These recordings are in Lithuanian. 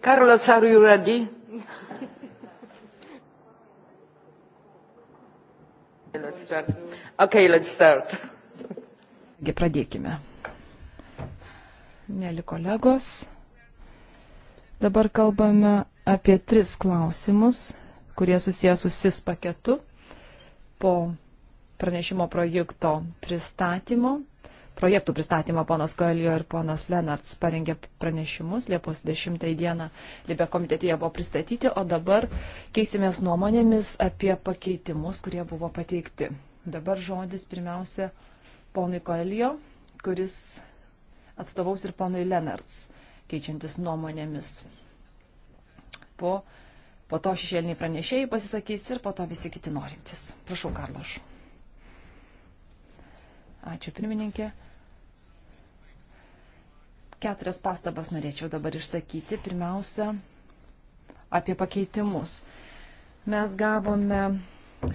Carlos, are you ready? let's start. Okay, let's start. Taigi pradėkime. Mėly kolegos, dabar kalbame apie tris klausimus, kurie susijęs su SIS paketu po pranešimo projekto pristatymo projektų pristatymą. Ponas Koelio ir ponas Lenarts parengė pranešimus Liepos 10 dieną. Libė komitetėje buvo pristatyti, o dabar keisimės nuomonėmis apie pakeitimus, kurie buvo pateikti. Dabar žodis pirmiausia ponui Koelio, kuris atstovaus ir ponui Lenarts, keičiantis nuomonėmis. Po po to šešėliniai pranešėjai pasisakys ir po to visi kiti norintys. Prašau, Karloš. Ačiū, pirmininkė. Keturias pastabas norėčiau dabar išsakyti. Pirmiausia, apie pakeitimus. Mes gavome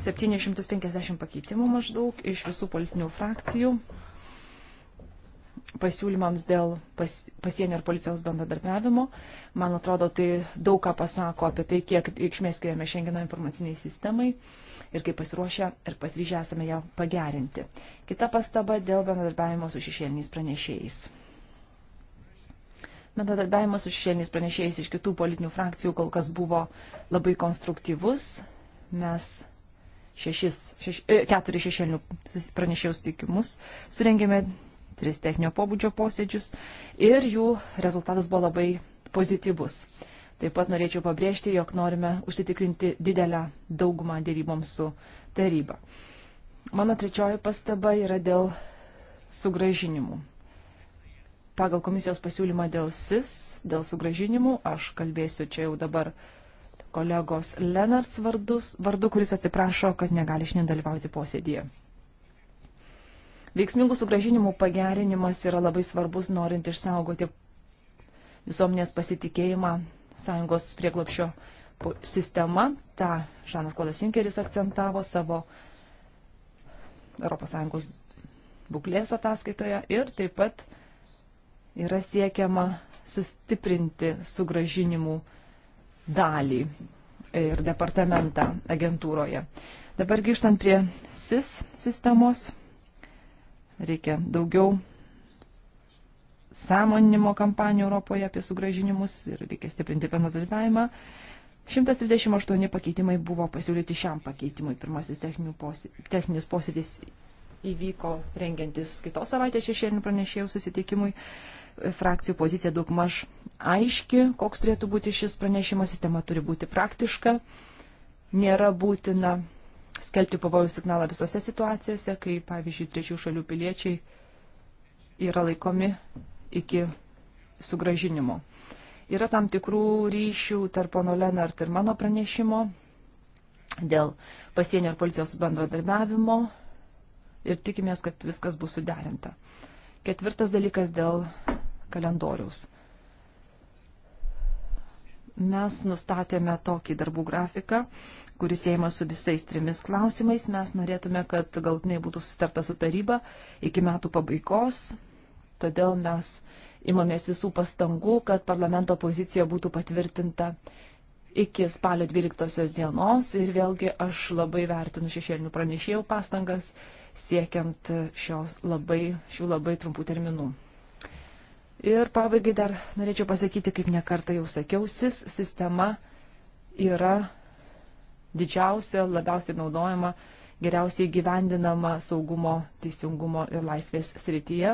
750 pakeitimų maždaug iš visų politinių frakcijų pasiūlymams dėl pas, pasienio ir policijos bendradarbiavimo. Man atrodo, tai daug ką pasako apie tai, kiek reikšmės skiriame Šengeno informaciniai sistemai ir kaip pasiruošę ir pasiryžę esame ją pagerinti. Kita pastaba dėl bendradarbiavimo su šešėliniais pranešėjais. Bendradarbiavimas su šešėliniais pranešėjais iš kitų politinių frakcijų kol kas buvo labai konstruktyvus. Mes šešis, šeš, e, keturis šešėlinių pranešėjų sutikimus surengėme, tris techninio pobūdžio posėdžius ir jų rezultatas buvo labai pozityvus. Taip pat norėčiau pabrėžti, jog norime užsitikrinti didelę daugumą dėryboms su taryba. Mano trečioji pastaba yra dėl sugražinimų pagal komisijos pasiūlymą dėl SIS, dėl sugražinimų, aš kalbėsiu čia jau dabar kolegos Lenarts vardus, vardu, kuris atsiprašo, kad negali šiandien dalyvauti posėdėje. Veiksmingų sugražinimų pagerinimas yra labai svarbus, norint išsaugoti visuomenės pasitikėjimą Sąjungos prieglopšio sistema. Ta Žanas Klodas Junkeris akcentavo savo ES būklės ataskaitoje ir taip pat yra siekiama sustiprinti sugražinimų dalį ir departamentą agentūroje. Dabar grįžtant prie SIS sistemos, reikia daugiau sąmoninimo kampanijų Europoje apie sugražinimus ir reikia stiprinti bendradarbiavimą. 138 pakeitimai buvo pasiūlyti šiam pakeitimui. Pirmasis posė, techninis posėdis įvyko rengiantis kitos savaitės šešėlinių pranešėjų susitikimui frakcijų pozicija daug maž aiški, koks turėtų būti šis pranešimas, sistema turi būti praktiška, nėra būtina skelbti pavojų signalą visose situacijose, kai, pavyzdžiui, trečių šalių piliečiai yra laikomi iki sugražinimo. Yra tam tikrų ryšių tarp pono Lenart ir mano pranešimo dėl pasienio ir policijos bendradarbiavimo ir tikimės, kad viskas bus suderinta. Ketvirtas dalykas dėl kalendoriaus. Mes nustatėme tokį darbų grafiką, kuris siejamas su visais trimis klausimais. Mes norėtume, kad galtinai būtų susitarta su taryba iki metų pabaigos. Todėl mes imamės visų pastangų, kad parlamento pozicija būtų patvirtinta iki spalio 12 dienos ir vėlgi aš labai vertinu šešėlinių pranešėjų pastangas siekiant šios labai, šių labai trumpų terminų. Ir pabaigai dar norėčiau pasakyti, kaip nekartą jau sakiau, SIS sistema yra didžiausia, labiausiai naudojama, geriausiai gyvendinama saugumo, teisingumo ir laisvės srityje.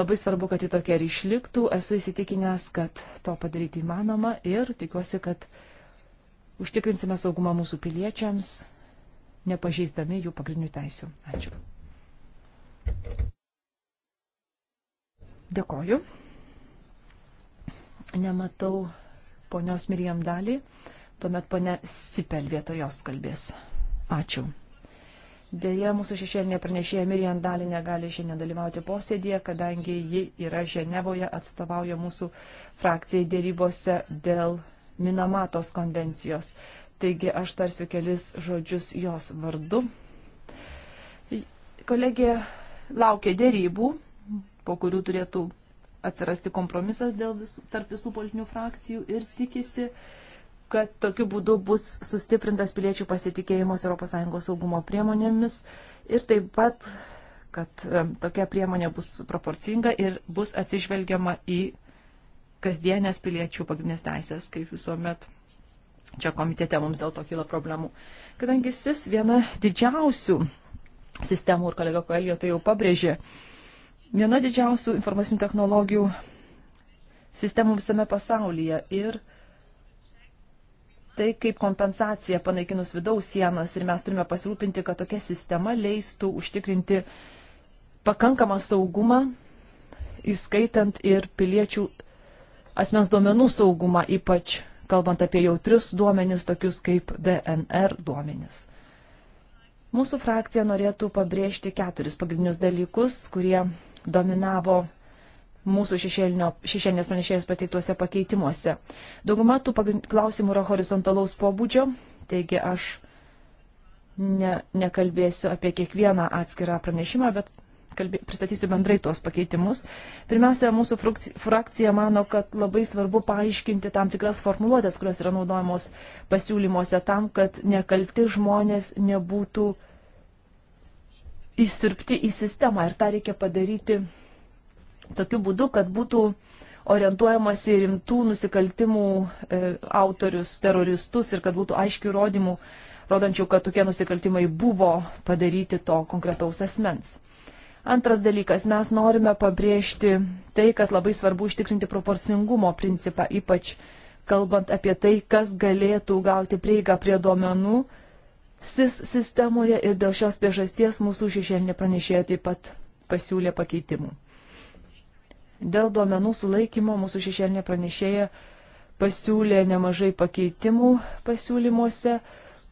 Labai svarbu, kad ji tokia ir išliktų. Esu įsitikinęs, kad to padaryti įmanoma ir tikiuosi, kad užtikrinsime saugumą mūsų piliečiams, nepažeisdami jų pagrindinių teisių. Ačiū. Dėkoju. Nematau ponios Mirijam dalį. Tuomet ponia Sipel vietojos kalbės. Ačiū. Deja, mūsų šešėlinė pranešėja Mirjan Dalį negali šiandien dalyvauti posėdėje, kadangi ji yra Ženevoje, atstovauja mūsų frakcijai dėrybose dėl Minamatos konvencijos. Taigi aš tarsiu kelis žodžius jos vardu. Kolegė laukia dėrybų po kurių turėtų atsirasti kompromisas dėl visų, tarp visų politinių frakcijų ir tikisi, kad tokiu būdu bus sustiprintas piliečių pasitikėjimas ES saugumo priemonėmis ir taip pat, kad e, tokia priemonė bus proporcinga ir bus atsižvelgiama į kasdienės piliečių pagrindinės teisės, kaip visuomet čia komitete mums dėl to kyla problemų. Kadangi jis viena didžiausių sistemų ir kolega Koelio tai jau pabrėžė, viena didžiausių informacinių technologijų sistemų visame pasaulyje ir tai kaip kompensacija panaikinus vidaus sienas ir mes turime pasirūpinti, kad tokia sistema leistų užtikrinti pakankamą saugumą, įskaitant ir piliečių asmens duomenų saugumą, ypač kalbant apie jautrius duomenis, tokius kaip DNR duomenis. Mūsų frakcija norėtų pabrėžti keturis pagrindinius dalykus, kurie dominavo mūsų šešėlinės pranešėjos pateiktuose pakeitimuose. Dauguma tų klausimų yra horizontalaus pobūdžio, taigi aš ne, nekalbėsiu apie kiekvieną atskirą pranešimą, bet kalbė, pristatysiu bendrai tuos pakeitimus. Pirmiausia, mūsų frakcija mano, kad labai svarbu paaiškinti tam tikras formuluotės, kurios yra naudojamos pasiūlymuose tam, kad nekalti žmonės nebūtų įsirpti į sistemą ir tą reikia padaryti tokiu būdu, kad būtų orientuojamas į rimtų nusikaltimų e, autorius, teroristus ir kad būtų aiškių įrodymų, rodančių, kad tokie nusikaltimai buvo padaryti to konkretaus asmens. Antras dalykas, mes norime pabrėžti tai, kad labai svarbu užtikrinti proporcingumo principą, ypač kalbant apie tai, kas galėtų gauti prieigą prie duomenų SIS sistemoje ir dėl šios priežasties mūsų šešėlinė pranešėja taip pat pasiūlė pakeitimų. Dėl duomenų sulaikymo mūsų šešėlinė pranešėja pasiūlė nemažai pakeitimų pasiūlymuose,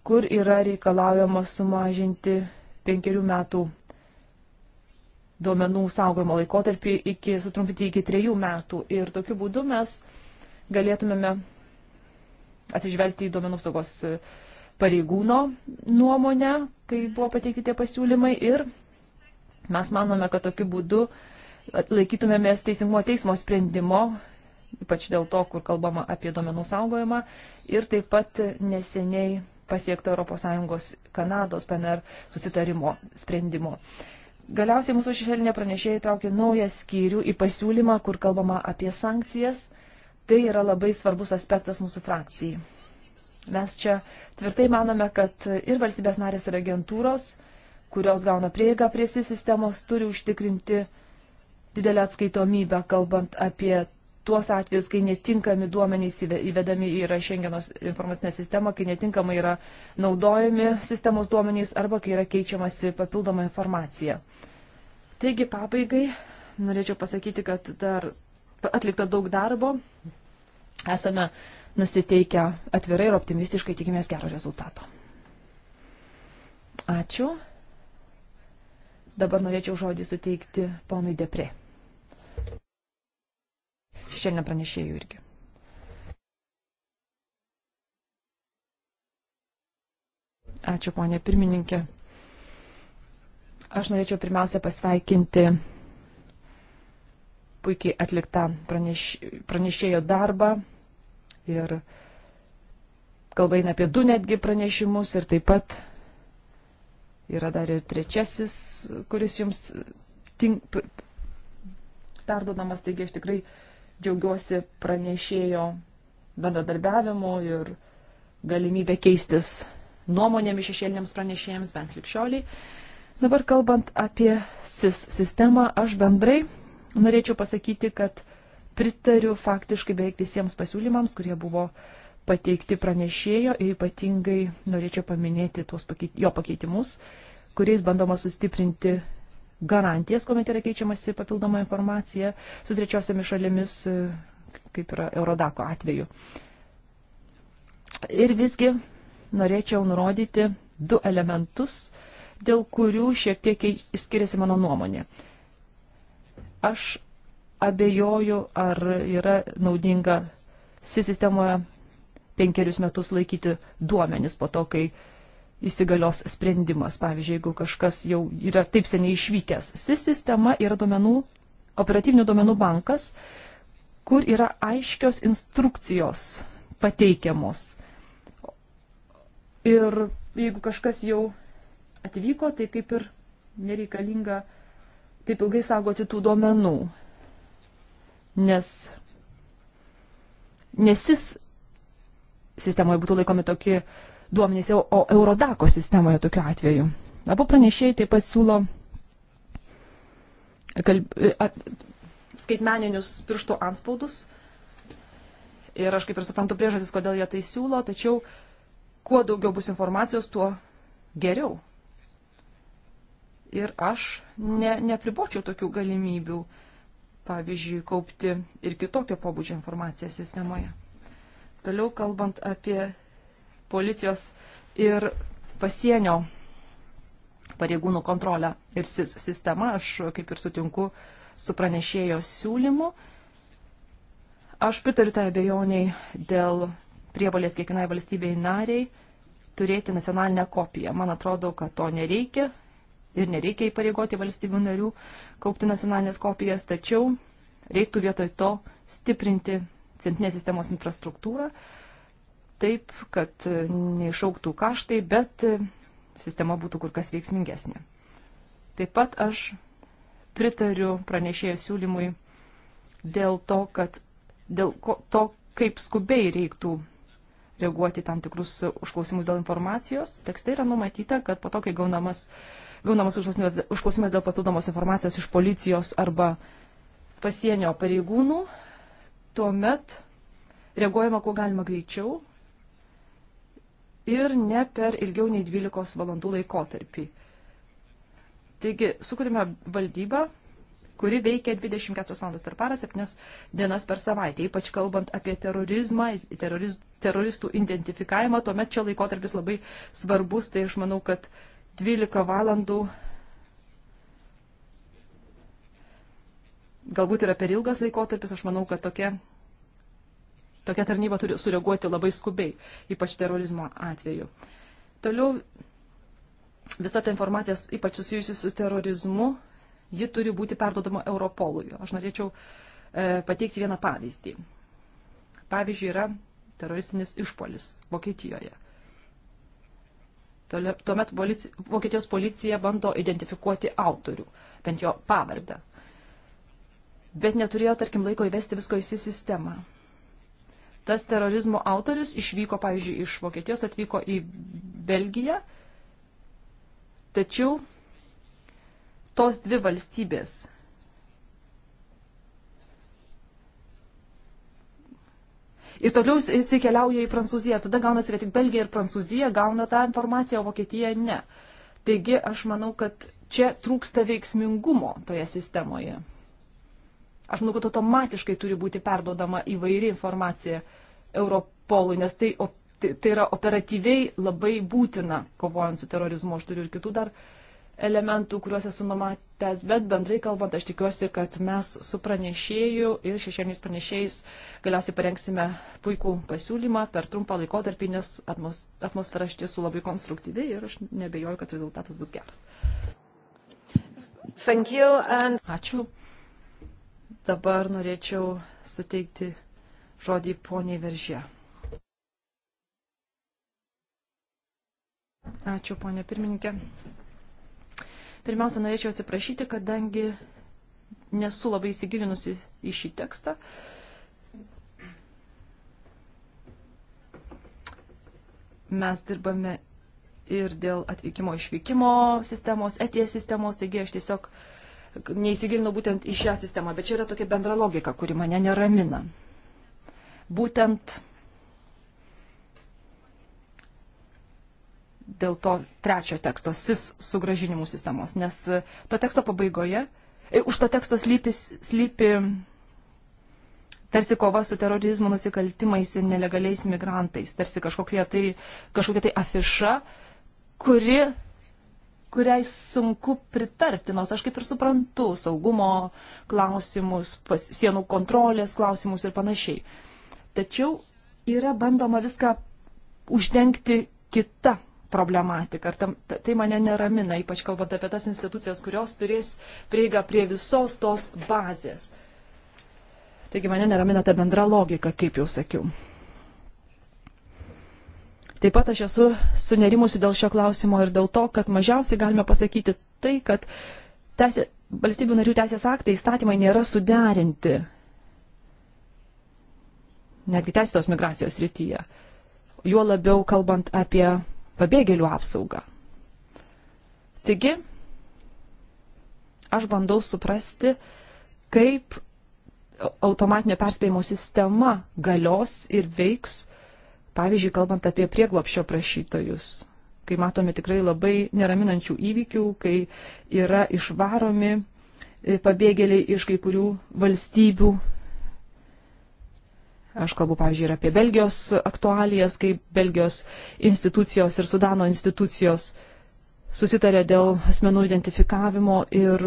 kur yra reikalaujama sumažinti penkerių metų duomenų saugojimo laikotarpį iki, sutrumpinti iki trejų metų. Ir tokiu būdu mes galėtumėme atsižvelgti į duomenų saugos uh, pareigūno nuomonę, kai buvo pateikti tie pasiūlymai ir mes manome, kad tokiu būdu laikytumėmės teisingumo teismo sprendimo, ypač dėl to, kur kalbama apie duomenų saugojimą ir taip pat neseniai pasiekto ES Kanados PNR susitarimo sprendimo. Galiausiai mūsų šešėlinė pranešėja įtraukė naują skyrių į pasiūlymą, kur kalbama apie sankcijas. Tai yra labai svarbus aspektas mūsų frakcijai. Mes čia tvirtai manome, kad ir valstybės narės ir agentūros, kurios gauna prieigą prie SIS sistemos, turi užtikrinti didelę atskaitomybę, kalbant apie tuos atvejus, kai netinkami duomenys įvedami yra šiandienos informacinę sistemą, kai netinkamai yra naudojami sistemos duomenys arba kai yra keičiamasi papildoma informacija. Taigi pabaigai norėčiau pasakyti, kad dar atlikta daug darbo. Esame nusiteikę atvirai ir optimistiškai tikimės gero rezultato. Ačiū. Dabar norėčiau žodį suteikti ponui Depre. Šiandien pranešėjau irgi. Ačiū, ponė pirmininkė. Aš norėčiau pirmiausia pasveikinti puikiai atliktą praneš, pranešėjo darbą ir kalba eina apie du netgi pranešimus ir taip pat yra dar ir trečiasis, kuris jums tink, perdodamas, taigi aš tikrai džiaugiuosi pranešėjo bendradarbiavimu ir galimybę keistis nuomonėmis šešėliniams pranešėjams, bent likščioliai. Dabar kalbant apie SIS sistemą, aš bendrai norėčiau pasakyti, kad pritariu faktiškai beveik visiems pasiūlymams, kurie buvo pateikti pranešėjo ir ypatingai norėčiau paminėti tuos pakeit, jo pakeitimus, kuriais bandoma sustiprinti garantijas, kuomet yra keičiamasi papildoma informacija su trečiosiomis šalimis, kaip yra Eurodako atveju. Ir visgi norėčiau nurodyti du elementus, dėl kurių šiek tiek skiriasi mano nuomonė. Aš abejoju, ar yra naudinga SI sistemoje penkerius metus laikyti duomenis po to, kai įsigalios sprendimas. Pavyzdžiui, jeigu kažkas jau yra taip seniai išvykęs. SI sistema yra duomenų, operatyvinių duomenų bankas, kur yra aiškios instrukcijos pateikiamos. Ir jeigu kažkas jau atvyko, tai kaip ir nereikalinga taip ilgai saugoti tų duomenų nes, nes jis sistemoje būtų laikomi tokie duomenys, o Eurodako sistemoje tokiu atveju. Abu pranešėjai taip pat siūlo kalb... E, at... skaitmeninius pirštų anspaudus. Ir aš kaip ir suprantu priežastis, kodėl jie tai siūlo, tačiau kuo daugiau bus informacijos, tuo geriau. Ir aš ne, nepribočiau tokių galimybių. Uh, pavyzdžiui, kaupti ir kitokio pobūdžio informaciją sistemoje. Toliau kalbant apie policijos ir pasienio pareigūnų kontrolę ir sistemą, aš kaip ir sutinku su pranešėjo siūlymu. Aš pritariu tai abejoniai dėl prievalės kiekvienai valstybei nariai turėti nacionalinę kopiją. Man atrodo, kad to nereikia, ir nereikia įpareigoti valstybių narių kaupti nacionalinės kopijas, tačiau reiktų vietoj to stiprinti centrinės sistemos infrastruktūrą taip, kad e, neišauktų kaštai, bet e, sistema būtų kur kas veiksmingesnė. Taip pat aš pritariu pranešėjo siūlymui dėl to, kad dėl ko, to, kaip skubiai reiktų reaguoti tam tikrus užklausimus dėl informacijos. Tekste yra numatyta, kad po to, kai gaunamas uh, gaunamas užklausimas dėl papildomos informacijos iš policijos arba pasienio pareigūnų, tuomet reaguojama kuo galima greičiau ir ne per ilgiau nei 12 valandų laikotarpį. Taigi sukūrėme valdybą, kuri veikia 24 valandas per parą, 7 dienas per savaitę. Ypač kalbant apie terorizmą, teroriz, teroristų identifikavimą, tuomet čia laikotarpis labai svarbus, tai aš manau, kad uh, 12 valandų galbūt yra per ilgas laikotarpis, aš manau, kad tokia, tokia tarnyba turi sureaguoti labai skubiai, ypač terorizmo atveju. Toliau visa ta informacija, ypač susijusi su terorizmu, ji turi būti perdodama Europolui. Aš norėčiau e, pateikti vieną pavyzdį. Pavyzdžiui, yra teroristinis išpolis Vokietijoje. Tuomet Vokietijos policija bando identifikuoti autorių, bent jo pavardę. Bet neturėjo, tarkim, laiko įvesti visko į sistemą. Tas terorizmo autorius išvyko, pavyzdžiui, iš Vokietijos, atvyko į Belgiją, tačiau tos dvi valstybės Ir toliau jisai keliauja į Prancūziją. Tada gaunasi, kad tik Belgija ir Prancūzija gauna tą informaciją, o Vokietija ne. Taigi aš manau, kad čia trūksta veiksmingumo toje sistemoje. Aš manau, kad automatiškai turi būti perdodama įvairi informacija Europolui, nes tai, tai, tai yra operatyviai labai būtina kovojant su terorizmu. Aš turiu ir kitų dar uh, elementų, kuriuos esu numatęs, bet bendrai kalbant, aš tikiuosi, kad mes su pranešėju ir šešėliniais pranešėjais galiausiai parengsime puikų pasiūlymą per trumpą laikotarpį, nes atmos, atmosfera iš tiesų labai konstruktyvi ir aš nebejoju, kad rezultatas bus geras. And... Ačiū. Dabar norėčiau suteikti žodį poniai Veržė. Ačiū, ponė pirmininkė. Pirmiausia, norėčiau atsiprašyti, kadangi nesu labai įsigilinusi į šį tekstą. Mes dirbame ir dėl atvykimo išvykimo sistemos, eties sistemos, taigi aš tiesiog neįsigilinau būtent į šią sistemą, bet čia yra tokia bendra logika, kuri mane neramina. Būtent dėl to trečio teksto, SIS sugražinimų sistemos, nes e, to teksto pabaigoje, e, už to teksto slypi, slypi tarsi kova su terorizmu, nusikaltimais ir nelegaliais migrantais, tarsi kažkokia tai, kažkokia tai afiša, kuri kuriai sunku pritarti, nors aš kaip ir suprantu saugumo klausimus, pas, sienų kontrolės klausimus ir panašiai. Tačiau yra bandoma viską uždengti kita problematika. Ir tam, tai mane neramina, ypač kalbant apie tas institucijas, kurios turės prieigą prie visos tos bazės. Taigi mane neramina ta bendra logika, kaip jau sakiau. Taip pat aš esu sunerimusi dėl šio klausimo ir dėl to, kad mažiausiai galime pasakyti tai, kad teisė, valstybių narių teisės aktai įstatymai nėra suderinti netgi teisėtos migracijos rytyje. Juo labiau kalbant apie pabėgėlių apsaugą. Taigi, aš bandau suprasti, kaip automatinio perspėjimo sistema galios ir veiks, pavyzdžiui, kalbant apie prieglopšio prašytojus, kai matome tikrai labai neraminančių įvykių, kai yra išvaromi e, pabėgėliai iš kai kurių valstybių Aš kalbu, pavyzdžiui, ir apie Belgijos aktualijas, kai Belgijos institucijos ir Sudano institucijos susitarė dėl asmenų identifikavimo ir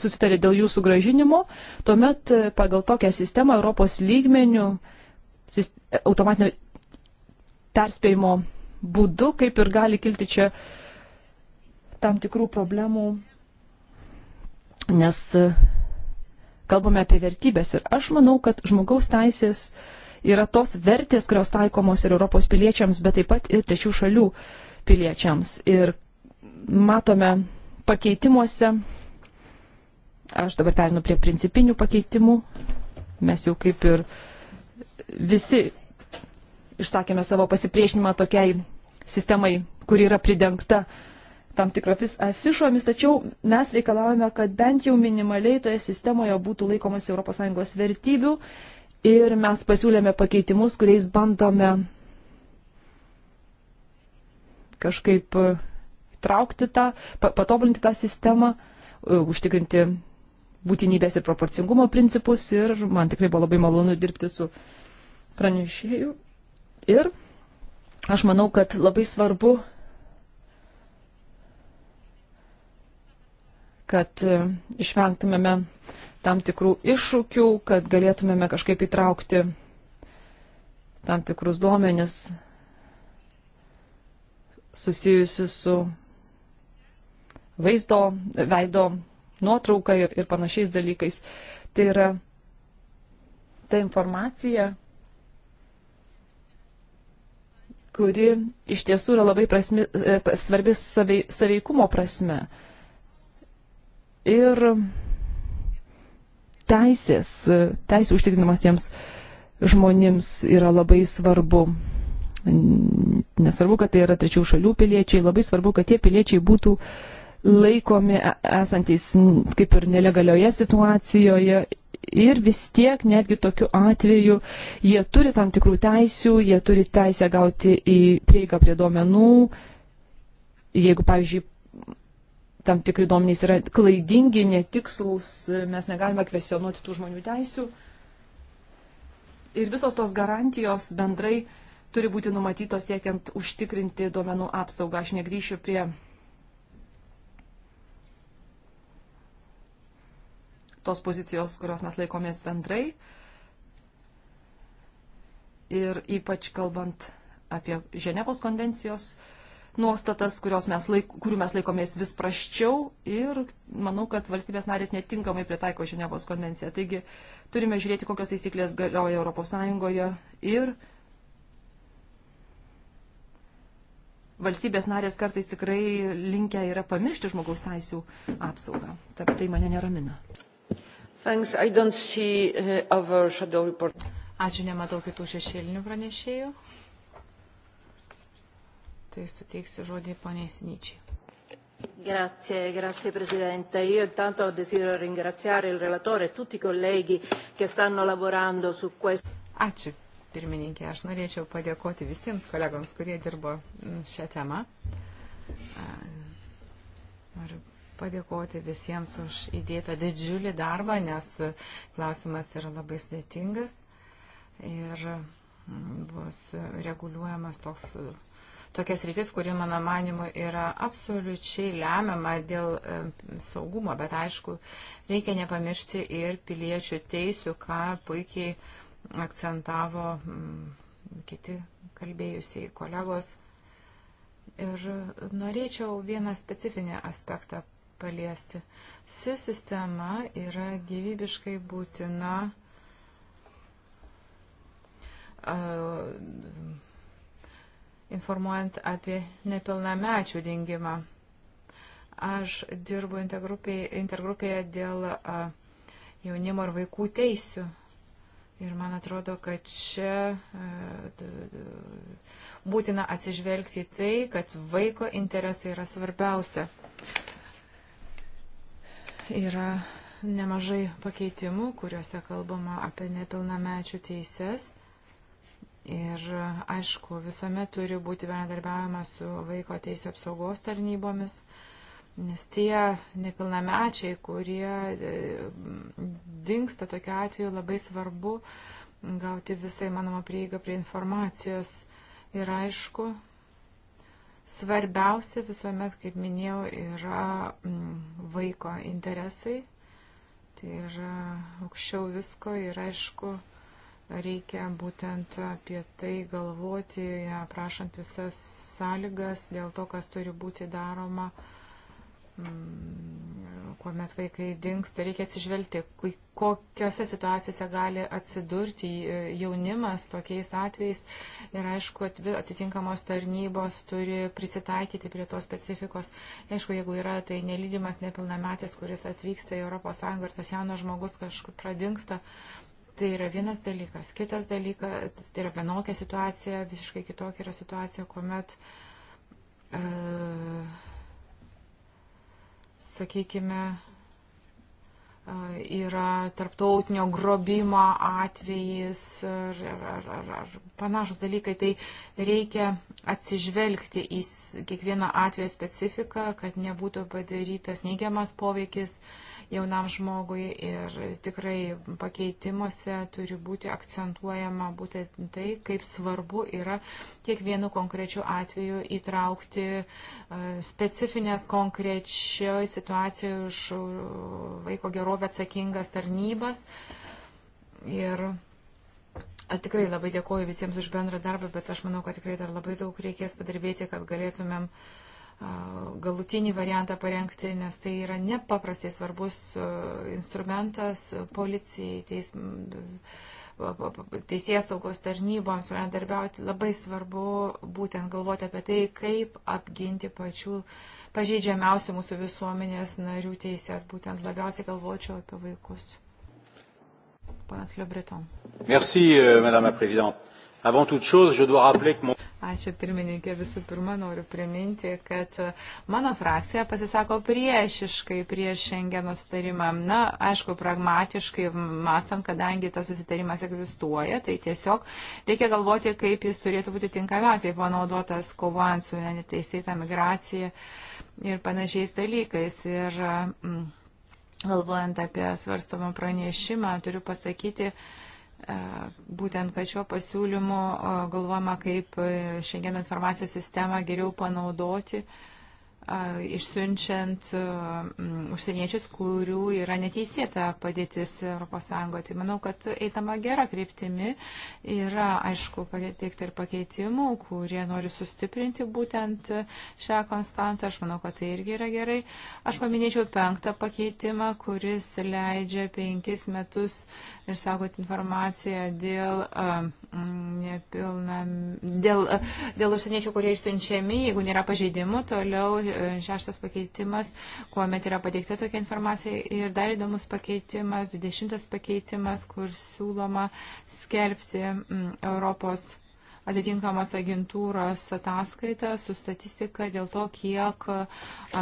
susitarė dėl jų sugražinimo, tuomet e, pagal tokią sistemą Europos lygmenių automatinio perspėjimo būdu, kaip ir gali kilti čia tam tikrų problemų, nes e, kalbame apie vertybės. Ir aš manau, kad žmogaus teisės yra tos vertės, kurios taikomos ir Europos piliečiams, bet taip pat ir trečių šalių piliečiams. Ir matome pakeitimuose, aš dabar perinu prie principinių pakeitimų, mes jau kaip ir visi išsakėme savo pasipriešinimą tokiai sistemai, kuri yra pridengta uh, tam tikromis afišomis, tačiau mes reikalavome, kad bent jau minimaliai toje sistemoje būtų laikomas ES vertybių ir mes pasiūlėme pakeitimus, kuriais bandome kažkaip e, traukti tą, patobulinti tą sistemą, e, užtikrinti būtinybės ir proporcingumo principus ir man tikrai buvo labai malonu dirbti su pranešėju. Ir aš manau, kad labai svarbu kad e, išvengtumėme tam tikrų iššūkių, kad galėtumėme kažkaip įtraukti tam tikrus duomenis susijusius su vaizdo, veido nuotrauka ir, ir panašiais dalykais. Tai yra ta informacija, kuri iš tiesų yra labai prasmi, e, svarbi saveikumo prasme. prasme ir teisės, teisų užtikrinimas tiems žmonėms yra labai svarbu. Nesvarbu, kad tai yra trečių šalių piliečiai, labai svarbu, kad tie piliečiai būtų laikomi e, esantis kaip ir nelegalioje situacijoje ir vis tiek netgi tokiu atveju jie turi tam tikrų teisių, jie turi teisę gauti į prieigą prie duomenų. Jeigu, pavyzdžiui, tam tikri duomenys yra klaidingi, netikslus, mes negalime kvesionuoti tų žmonių teisių. Ir visos tos garantijos bendrai turi būti numatytos siekiant užtikrinti duomenų apsaugą. Aš negryšiu prie tos pozicijos, kurios mes laikomės bendrai. Ir ypač kalbant apie Ženevos konvencijos nuostatas, mes laik, kurių mes laikomės vis praščiau ir manau, kad valstybės narės netinkamai pritaiko Ženevos konvenciją. Taigi turime žiūrėti, kokios taisyklės galioja ES ir valstybės narės kartais tikrai linkę yra pamiršti žmogaus teisų apsaugą. Taip, tai mane neramina. Thanks, I don't see uh, our shadow report. Ačiū, nematau kitų šešėlinių pranešėjų tai suteiksiu žodį poniai Sinyčiai. Grazie, grazie Presidente. Io intanto desidero ringraziare il relatore e tutti i colleghi che stanno lavorando su questo. Ačiū, pirmininkė. Aš norėčiau padėkoti visiems kolegoms, kurie dirbo mm, šią temą. Noriu padėkoti visiems už įdėtą didžiulį darbą, nes klausimas yra labai sudėtingas ir mm, bus reguliuojamas toks tokias rytis, kuri mano manimu yra absoliučiai lemiama dėl saugumo, bet aišku, reikia nepamiršti ir piliečių teisių, ką puikiai akcentavo kiti kalbėjusiai kolegos. Ir norėčiau vieną specifinį aspektą paliesti. Si sistema yra gyvybiškai būtina uh, informuojant apie nepilnamečių dingimą. Aš dirbu intergrupėje, intergrupėje dėl jaunimo ir vaikų teisių. Ir man atrodo, kad čia būtina atsižvelgti į tai, kad vaiko interesai yra svarbiausia. Yra nemažai pakeitimų, kuriuose kalbama apie nepilnamečių teises. Ir aišku, visuomet turi būti bendradarbiavama su vaiko teisų apsaugos tarnybomis, nes tie nepilnamečiai, kurie e, dinksta tokiu atveju, labai svarbu gauti visą įmanomą prieigą prie informacijos. Ir aišku, svarbiausia visuomet, kaip minėjau, yra vaiko interesai. Tai yra aukščiau visko ir aišku, reikia būtent apie tai galvoti, aprašant visas sąlygas dėl to, kas turi būti daroma, mm, kuomet vaikai dinksta. Reikia atsižvelgti, kokiose situacijose gali atsidurti jaunimas tokiais atvejais. Ir aišku, atitinkamos tarnybos turi prisitaikyti prie tos specifikos. Aišku, jeigu yra tai nelydimas nepilnametis, kuris atvyksta į ES ir tas jaunas žmogus kažkur pradingsta Tai yra vienas dalykas. Kitas dalykas, tai yra vienokia situacija, visiškai kitokia yra situacija, kuomet, e, sakykime, e, yra tarptautinio grobimo atvejis ar, ar, ar, ar panašus dalykai. Tai reikia atsižvelgti į kiekvieną atvejo specifiką, kad nebūtų padarytas neigiamas poveikis. E, jaunam žmogui ir tikrai pakeitimuose turi būti akcentuojama būtent tai, kaip svarbu yra kiekvienu konkrečiu atveju įtraukti e, specifines konkrečioje situacijoje už vaiko gerovę atsakingas tarnybas. Ir Tikrai labai dėkoju visiems už bendrą darbą, bet aš manau, kad tikrai dar labai daug reikės padirbėti, kad galėtumėm uh, galutinį variantą parengti, nes tai yra nepaprastai svarbus instrumentas policijai, teism, teisės saugos tarnyboms, bendarbiauti. Labai svarbu būtent galvoti apie tai, kaip apginti pačių pažeidžiamiausių mūsų visuomenės narių teisės, būtent labiausiai galvočiau apie vaikus. Panas Liobreton. Merci, euh, Madame la Présidente. Ačiū pirmininkė, visų pirma noriu priminti, kad mano frakcija pasisako priešiškai prieš Šengeno sutarimą. Na, aišku, pragmatiškai mastant, kadangi tas susitarimas egzistuoja, tai tiesiog reikia galvoti, kaip jis turėtų būti tinkamiausiai panaudotas kovant su neteisėta migracija ir panašiais dalykais. Ir, mm, Galvojant apie svarstomą pranešimą, turiu pasakyti, uh, E, būtent, kad šiuo pasiūlymu e, galvojama, kaip e, šiandien informacijos sistemą geriau panaudoti. Uh, išsiunčiant užsieniečius, kurių yra neteisėta padėtis ES. Tai manau, kad eitama gera kryptimi. Yra, aišku, pateikta ir pakeitimų, kurie nori sustiprinti būtent šią konstantą. Aš manau, kad tai irgi yra gerai. Aš paminėčiau penktą pakeitimą, kuris leidžia penkis metus išsaugoti informaciją dėl, nepilna, dėl, dėl užsieniečių, kurie išsiunčiami, jeigu nėra pažeidimų, toliau šeštas pakeitimas, kuomet yra pateikta tokia informacija. Ir dar įdomus pakeitimas, dvidešimtas pakeitimas, kur siūloma skelbti mm, Europos atitinkamos agentūros ataskaitą su statistika dėl to, kiek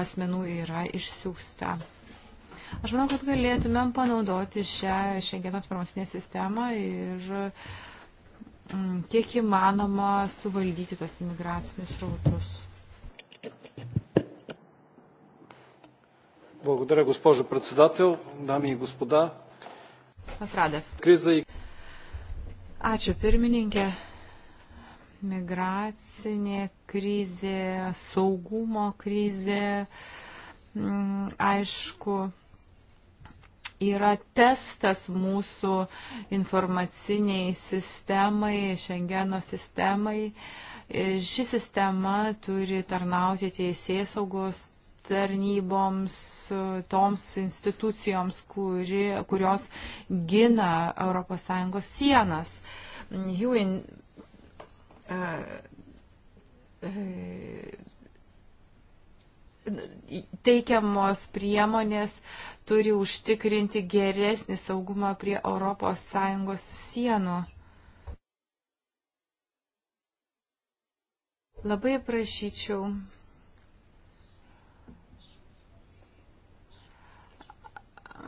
asmenų yra išsiųsta. Aš manau, kad galėtumėm panaudoti šią šiandieną informacinę sistemą ir mm, kiek įmanoma suvaldyti tos imigracinius rautus. Благодаря, госпожо председател, дами и господа. Pasradė. Krizai. Ačiū pirmininkė. Migracinė krizė, saugumo krizė, mm, aišku, yra testas mūsų informaciniai sistemai, Šengeno sistemai. Ši sistema turi tarnauti teisės saugos tarnyboms, toms institucijoms, kuri, kurios gina ES sienas. Jų in, e, e, teikiamos priemonės turi užtikrinti geresnį saugumą prie ES sienų. Labai prašyčiau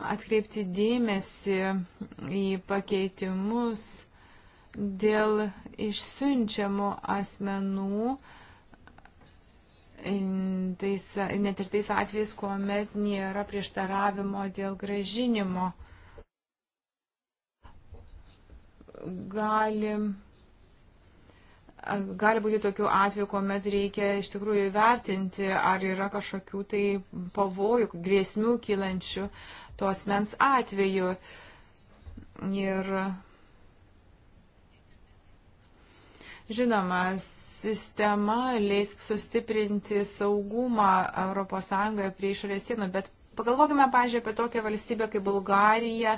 atkreipti dėmesį į pakeitimus dėl išsiunčiamų asmenų, tais, net ir tais atvejais, kuomet nėra prieštaravimo dėl gražinimo. Galim gali būti tokių atvejų, kuomet reikia iš tikrųjų įvertinti, ar yra kažkokių tai pavojų, grėsmių kylančių to asmens atveju. Ir žinoma, sistema leis sustiprinti saugumą ES prie išorės sienų, bet Pagalvokime, pažiūrėjau, apie tokią valstybę kaip Bulgarija,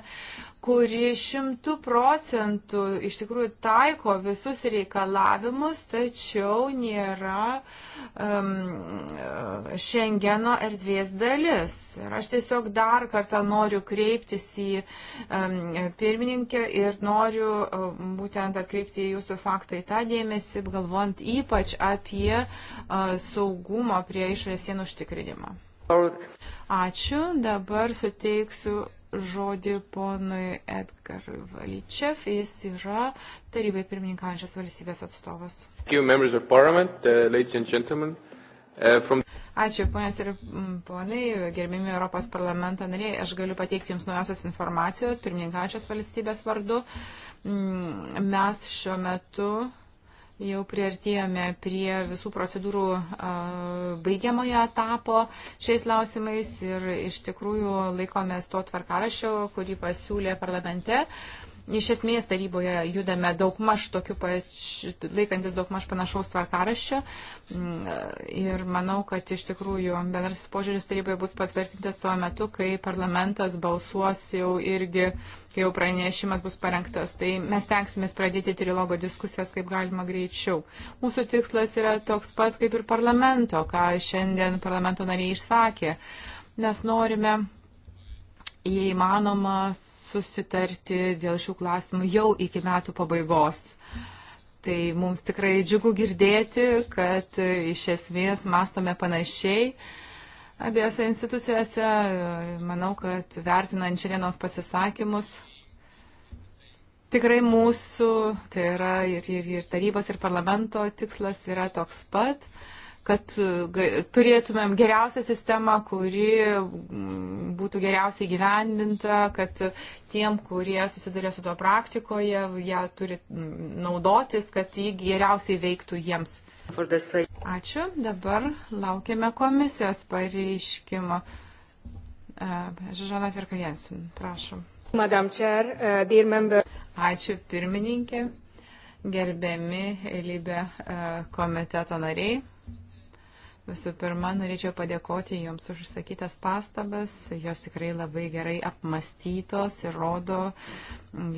kuri šimtų procentų iš tikrųjų taiko visus reikalavimus, tačiau nėra um, Šengeno erdvės dalis. Ir aš tiesiog dar kartą noriu kreiptis į um, pirmininkę ir noriu um, būtent atkreipti jūsų faktą į tą dėmesį, galvojant ypač apie uh, saugumo prie išorės sienų užtikrinimą. Ačiū. Dabar suteiksiu žodį ponui Edgarui Valyčev. Jis yra tarybai pirmininkaujančios valstybės atstovas. Uh, uh, Ačiū, ponės ir ponai, gerbimi Europos parlamento nariai. Aš galiu pateikti Jums naujasios informacijos pirmininkaujančios valstybės vardu. Mm, mes šiuo metu Jau priartėjome prie visų procedūrų baigiamojo etapo šiais klausimais ir iš tikrųjų laikomės to tvarkarašio, kurį pasiūlė parlamente. Iš esmės taryboje judame daugmaž tokiu pačiu, laikantis daugmaž panašaus tvarkaraščio mm, ir manau, kad iš tikrųjų bendras požiūris taryboje bus patvirtintas tuo metu, kai parlamentas balsuos jau irgi kai jau pranešimas bus parengtas. Tai mes tenksimės pradėti trilogo diskusijas kaip galima greičiau. Mūsų tikslas yra toks pat kaip ir parlamento, ką šiandien parlamento nariai išsakė, nes norime, jei įmanoma, susitarti dėl šių klausimų jau iki metų pabaigos. Tai mums tikrai džiugu girdėti, kad iš esmės mastome panašiai. Abiejose institucijose, manau, kad vertinant šiandienos pasisakymus, Tikrai mūsų, tai yra ir, ir, ir tarybos, ir parlamento tikslas yra toks pat, kad e, turėtumėm geriausią sistemą, kuri būtų geriausiai gyvendinta, kad tiem, kurie susiduria su to praktikoje, jie turi naudotis, kad jį geriausiai veiktų jiems. Ačiū. Dabar laukiame komisijos pareiškimo. E, Žana Firkajensin, prašom. Madam Chair, uh, dear member. Ačiū pirmininkė, gerbiami lybė e, komiteto nariai. Visų pirma, norėčiau padėkoti Jums už išsakytas pastabas. Jos tikrai labai gerai apmastytos ir rodo,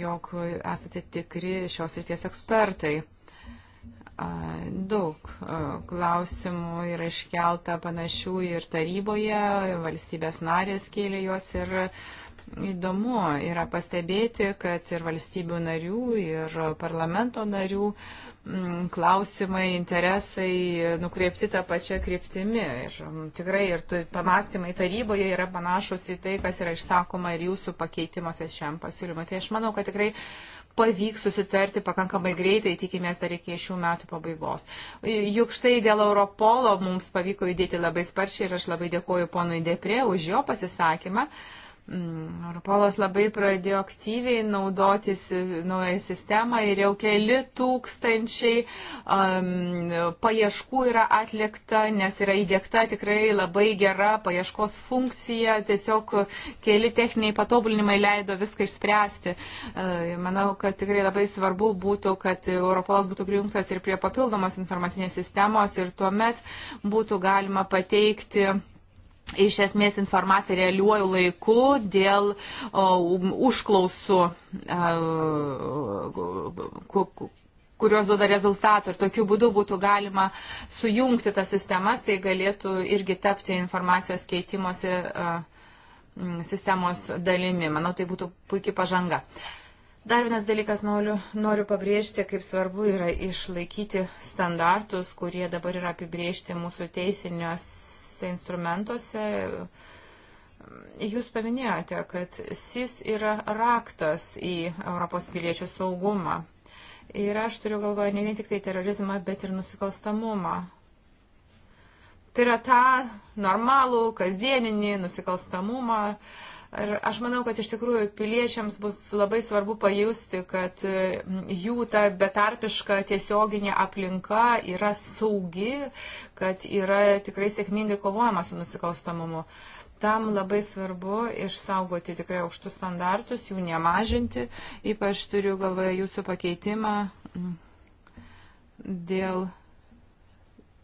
jog esate tikri šios ryties ekspertai. Daug e, klausimų yra iškelta panašių ir taryboje, valstybės narės kėlė juos ir įdomu yra pastebėti, kad ir valstybių narių, ir parlamento narių mm, klausimai, interesai nukreipti tą pačią kryptimį. Ir mm, tikrai ir pamastymai taryboje yra panašus į tai, kas yra išsakoma ir jūsų pakeitimuose šiam pasiūlymui. Tai aš manau, kad tikrai pavyks susitarti pakankamai greitai, tikimės dar iki šių metų pabaigos. Juk štai dėl Europolo mums pavyko judėti labai sparčiai ir aš labai dėkoju ponui Depre už jo pasisakymą. Uh, Mm, Europolas labai pradėjo aktyviai naudotis e, naują sistemą ir jau keli tūkstančiai um, paieškų yra atlikta, nes yra įdėkta tikrai labai gera paieškos funkcija, tiesiog keli techniniai patobulinimai leido viską išspręsti. Uh, manau, kad tikrai labai svarbu būtų, kad Europolas būtų prijungtas ir prie papildomos informacinės sistemos ir tuomet būtų galima pateikti iš esmės informaciją realiuoju laiku dėl o, um, užklausų, o, kurios duoda rezultatų ir tokiu būdu būtų galima sujungti tas sistemas, tai galėtų irgi tapti informacijos keitimosi o, sistemos dalimi. Manau, tai būtų puikia pažanga. Dar vienas dalykas noriu, noriu pabrėžti, kaip svarbu yra išlaikyti standartus, kurie dabar yra apibrėžti mūsų teisiniuose tuose instrumentuose. Jūs paminėjote, kad SIS yra raktas į Europos piliečių saugumą. Ir aš turiu galvoje ne vien tik tai terorizmą, bet ir nusikalstamumą. Tai yra tą normalų, kasdieninį nusikalstamumą, uh, Ir aš manau, kad iš tikrųjų piliečiams bus labai svarbu pajusti, kad mm, jų ta betarpiška tiesioginė aplinka yra saugi, kad yra tikrai sėkmingai kovojama su nusikalstamumu. Tam labai svarbu išsaugoti tikrai aukštus standartus, jų nemažinti, ypač turiu galvoje jūsų pakeitimą mm, dėl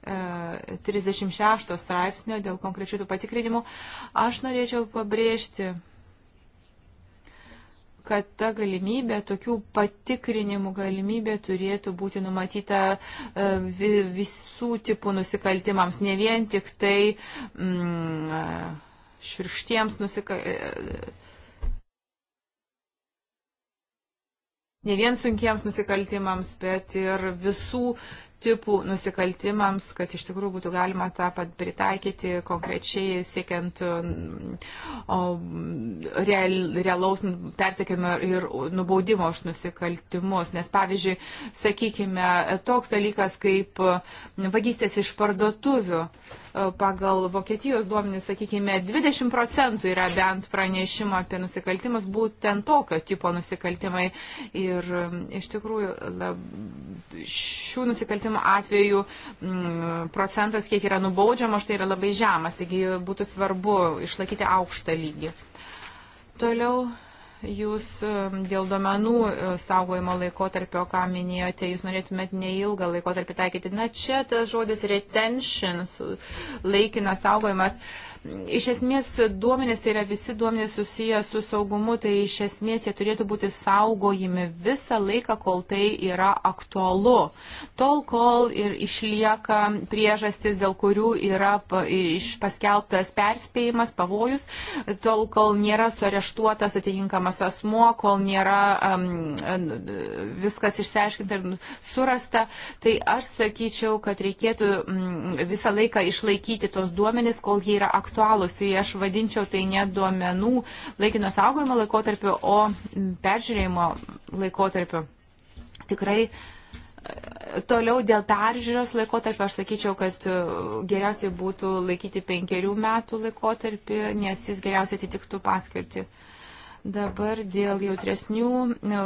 36 e, straipsnio dėl konkrečių tų patikrinimų, aš norėčiau pabrėžti, kad ta galimybė, tokių patikrinimų galimybė turėtų būti numatyta e, visų tipų nusikaltimams, ne vien tik tai mm, e, širkštiems nusikaltimams. ne vien sunkiems nusikaltimams, bet ir visų tipų nusikaltimams, kad iš tikrųjų būtų galima tą pat pritaikyti konkrečiai siekiant um, o, real, realaus persiekimo ir nubaudimo už nusikaltimus. Nes pavyzdžiui, sakykime, toks dalykas kaip vagystės iš parduotuvių pagal Vokietijos duomenys, sakykime, 20 procentų yra bent pranešimo apie nusikaltimus, būtent tokio tipo nusikaltimai. Ir um, iš tikrųjų lab, šių nusikaltimų atveju m, mm, procentas, kiek yra nubaudžiama, štai yra labai žemas, taigi būtų svarbu išlaikyti aukštą lygį. Toliau jūs um, dėl domenų uh, saugojimo laikotarpio, ką minėjote, jūs norėtumėt neilgą laikotarpį taikyti. Na čia tas žodis retention, laikinas saugojimas. Uh, Iš esmės duomenės, tai yra visi duomenės susiję su saugumu, tai iš esmės jie turėtų būti saugojami visą laiką, kol tai yra aktualu. Tol, kol ir išlieka priežastis, dėl kurių yra paskelbtas perspėjimas, pavojus, tol, kol nėra suareštuotas atitinkamas asmuo, kol nėra um, viskas išsiaiškinta ir surasta, tai aš sakyčiau, kad reikėtų um, visą laiką išlaikyti tos duomenys, kol jie yra aktualu aktualūs. Tai aš vadinčiau tai ne duomenų laikino saugojimo laikotarpiu, o peržiūrėjimo laikotarpiu. Tikrai e, toliau dėl peržiūros laikotarpio aš sakyčiau, kad e, geriausiai būtų laikyti penkerių metų laikotarpį, nes jis geriausiai atitiktų paskirtį. Dabar dėl jautresnių e,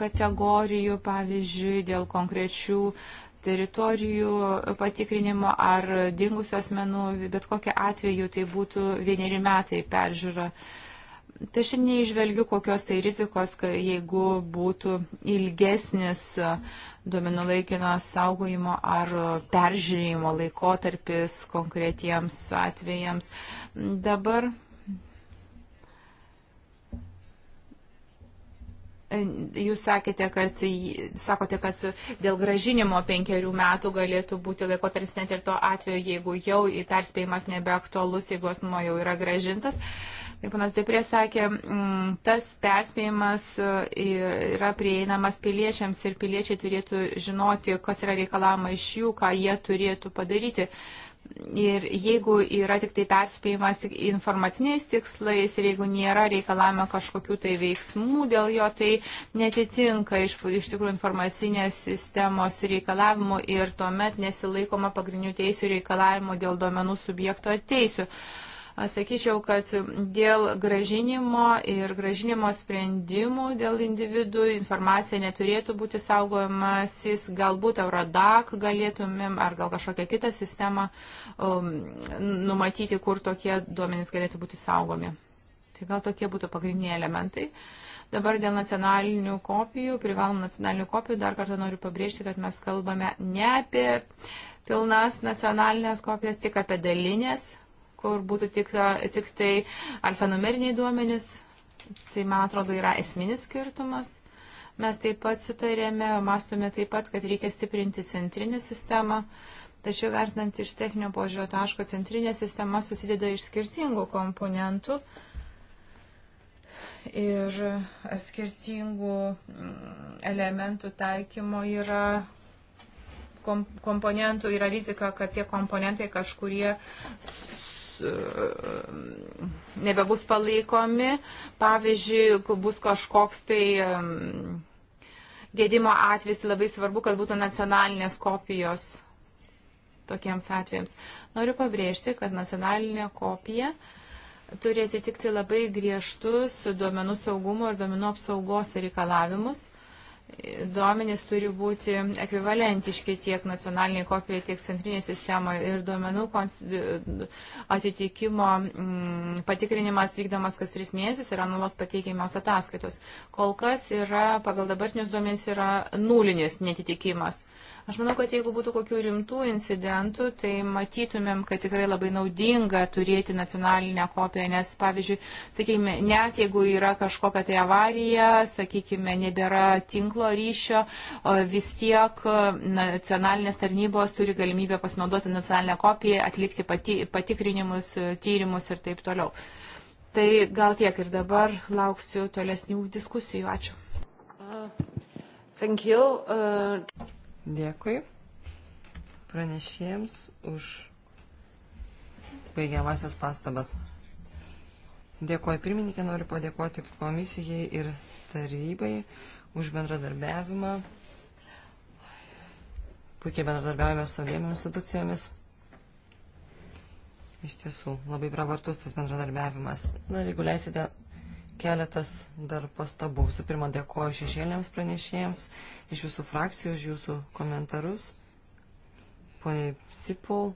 kategorijų, pavyzdžiui, dėl konkrečių teritorijų patikrinimo ar dingusių asmenų, bet kokiu atveju tai būtų vieneri metai peržiūra. Tai aš neižvelgiu kokios tai rizikos, jeigu būtų ilgesnis duomenų laikino saugojimo ar peržiūrėjimo laikotarpis konkretiems atvejams. Dabar Jūs sakėte, kad, sakote, kad dėl gražinimo penkerių metų galėtų būti laikotarpis net ir tuo atveju, jeigu jau perspėjimas nebeaktualus, jeigu asmo jau yra gražintas. Kaip panas Deprė sakė, mm, tas perspėjimas e, yra prieinamas piliečiams ir piliečiai turėtų žinoti, kas yra reikalavama iš jų, ką jie turėtų padaryti. Uh, Ir jeigu yra tik tai perspėjimas tik informaciniais tikslais ir jeigu nėra reikalavimo kažkokių tai veiksmų dėl jo, tai netitinka iš, iš tikrųjų informacinės sistemos reikalavimų ir tuomet nesilaikoma pagrindinių teisų reikalavimų dėl duomenų subjekto teisų. Uh, Sakyčiau, kad dėl gražinimo ir gražinimo sprendimų dėl individų informacija neturėtų būti saugomasis, galbūt Eurodac galėtumėm ar gal kažkokią kitą sistemą um, numatyti, kur tokie duomenys galėtų būti saugomi. Tai gal tokie būtų pagrindiniai elementai. Dabar dėl nacionalinių kopijų, privalom nacionalinių kopijų, dar kartą noriu pabrėžti, kad mes kalbame ne apie pilnas nacionalinės kopijas, tik apie dalinės kur būtų tik, tik tai alfanumeriniai duomenys. Tai, man atrodo, yra esminis skirtumas. Mes taip pat sutarėme, mastome taip pat, kad reikia stiprinti centrinę sistemą. Tačiau vertinant iš techninio požiūrio taško, centrinė sistema susideda iš skirtingų komponentų ir skirtingų mm, elementų taikymo yra komponentų yra rizika, kad tie komponentai kažkurie E, e, nebebus palaikomi. Pavyzdžiui, bus kažkoks tai gedimo atvejs, labai svarbu, kad būtų nacionalinės kopijos tokiems atvejams. Noriu pabrėžti, kad nacionalinė kopija turi atitikti labai griežtus duomenų saugumo ir duomenų apsaugos reikalavimus duomenys turi būti ekvivalentiški tiek nacionaliniai kopijai, tiek centrinėje sistemoje ir duomenų atitikimo mm, patikrinimas vykdomas kas tris mėnesius yra nulat pateikiamas ataskaitos. Kol kas yra, pagal dabartinius duomenys yra nulinis netitikimas. Aš manau, kad jeigu būtų kokių rimtų incidentų, tai matytumėm, kad tikrai labai naudinga turėti nacionalinę kopiją, nes, pavyzdžiui, sakykime, net jeigu yra kažkokia tai avarija, sakykime, nebėra tinklo ryšio, vis tiek e, nacionalinės tarnybos turi galimybę pasinaudoti nacionalinę kopiją, atlikti pati, patikrinimus, e, tyrimus ir taip toliau. Tai gal tiek ir dabar lauksiu tolesnių diskusijų. Ačiū. Uh, thank you. Uh... Dėkui pranešėjams už baigiamasias pastabas. Dėkuoju pirmininkė, noriu padėkoti komisijai ir tarybai už bendradarbiavimą. Puikiai bendradarbiavime su abiem institucijomis. Iš tiesų, labai pravartus tas bendradarbiavimas. Na, jeigu leisite, Keletas dar pastabų. Visų pirma, dėkoju šešėliams pranešėjams iš visų frakcijų už jūsų komentarus. Pone Sipol,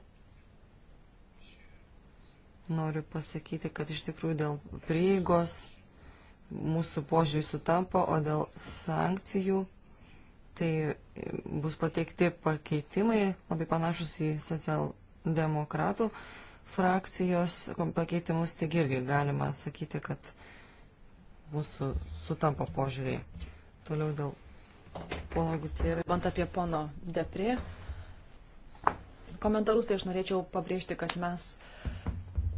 noriu pasakyti, kad iš tikrųjų dėl prieigos mūsų požiūrį sutampa, o dėl sankcijų tai bus pateikti pakeitimai, labai panašus į socialdemokratų frakcijos pakeitimus, taigi irgi galima sakyti, kad mūsų sutampa požiūriai. Toliau dėl pono Gutierė. Bant apie pono Deprė komentarus, tai aš norėčiau pabrėžti, kad mes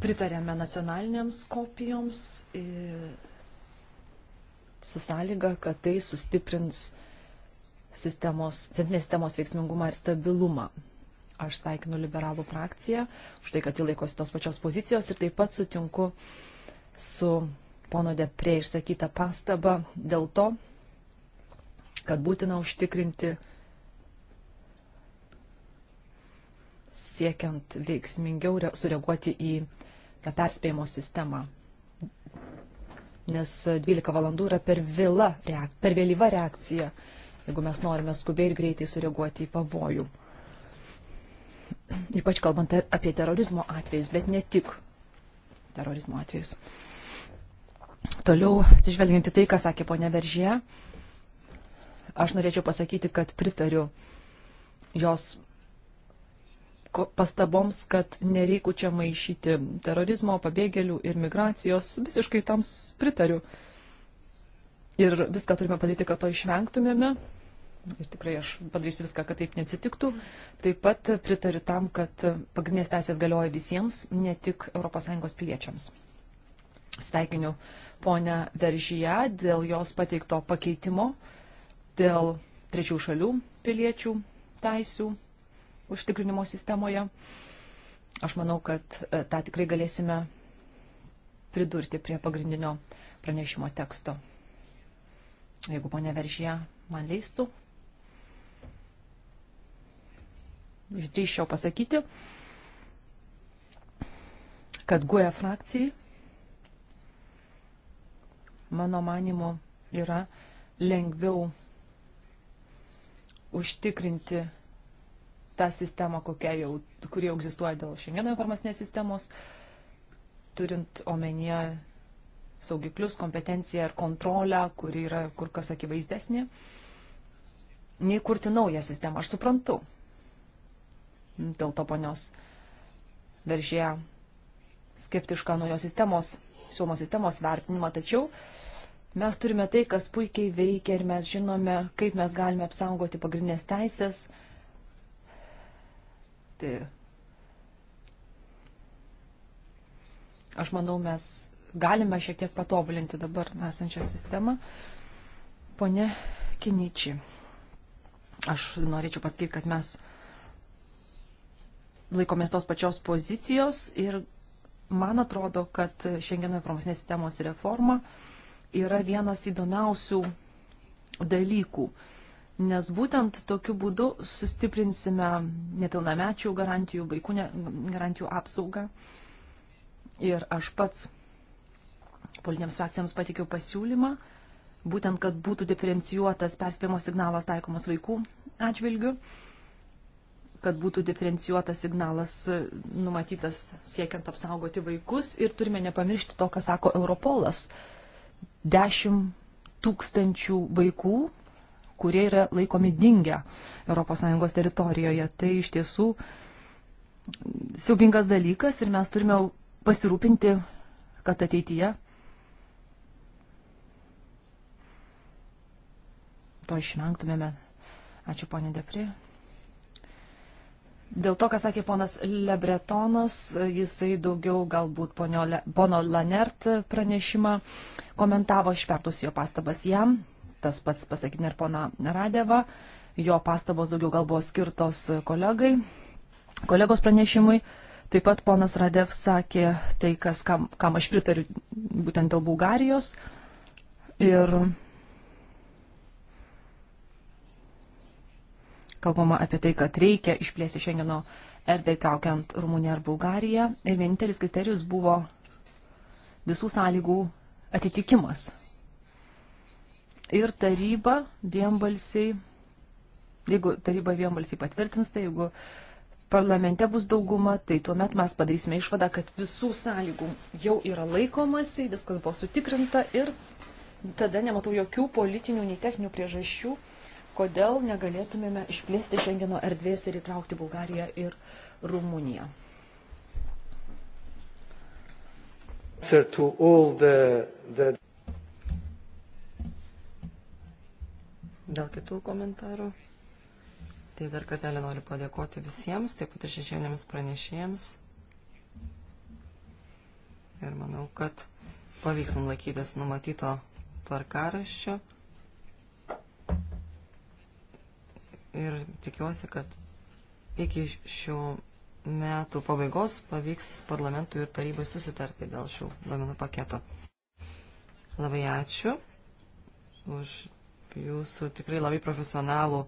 pritarėme nacionalinėms kopijoms su sąlyga, kad tai sustiprins sistemos, centrinės sistemos veiksmingumą ir stabilumą. Aš sveikinu liberalų frakciją už tai, kad jį laikosi tos pačios pozicijos ir taip pat sutinku su pono Deprie išsakytą pastabą dėl to, kad būtina užtikrinti siekiant veiksmingiau sureaguoti į tą perspėjimo sistemą. Nes 12 valandų yra per, vila, per vėlyva reakcija, jeigu mes norime skubiai ir greitai sureaguoti į pavojų. Ypač kalbant apie terorizmo atvejus, bet ne tik terorizmo atvejus. Toliau, atsižvelgiant į tai, ką sakė ponia Veržė, aš norėčiau pasakyti, kad pritariu jos pastaboms, kad nereikų čia maišyti terorizmo, pabėgėlių ir migracijos. Visiškai tam pritariu. Ir viską turime padaryti, kad to išvengtumėme. Ir tikrai aš padarysiu viską, kad taip nesitiktų. Taip pat pritariu tam, kad pagrindinės teisės galioja visiems, ne tik ES piliečiams. Sveikinu ponę Veržyje dėl jos pateikto pakeitimo, dėl trečių šalių piliečių teisių užtikrinimo sistemoje. Aš manau, kad e, tą tikrai galėsime pridurti prie pagrindinio pranešimo teksto. Jeigu ponia Veržyje man leistų, išdryščiau pasakyti, kad GUE frakcijai mano manimu, yra lengviau užtikrinti tą sistemą, kokia jau, kurie egzistuoja dėl šiandieno informacinės sistemos, turint omenyje saugiklius, kompetenciją ir kontrolę, kuri yra kur kas akivaizdesnė, nei kurti naują sistemą. Aš suprantu. Dėl to ponios veržė skeptišką naujos sistemos suomo sistemos vertinimą, tačiau mes turime tai, kas puikiai veikia ir mes žinome, kaip mes galime apsaugoti pagrindinės teisės. Tai aš manau, mes galime šiek tiek patobulinti dabar esančią sistemą. Pone Kiničiai, aš norėčiau pasakyti, kad mes laikomės tos pačios pozicijos ir man atrodo, kad Šengeno informacinės sistemos reforma yra vienas įdomiausių dalykų, nes būtent tokiu būdu sustiprinsime nepilnamečių garantijų, vaikų garantijų apsaugą. Ir aš pats politinėms frakcijoms patikiau pasiūlymą, būtent, kad būtų diferencijuotas perspėjimo signalas taikomas vaikų atžvilgių kad būtų diferencijuotas signalas e, numatytas siekiant apsaugoti vaikus. Ir turime nepamiršti to, ką sako Europolas. 10 tūkstančių vaikų, kurie yra laikomi dingę ES teritorijoje. Tai iš tiesų siubingas dalykas ir mes turime pasirūpinti, kad ateityje to išvengtumėme. Ačiū, ponė Depri. Dėl to, ką sakė ponas Lebretonas, jisai daugiau galbūt ponio, Le, pono Lanert pranešimą komentavo, aš vertus jo pastabas jam, tas pats pasakytina ir pona Radeva, jo pastabos daugiau gal buvo skirtos kolegai, kolegos pranešimui. Taip pat ponas Radev sakė tai, kas, kam, kam aš pritariu būtent dėl Bulgarijos. Ir kalbama apie tai, kad reikia išplėsti Šengeno erdvę įtraukiant Rumuniją ar Bulgariją. Ir vienintelis kriterijus buvo visų sąlygų atitikimas. Ir taryba vienbalsiai, jeigu taryba vienbalsiai patvirtins, tai jeigu parlamente bus dauguma, tai tuomet mes padarysime išvadą, kad visų sąlygų jau yra laikomasi, viskas buvo sutikrinta ir tada nematau jokių politinių nei techninių priežasčių kodėl negalėtumėme išplėsti Šengeno erdvės ir įtraukti Bulgariją ir Rumuniją. Dėl kitų komentarų. Tai dar kartelį noriu padėkoti visiems, taip pat ir šešėlėms pranešėjams. Ir manau, kad pavyks mum laikytis numatyto tvarkaraščio. ir tikiuosi, kad iki šių metų pabaigos pavyks parlamentui ir tarybai susitarti dėl šių duomenų paketo. Labai ačiū už jūsų tikrai labai profesionalų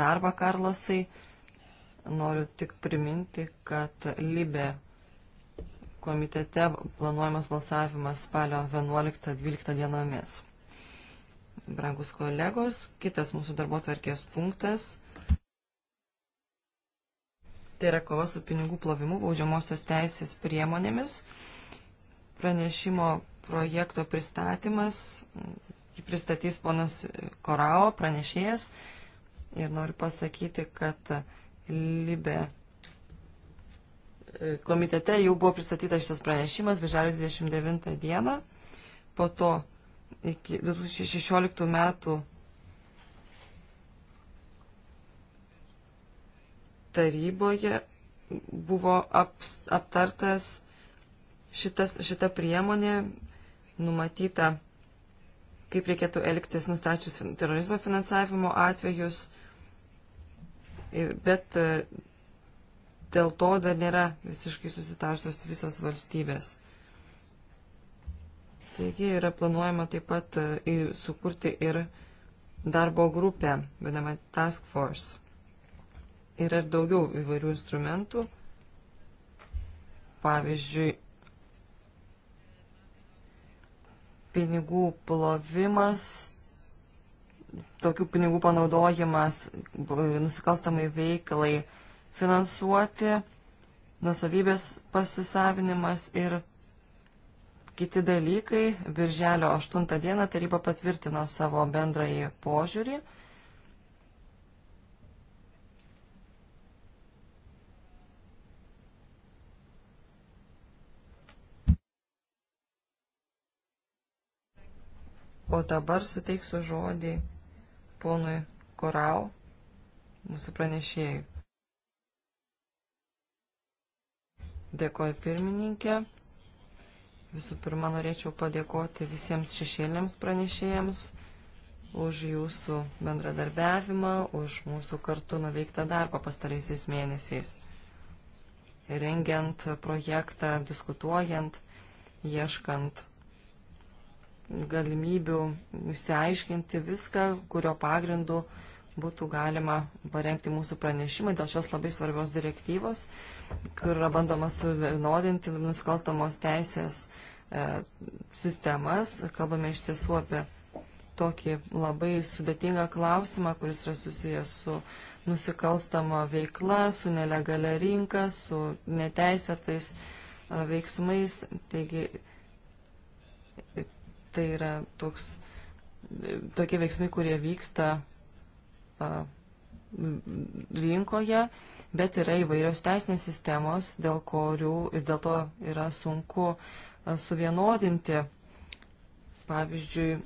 darbą, Karlosai. Noriu tik priminti, kad Libė komitete planuojamas balsavimas spalio 11-12 dienomis. Brangus kolegos, kitas mūsų darbo tvarkės punktas Tai yra kova su pinigų plovimu baudžiamosios teisės priemonėmis. Pranešimo projekto pristatymas, jį pristatys ponas Korao, pranešėjas. Ir noriu pasakyti, kad Libe komitete jau buvo pristatytas šitas pranešimas birželio 29 dieną. Po to iki 2016 metų taryboje buvo aps, aptartas šitas, šita priemonė numatyta, kaip reikėtų elgtis nustačius terorizmo finansavimo atvejus, bet dėl to dar nėra visiškai susitarsios visos valstybės. Taigi yra planuojama taip pat e, sukurti ir darbo grupę, vadinamą Task Force. Yra ir daugiau įvairių instrumentų. Pavyzdžiui, pinigų plovimas, tokių pinigų panaudojimas nusikalstamai veiklai finansuoti, nusavybės pasisavinimas ir kiti dalykai. Birželio 8 dieną taryba patvirtino savo bendrąjį požiūrį O dabar suteiksiu žodį ponui Korau, mūsų pranešėjui. Dėkoju pirmininkė. Visų pirma, norėčiau padėkoti visiems šešėliams pranešėjams už jūsų bendradarbiavimą, už mūsų kartu nuveiktą darbą pastaraisiais mėnesiais. Rengiant projektą, diskutuojant, ieškant galimybių išsiaiškinti viską, kurio pagrindu būtų galima parengti mūsų pranešimą dėl šios labai svarbios direktyvos, kur yra bandoma suvienodinti nusikalstamos teisės e, sistemas. Kalbame iš tiesų apie tokį labai sudėtingą klausimą, kuris yra susijęs su nusikalstama veikla, su nelegalia rinka, su neteisėtais e, veiksmais. Taigi, tai yra toks, e, tokie veiksmai, kurie vyksta a, rinkoje, bet yra įvairios teisinės sistemos, dėl kurių ir dėl to yra sunku suvienodinti, pavyzdžiui,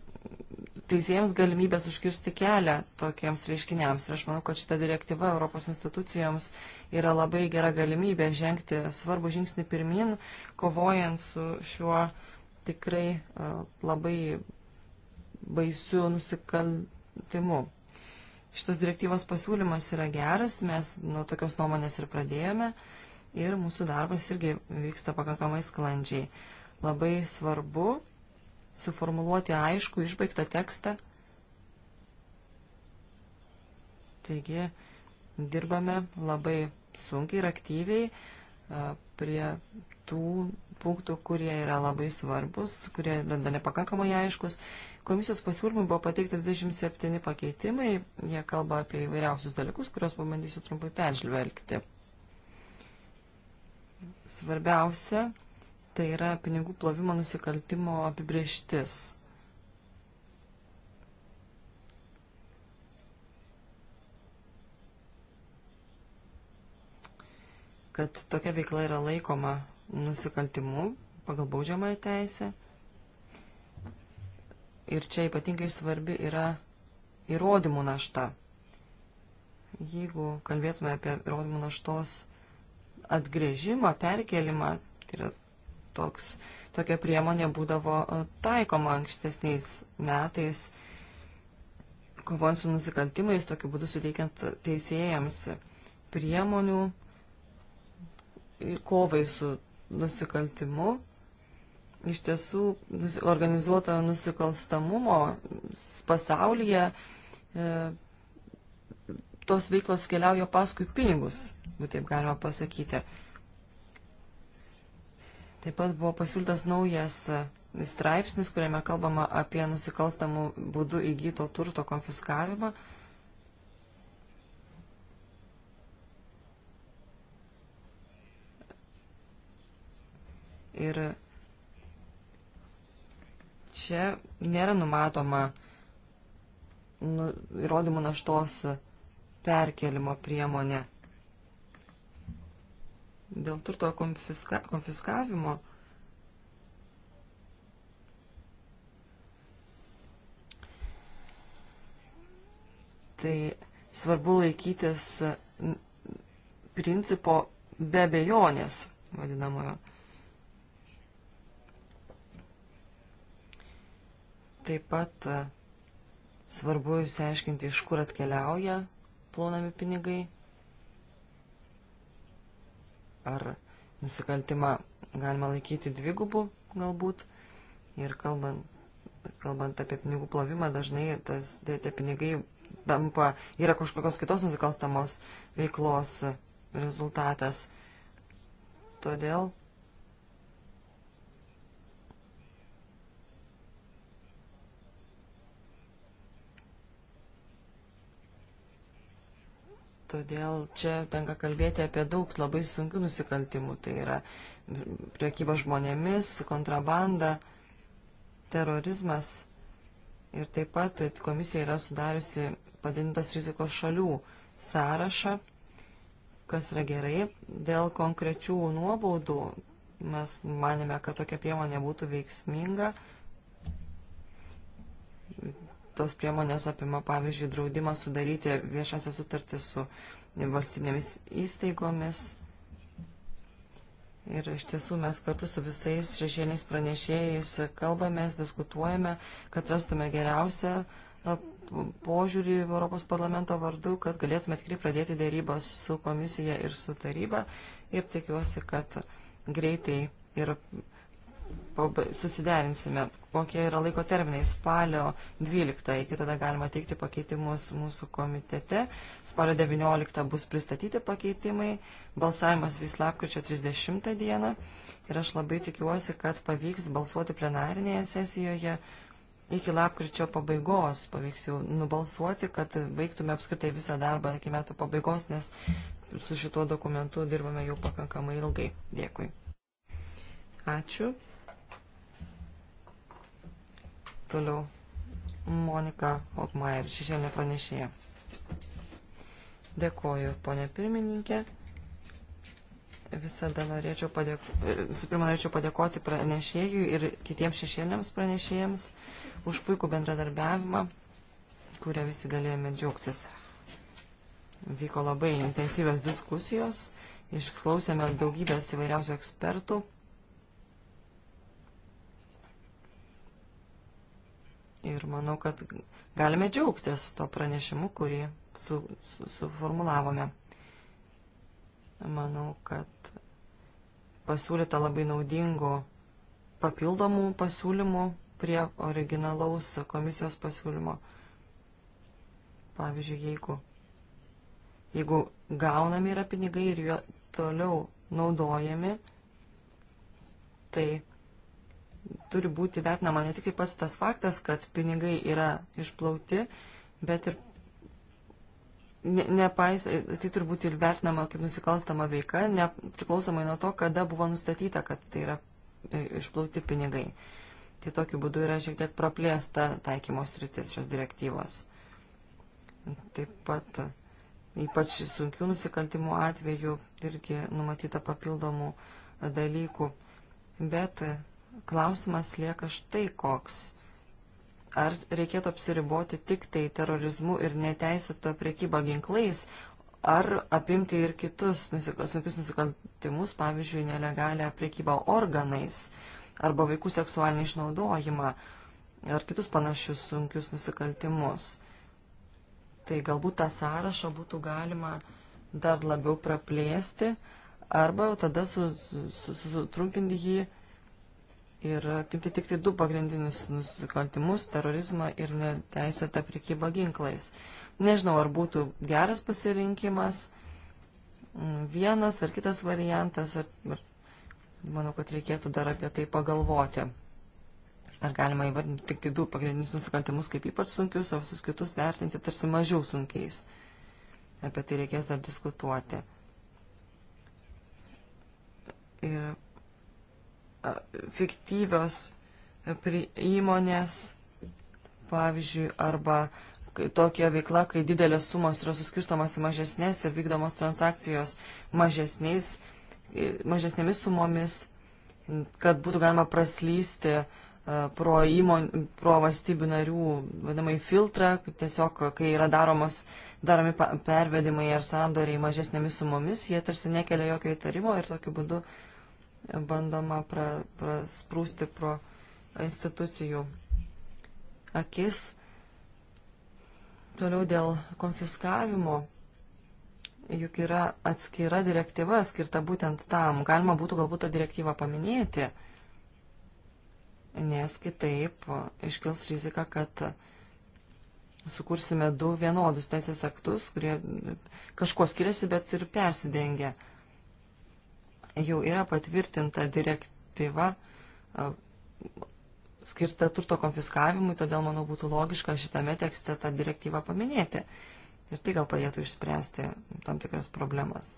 teisėjams galimybės užkirsti kelią tokiems reiškiniams. Ir aš manau, kad šita direktyva Europos institucijoms yra labai gera galimybė žengti svarbų žingsnį pirmin, kovojant su šiuo uh, tikrai labai baisių nusikaltimų. Šitas direktyvos pasiūlymas yra geras, mes nuo tokios nuomonės ir pradėjome ir mūsų darbas irgi vyksta pakankamai sklandžiai. Labai svarbu suformuluoti aišku išbaigtą tekstą. Taigi dirbame labai sunkiai ir aktyviai prie tų punktų, kurie yra labai svarbus, kurie dar nepakankamai aiškus. Komisijos pasiūlymui buvo pateikti 27 pakeitimai, jie kalba apie įvairiausius dalykus, kuriuos pabandysiu trumpai peržvelgti. Svarbiausia, tai yra pinigų plovimo nusikaltimo apibrieštis. kad tokia veikla yra laikoma nusikaltimu pagal baudžiamąją teisę. Ir čia ypatingai svarbi yra įrodymų našta. Jeigu kalbėtume apie įrodymų naštos atgrėžimą, perkelimą, tai yra toks, tokia priemonė būdavo e, taikoma ankstesniais metais, kovojant su nusikaltimais, tokiu būdu suteikiant teisėjams priemonių kovai su nusikaltimu. Iš tiesų, organizuoto nusikalstamumo pasaulyje e, tos veiklos keliauja paskui pinigus, jeigu taip galima pasakyti. Taip pat buvo pasiūlytas naujas e, straipsnis, kuriame kalbama apie nusikalstamų būdų įgyto turto konfiskavimą. E, Ir čia nėra numatoma nu, įrodymų naštos perkelimo priemonė. Dėl turto konfiska, konfiskavimo tai svarbu laikytis principo be bejonės vadinamojo. Taip pat e, svarbu įsiaiškinti, iš kur atkeliauja plaunami pinigai, ar nusikaltimą galima laikyti dvigubų galbūt. Ir kalbant, kalbant apie pinigų plovimą, dažnai tas, tie, tie pinigai tampa, yra kažkokios kitos nusikalstamos veiklos rezultatas. Todėl Todėl čia tenka kalbėti apie daug labai sunkių nusikaltimų. Tai yra priekyba žmonėmis, kontrabanda, terorizmas. Ir taip pat komisija yra sudariusi padidintos rizikos šalių sąrašą, kas yra gerai. Dėl konkrečių nuobaudų mes manėme, kad tokia priemonė būtų veiksminga tos priemonės apima, pavyzdžiui, draudimą sudaryti viešasią sutartį su valstybinėmis įstaigomis. Ir iš tiesų mes kartu su visais šešėliais pranešėjais kalbamės, diskutuojame, kad rastume geriausią požiūrį Europos parlamento vardu, kad galėtume tikrai pradėti dėrybas su komisija ir su taryba. Ir tikiuosi, kad greitai ir susiderinsime, kokie yra laiko terminai. Spalio 12 iki tada galima teikti pakeitimus mūsų komitete. Spalio 19 bus pristatyti pakeitimai. Balsavimas vis lapkričio 30 dieną. Ir aš labai tikiuosi, kad pavyks balsuoti plenarinėje sesijoje. Iki lapkričio pabaigos pavyks jau nubalsuoti, kad baigtume apskritai visą darbą iki metų pabaigos, nes su šituo dokumentu dirbame jau pakankamai ilgai. Dėkui. Ačiū. Toliau Monika Okmaier, šešėlė pranešėja. Dėkoju, ponė pirmininkė. Visada norėčiau padėkoti, visų pirma, norėčiau padėkoti pranešėjui ir kitiems šešėliams pranešėjams už puikų bendradarbiavimą, kurią visi galėjome džiaugtis. Vyko labai intensyvios diskusijos, išklausėme daugybės įvairiausių ekspertų Ir manau, kad galime džiaugtis to pranešimu, kurį su, su, suformulavome. Manau, kad pasiūlyta labai naudingų papildomų pasiūlymų prie originalaus komisijos pasiūlymo. Pavyzdžiui, jeigu, jeigu gaunami yra pinigai ir jo toliau naudojami, tai turi būti vertinama ne tik tai pats tas faktas, kad pinigai yra išplauti, bet ir ne, nepais, tai turi būti ir vertinama kaip nusikalstama veika, nepriklausomai nuo to, kada buvo nustatyta, kad tai yra e, išplauti pinigai. Tai tokiu būdu yra šiek tiek praplėsta taikymos rytis šios direktyvos. Taip pat ypač sunkių nusikaltimų atveju irgi numatyta papildomų dalykų, bet klausimas lieka štai koks. Ar reikėtų apsiriboti tik tai terorizmu ir neteisėto priekybą ginklais, ar apimti ir kitus sunkius nusikaltimus, pavyzdžiui, nelegalią priekybą organais arba vaikų seksualinį išnaudojimą ar kitus panašius sunkius nusikaltimus. Tai galbūt tą sąrašą būtų galima dar labiau praplėsti arba tada sutrumpinti su, su, su jį ir apimti tik tai du pagrindinius nusikaltimus - terorizmą ir neteisėtą prekybą ginklais. Nežinau, ar būtų geras pasirinkimas mm, vienas ar kitas variantas, ar, ar manau, kad reikėtų dar apie tai pagalvoti. Ar galima įvardinti tik tai du pagrindinius nusikaltimus kaip ypač sunkius, o visus kitus vertinti tarsi mažiau sunkiais. Apie tai reikės dar diskutuoti. Ir fiktyvios įmonės, pavyzdžiui, arba tokia veikla, kai didelės sumos yra suskirstomas į mažesnės ir vykdomos transakcijos mažesniais, mažesnėmis sumomis, kad būtų galima praslysti pro, įmon, pro valstybių narių vadinamai filtrą, tiesiog kai yra daromos, daromi pervedimai ar sandoriai mažesnėmis sumomis, jie tarsi nekelia jokio įtarimo ir tokiu būdu uh, bandoma pra, prasprūsti pro institucijų akis. Toliau dėl konfiskavimo juk yra atskira direktyva skirta būtent tam. Galima būtų galbūt tą direktyvą paminėti, nes kitaip iškils rizika, kad sukursime du vienodus teisės aktus, kurie kažkuo skiriasi, bet ir persidengia jau yra patvirtinta direktyva skirta turto konfiskavimui, todėl, manau, būtų logiška šitame tekste tą direktyvą paminėti. Ir tai gal padėtų išspręsti tam tikras problemas.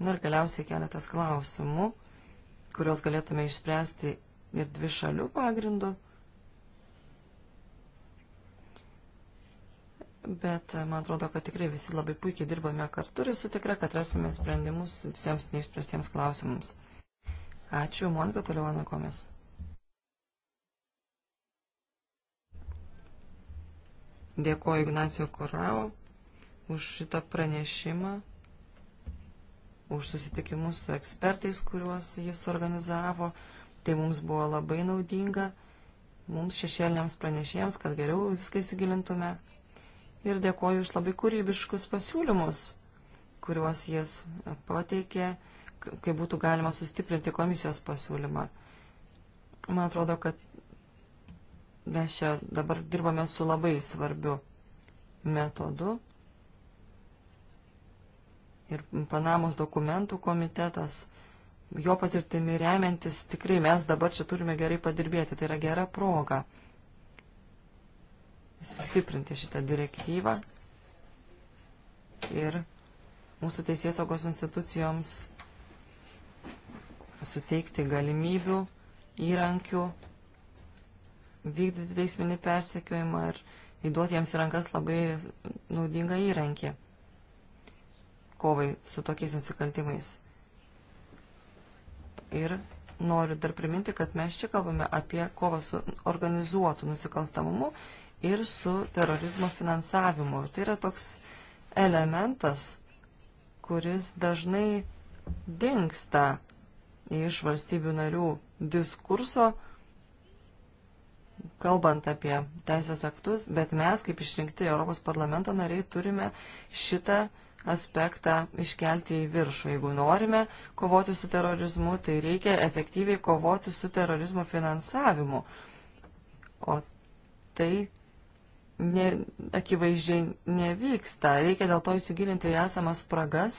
Na ir galiausiai keletas klausimų, kuriuos galėtume išspręsti ir dvi šalių pagrindų. Bet e, man atrodo, kad tikrai visi labai puikiai dirbame kartu ir esu tikra, kad rasime sprendimus visiems neišspręstiems klausimams. Ačiū, Monika Toliuona Komis. Dėkuoju Ignacio Korao už šitą pranešimą, už susitikimus su ekspertais, kuriuos jis organizavo. Tai mums buvo labai naudinga, mums šešėliniams pranešėjams, kad geriau viską įsigilintume ir dėkoju už labai kūrybiškus pasiūlymus, kuriuos jis pateikė, kai būtų galima sustiprinti komisijos pasiūlymą. Man atrodo, kad mes čia dabar dirbame su labai svarbiu metodu. Ir Panamos dokumentų komitetas, jo patirtimi remiantis, tikrai mes dabar čia turime gerai padirbėti, tai yra gera proga sustiprinti šitą direktyvą ir mūsų teisėsaugos institucijoms suteikti galimybių, įrankių, vykdyti teisminį persekiojimą ir įduoti jiems į rankas labai naudingą įrankį kovai su tokiais nusikaltimais. Ir noriu dar priminti, kad mes čia kalbame apie kovą su organizuotu nusikalstamumu ir su terorizmo finansavimu. Tai yra toks elementas, kuris dažnai dinksta iš valstybių narių diskurso, kalbant apie teisės aktus, bet mes, kaip išrinkti Europos parlamento nariai, turime šitą aspektą iškelti į viršų. Jeigu norime kovoti su terorizmu, tai reikia efektyviai kovoti su terorizmo finansavimu. O tai ne, akivaizdžiai nevyksta. Reikia dėl to įsigilinti į esamas spragas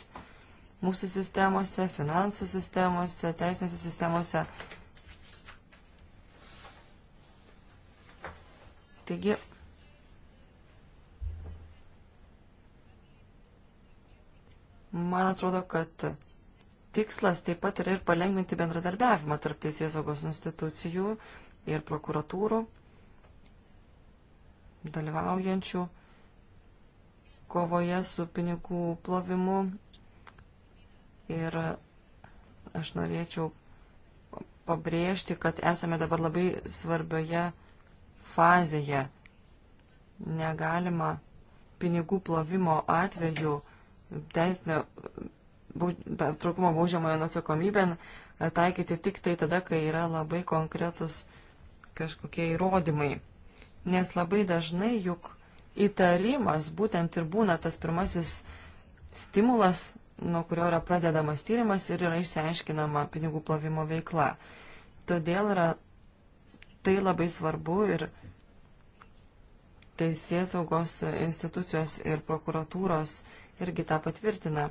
mūsų sistemose, finansų sistemose, teisinėse sistemose. Taigi, man atrodo, kad tikslas taip pat yra ir palengvinti bendradarbiavimą tarp teisės saugos institucijų ir prokuratūrų dalyvaujančių kovoje su pinigų plovimu. Ir aš norėčiau pabrėžti, kad esame dabar labai svarbioje fazėje. Negalima pinigų plovimo atveju teisinio trūkumo baudžiamojo atsakomybę taikyti tik tai tada, kai yra labai konkretus kažkokie įrodymai nes labai dažnai juk įtarimas būtent ir būna tas pirmasis stimulas, nuo kurio yra pradedamas tyrimas ir yra išsiaiškinama pinigų plovimo veikla. Todėl yra tai labai svarbu ir teisės saugos institucijos ir prokuratūros irgi tą patvirtina.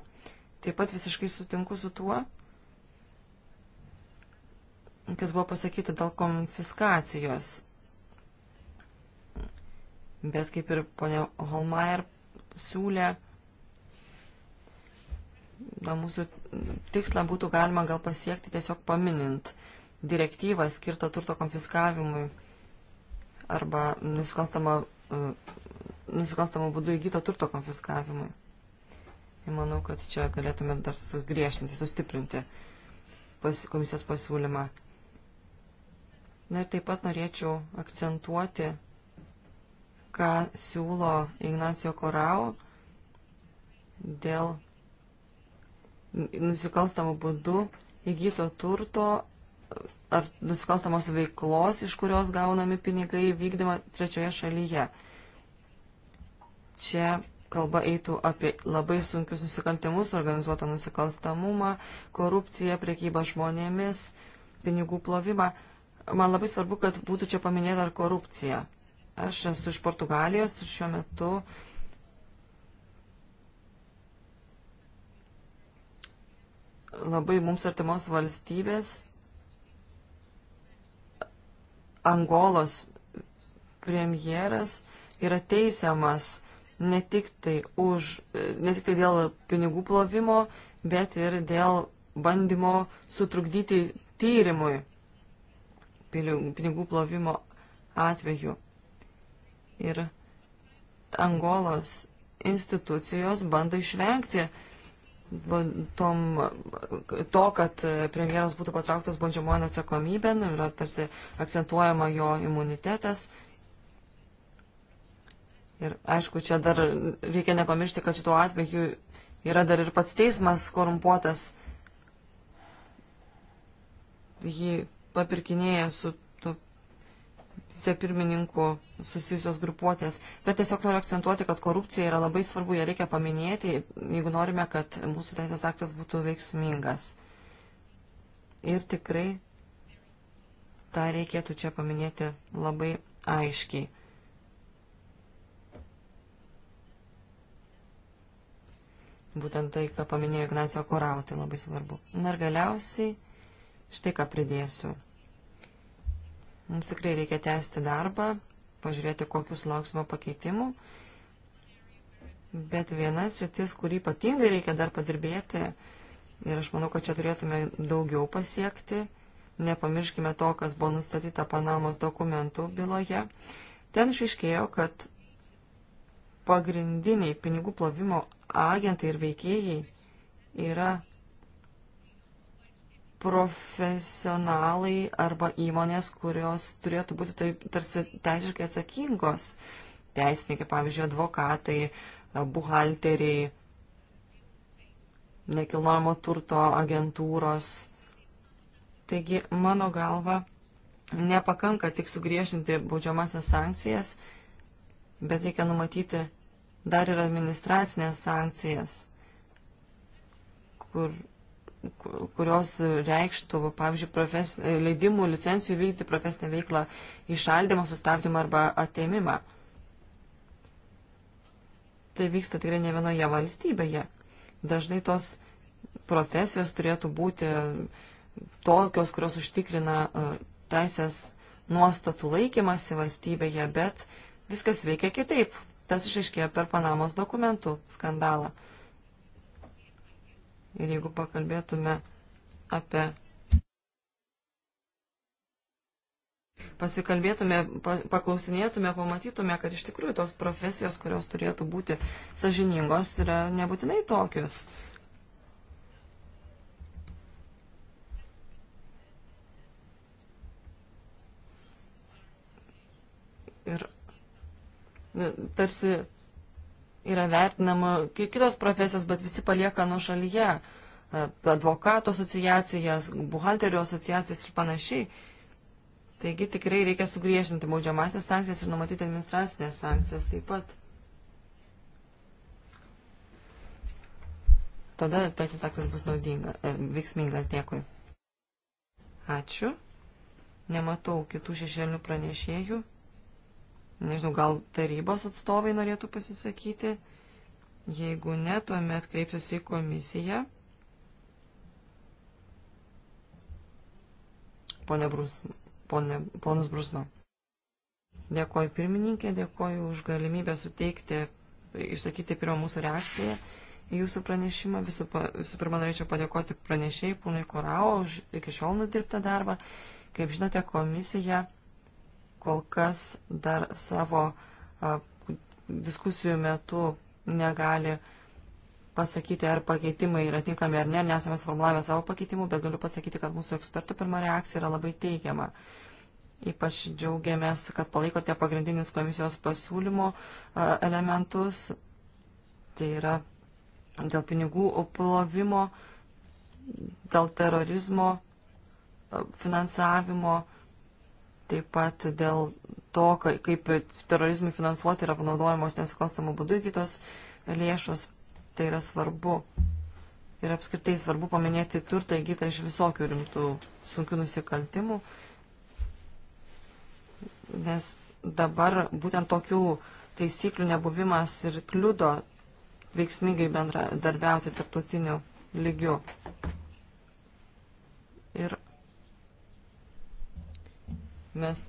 Taip pat visiškai sutinku su tuo, kas buvo pasakyta dėl konfiskacijos bet kaip ir ponia Holmeier siūlė, na, mūsų tikslą būtų galima gal pasiekti tiesiog paminint direktyvą skirtą turto konfiskavimui arba nusikalstamo, e, nusikalstamo būdu įgyto turto konfiskavimui. Ir manau, kad čia galėtume dar sugriežtinti, sustiprinti pas, komisijos pasiūlymą. Na ir taip pat norėčiau akcentuoti ką siūlo Ignacio Korau dėl nusikalstamų būdų įgyto turto ar nusikalstamos veiklos, iš kurios gaunami pinigai vykdymą trečioje šalyje. Čia kalba eitų apie labai sunkius nusikaltimus, organizuotą nusikalstamumą, korupciją, priekybą žmonėmis, pinigų plovimą. Man labai svarbu, kad būtų čia paminėta ir korupcija. Aš esu iš Portugalijos ir šiuo metu labai mums artimos valstybės Angolos premjeras yra teisiamas ne tik tai, už, ne tik tai dėl pinigų plovimo, bet ir dėl bandymo sutrukdyti tyrimui pinigų plovimo atveju. Ir Angolos institucijos bando išvengti tom, to, kad premjeras būtų patrauktas bandžiamojo atsakomybę, yra tarsi akcentuojama jo imunitetas. Ir aišku, čia dar reikia nepamiršti, kad šituo atveju yra dar ir pats teismas korumpuotas. Jį papirkinėja su se pirmininku susijusios grupuotės, bet tiesiog noriu akcentuoti, kad korupcija yra labai svarbu, ją reikia paminėti, jeigu norime, kad mūsų teisės aktas būtų veiksmingas. Ir tikrai tą reikėtų čia paminėti labai aiškiai. Būtent tai, ką paminėjo Ignacio Korautai, labai svarbu. Na ir galiausiai štai ką pridėsiu. Mums tikrai reikia tęsti darbą, pažiūrėti, kokius lauksime pakeitimų. Bet vienas rytis, kurį ypatingai reikia dar padirbėti, ir aš manau, kad čia turėtume daugiau pasiekti, nepamirškime to, kas buvo nustatyta Panamos dokumentų byloje, ten išaiškėjo, kad pagrindiniai pinigų plovimo agentai ir veikėjai yra profesionalai arba įmonės, kurios turėtų būti taip tarsi teisiškai atsakingos. Teisininkai, pavyzdžiui, advokatai, buhalteriai, nekilnojamo turto agentūros. Taigi, mano galva, nepakanka tik sugriežinti baudžiamasias sankcijas, bet reikia numatyti dar ir administracinės sankcijas, kur kurios reikštų, pavyzdžiui, profes, leidimų, licencijų vykdyti profesinę veiklą išaldymą, sustabdymą arba ateimimą. Tai vyksta tikrai ne vienoje valstybėje. Dažnai tos profesijos turėtų būti tokios, kurios užtikrina e, teisės nuostatų laikymasi valstybėje, bet viskas veikia kitaip. Tas išaiškėjo per Panamos dokumentų skandalą. Ir jeigu pakalbėtume apie pasikalbėtume, paklausinėtume, pamatytume, kad iš tikrųjų tos profesijos, kurios turėtų būti sažiningos, yra nebūtinai tokios. Ir tarsi yra vertinama kitos profesijos, bet visi palieka nuo šalyje e, advokato asociacijas, buhalterio asociacijas ir panašiai. Taigi tikrai reikia sugriešinti baudžiamasias sankcijas ir numatyti administracinės sankcijas taip pat. Tada teisės aktas bus naudinga, e, veiksmingas. Dėkui. Ačiū. Nematau kitų šešėlių pranešėjų. Nežinau, gal tarybos atstovai norėtų pasisakyti. Jeigu ne, tuomet kreipsiuosi į komisiją. Pone Brus, pone, ponas Brusma. Dėkoju pirmininkė, dėkoju už galimybę suteikti, išsakyti pirmą mūsų reakciją į jūsų pranešimą. Visų, visų pirma, norėčiau padėkoti pranešėjai, ponui Korao, už iki šiol nudirbtą darbą. Kaip žinote, komisija kol kas dar savo diskusijų metu negali pasakyti, ar pakeitimai yra tinkami ar ne, nesame sformulavę savo pakeitimų, bet galiu pasakyti, kad mūsų ekspertų pirma reakcija yra labai teigiama. Ypač džiaugiamės, kad palaikote pagrindinius komisijos pasiūlymo elementus, tai yra dėl pinigų plovimo, dėl terorizmo finansavimo, taip pat dėl to, kaip terorizmui finansuoti yra panaudojamos nesikalstamų būdų kitos lėšos. Tai yra svarbu. Ir apskritai svarbu paminėti turtą įgytą iš visokių rimtų sunkių nusikaltimų, nes dabar būtent tokių taisyklių nebuvimas ir kliudo veiksmingai bendradarbiauti tarptautiniu lygiu. Mes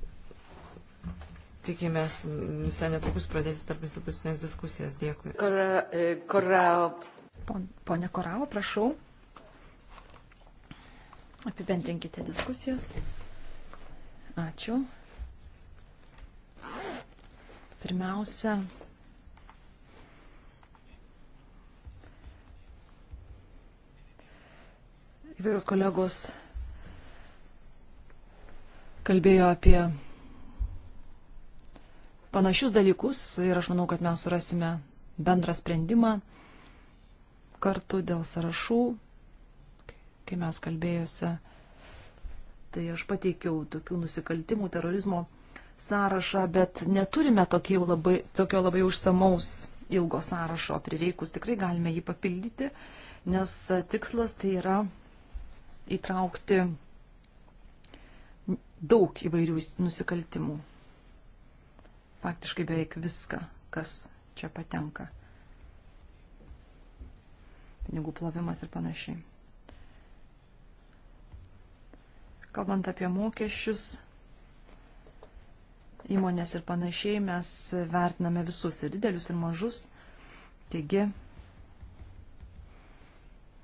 tikimės visai netrukus pradėti tarp institucinės diskusijas. Dėkui. Kora, e, korao. Pone Korao, prašau. Apibendrinkite diskusijas. Ačiū. Pirmiausia, įvairūs kolegos kalbėjo apie panašius dalykus ir aš manau, kad mes surasime bendrą sprendimą kartu dėl sąrašų, kai mes kalbėjose, tai aš pateikiau tokių nusikaltimų, terorizmo sąrašą, bet neturime labai, tokio labai užsamaus ilgo sąrašo, prireikus tikrai galime jį papildyti, nes tikslas tai yra įtraukti daug įvairių nusikaltimų. Faktiškai beveik viską, kas čia patenka. Pinigų plovimas ir panašiai. Kalbant apie mokesčius, įmonės ir panašiai, mes vertiname visus ir didelius, ir mažus. Taigi,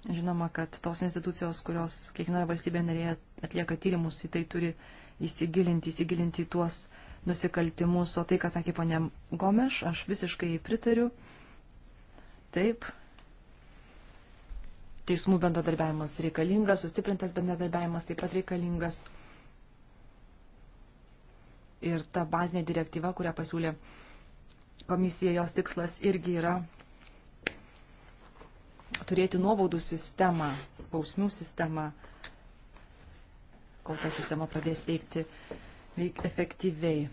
žinoma, kad tos institucijos, kurios kiekvienoje valstybėje narėje atlieka tyrimus, į tai turi uh, įsigilinti, įsigilinti į tuos nusikaltimus. O tai, ką sakė ponė Gomeš, aš visiškai pritariu. Taip. Teismų bendradarbiavimas reikalingas, sustiprintas bendradarbiavimas taip pat reikalingas. Ir ta bazinė direktyva, kurią pasiūlė komisija, jos tikslas irgi yra turėti nuobaudų sistemą, bausmių sistemą, kol ta sistema pradės veikti veik efektyviai.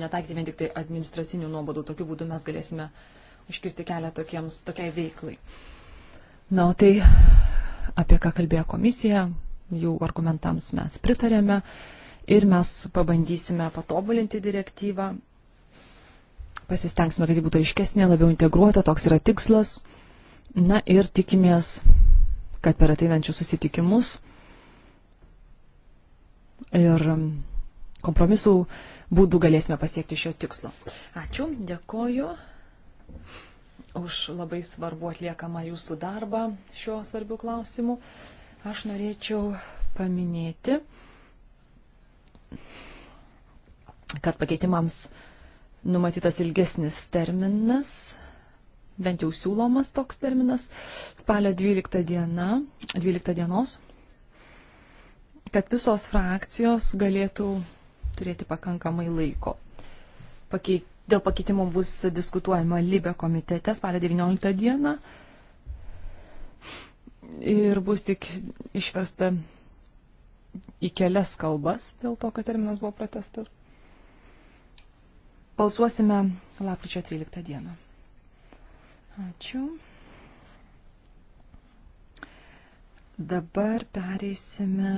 Netaikyti vien tik tai administracinių nuobodų, tokiu būdu mes galėsime užkisti kelią tokiems, tokiai veiklai. Na, o tai apie ką kalbėjo komisija, jų argumentams mes pritarėme ir mes pabandysime patobulinti direktyvą, pasistengsime, kad ji būtų aiškesnė, labiau integruota, toks yra tikslas. Na ir tikimės kad per ateinančius susitikimus ir kompromisų būdų galėsime pasiekti šio tikslo. Ačiū, dėkoju už labai svarbu atliekamą jūsų darbą šiuo svarbiu klausimu. Aš norėčiau paminėti, kad pakeitimams numatytas ilgesnis terminas bent jau siūlomas toks terminas, spalio 12 diena, 12 dienos, kad visos frakcijos galėtų turėti pakankamai laiko. Pakeit, dėl pakeitimo bus diskutuojama Libė komitete spalio 19 dieną ir bus tik išversta į kelias kalbas dėl to, kad terminas buvo protestas. Balsuosime lapkričio 13 dieną. Ačiū. Dabar pereisime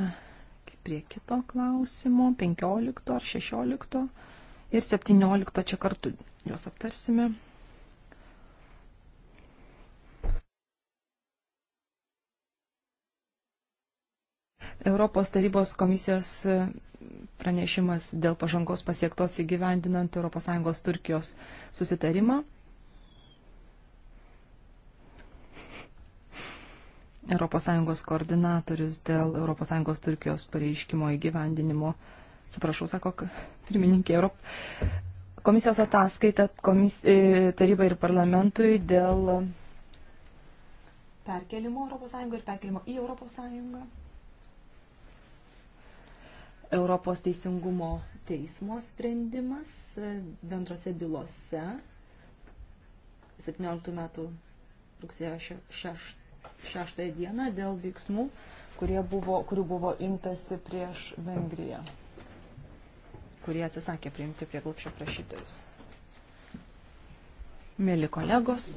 prie kito klausimo, 15 ar 16 ir 17 čia kartu juos aptarsime. Europos tarybos komisijos pranešimas dėl pažangos pasiektos įgyvendinant ES Turkijos susitarimą. ES koordinatorius dėl ES Turkijos pareiškimo įgyvendinimo. Atsiprašau, sako pirmininkė Europ. Komisijos ataskaita komis, e, tarybai ir parlamentui dėl perkelimo ES ir perkelimo į ES. Europos teisingumo teismo sprendimas e, bendrose bylose 17 metų rugsėjo 6 6 dieną dėl veiksmų, buvo, kurių buvo imtasi prieš Vengriją, kurie atsisakė priimti prieglupščio prašytojus. Mėly kolegos,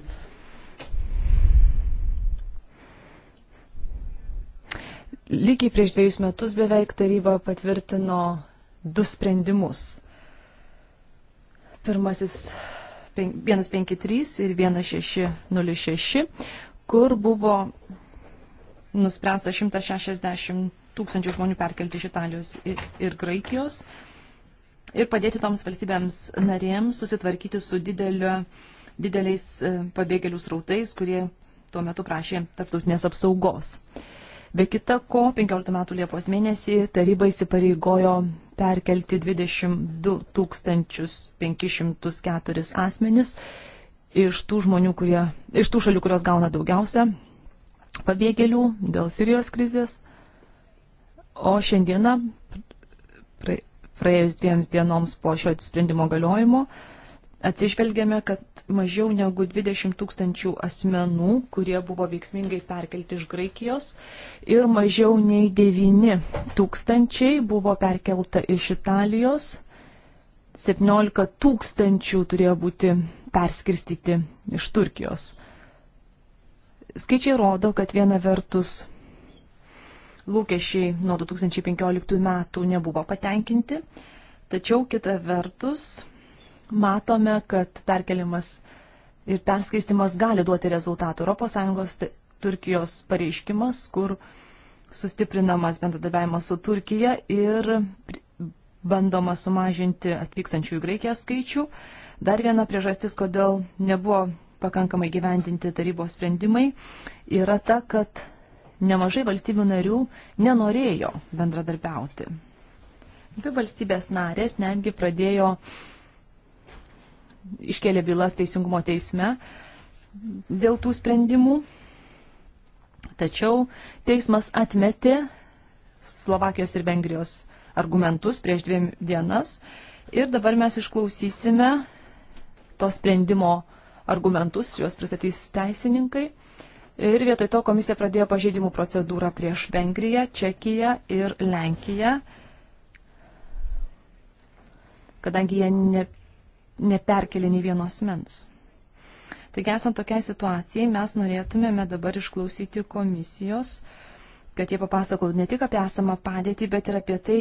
lygiai prieš dviejus metus beveik taryba patvirtino du sprendimus. Pirmasis 153 ir 1606 kur buvo nuspręsta 160 tūkstančių žmonių perkelti iš Italijos ir, ir Graikijos ir padėti toms valstybėms narėms susitvarkyti su didelio, dideliais e, pabėgėlių srautais, kurie tuo metu prašė tarptautinės apsaugos. Be kita ko, 15 metų Liepos mėnesį taryba įsipareigojo perkelti 22 504 asmenis iš tų žmonių, kurie, iš tų šalių, kurios gauna daugiausia pabėgėlių dėl Sirijos krizės. O šiandieną, praėjus dviems dienoms po šio sprendimo galiojimo, atsižvelgėme, kad mažiau negu 20 tūkstančių asmenų, kurie buvo veiksmingai perkelti iš Graikijos ir mažiau nei 9 tūkstančiai buvo perkelta iš Italijos, 17 tūkstančių turėjo būti perskirstyti iš Turkijos. Skaičiai rodo, kad viena vertus lūkesčiai nuo 2015 metų nebuvo patenkinti, tačiau kita vertus matome, kad perkelimas ir perskaistimas gali duoti rezultatų. ES Turkijos pareiškimas, kur sustiprinamas bendradarbiavimas su Turkija ir bandoma sumažinti atvykstančių į Graikiją skaičių, Dar viena priežastis, kodėl nebuvo pakankamai gyvendinti tarybos sprendimai, yra ta, kad nemažai valstybių narių nenorėjo bendradarbiauti. Dvi valstybės narės netgi pradėjo iškėlė bylas teisingumo teisme dėl tų sprendimų, tačiau teismas atmetė Slovakijos ir Vengrijos argumentus prieš dviem dienas ir dabar mes išklausysime to sprendimo argumentus, juos pristatys teisininkai. Ir vietoj to komisija pradėjo pažeidimų procedūrą prieš Vengriją, Čekiją ir Lenkiją, kadangi jie ne, neperkelė nei vienos mens. Taigi esant tokiai situacijai, mes norėtumėme dabar išklausyti komisijos, kad jie papasakotų ne tik apie esamą padėtį, bet ir apie tai,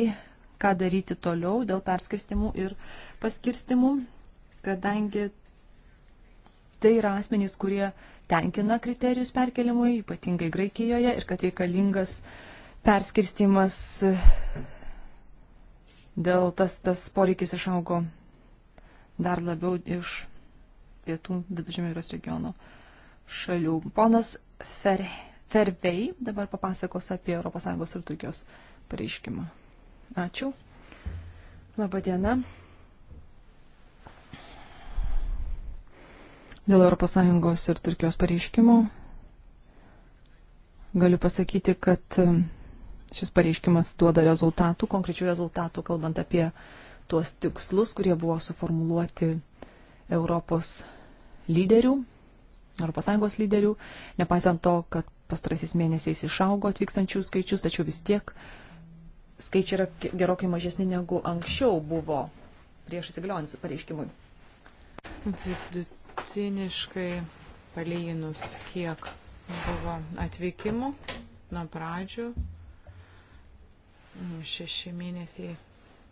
ką daryti toliau dėl perskirstimų ir paskirstimų kadangi tai yra asmenys, kurie tenkina kriterijus perkelimui, ypatingai Graikijoje, ir kad reikalingas perskirstimas dėl tas, tas poreikis išaugo dar labiau iš pietų viduržėmio jūros regiono šalių. Ponas Fer, Fervei dabar papasakos apie ES ir Turkijos pareiškimą. Ačiū. Labadiena. diena. Dėl ES ir Turkijos pareiškimų galiu pasakyti, kad um, šis pareiškimas duoda rezultatų, konkrečių rezultatų, kalbant apie tuos tikslus, kurie buvo suformuluoti Europos lyderių, ES lyderių, nepaisant to, kad pastarasis mėnesiais išaugo atvykstančių skaičius, tačiau vis tiek skaičiai yra gerokai mažesni negu anksčiau buvo prieš įsigaliojant su pareiškimui. Vidut vidutiniškai, palyginus, kiek buvo atvykimų nuo pradžių, šeši mėnesiai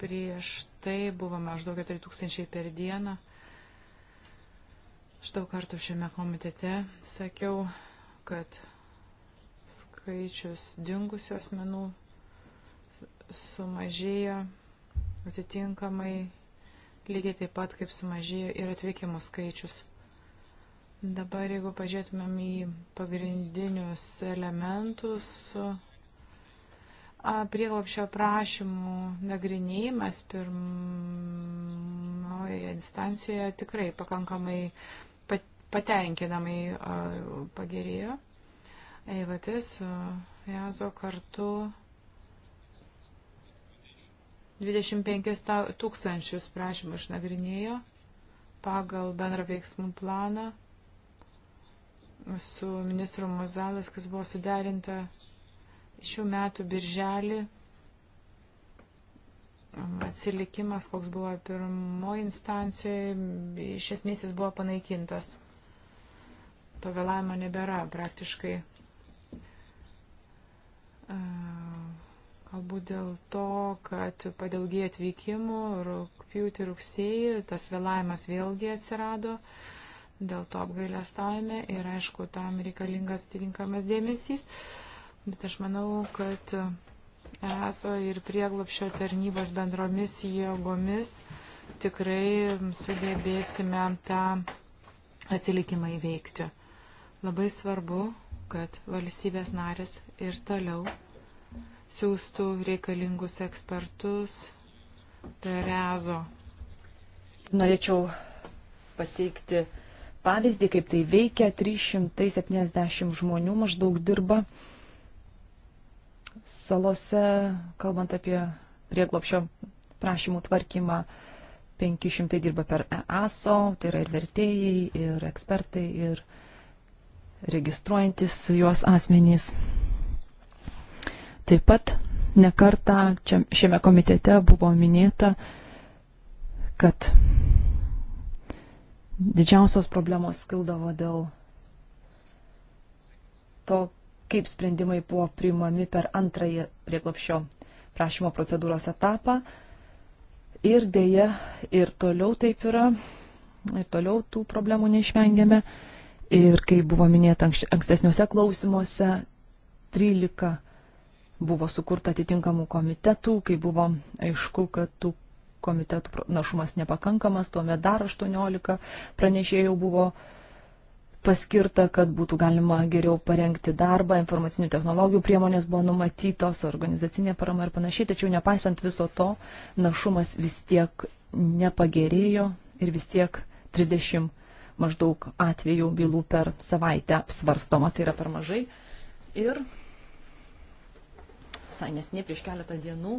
prieš tai buvo maždaug 4000 per dieną. Aš daug kartų šiame komitete sakiau, kad skaičius dingusių asmenų sumažėjo atitinkamai lygiai taip pat kaip sumažėjo ir atvykimų skaičius. Dabar, jeigu pažiūrėtumėm į pagrindinius elementus, prieglopšio prašymų nagrinėjimas pirmojoje instancijoje tikrai pakankamai patenkinamai pagerėjo. EIVT su EASO kartu 25 tūkstančius prašymų išnagrinėjo pagal bendrą veiksmų planą su ministru Mozalas, kas buvo suderinta šių metų birželį. Atsilikimas, koks buvo pirmoji instancijoje, iš esmės jis buvo panaikintas. To vėlavimo nebėra praktiškai. Galbūt dėl to, kad padaugėjo atvykimų, rūpjūtį, rugsėjį, tas vėlavimas vėlgi atsirado. Uh, dėl to apgailestavome ir aišku, tam reikalingas atitinkamas dėmesys, bet aš manau, kad ESO ir prieglapšio tarnybos bendromis jėgomis tikrai sugebėsime tą atsilikimą įveikti. Labai svarbu, kad valstybės narės ir toliau siūstų reikalingus ekspertus per EZO. Norėčiau pateikti pavyzdį, kaip tai veikia. 370 žmonių maždaug dirba salose, kalbant apie prieglopšio prašymų tvarkymą. 500 dirba per EASO, tai yra ir vertėjai, ir ekspertai, ir registruojantis juos asmenys. Taip pat nekarta šiame komitete buvo minėta, kad didžiausios problemos kildavo dėl to, kaip sprendimai buvo priimami per antrąjį prieglopšio prašymo procedūros etapą. Ir dėja, ir toliau taip yra, ir toliau tų problemų neišvengiame. Ir kaip buvo minėta anks, ankstesniuose klausimuose, 13 buvo sukurta atitinkamų komitetų, kai buvo aišku, kad tų komitetų našumas nepakankamas, tuomet dar 18 pranešėjų buvo paskirta, kad būtų galima geriau parengti darbą, informacinių technologijų priemonės buvo numatytos, organizacinė parama ir panašiai, tačiau nepaisant viso to, našumas vis tiek nepagerėjo ir vis tiek 30 maždaug atvejų bylų per savaitę svarstoma, tai yra per mažai. Ir visai nesiniai prieš keletą dienų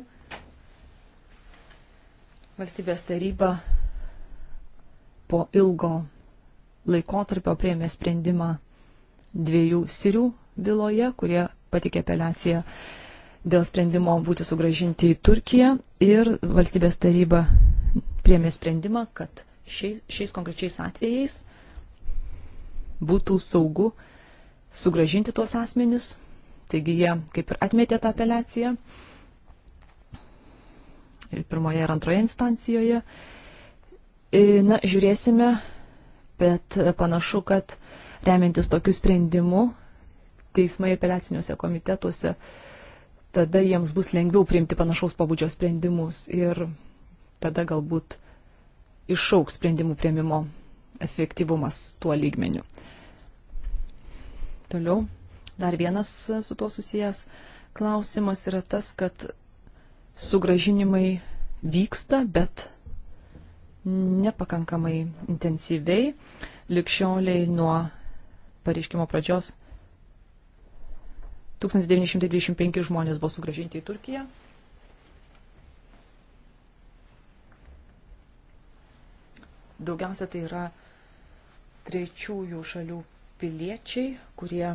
Valstybės taryba po ilgo laikotarpio prieėmė sprendimą dviejų sirių byloje, kurie patikė apeliaciją dėl sprendimo būti sugražinti į Turkiją ir valstybės taryba priemė sprendimą, kad šiais, šiais konkrečiais atvejais būtų saugu sugražinti tuos asmenis, taigi jie kaip ir atmetė tą apeliaciją pirmoje ir antroje instancijoje. E, na, žiūrėsime, bet panašu, kad remiantis tokiu sprendimu teismai apeliaciniuose komitetuose, tada jiems bus lengviau priimti panašaus pabudžio sprendimus ir tada galbūt išauks sprendimų prieimimo efektyvumas tuo lygmeniu. Toliau, dar vienas su tuo susijęs klausimas yra tas, kad sugražinimai vyksta, bet nepakankamai intensyviai. Likščioliai nuo pareiškimo pradžios 1925 žmonės buvo sugražinti į Turkiją. Daugiausia tai yra trečiųjų šalių piliečiai, kurie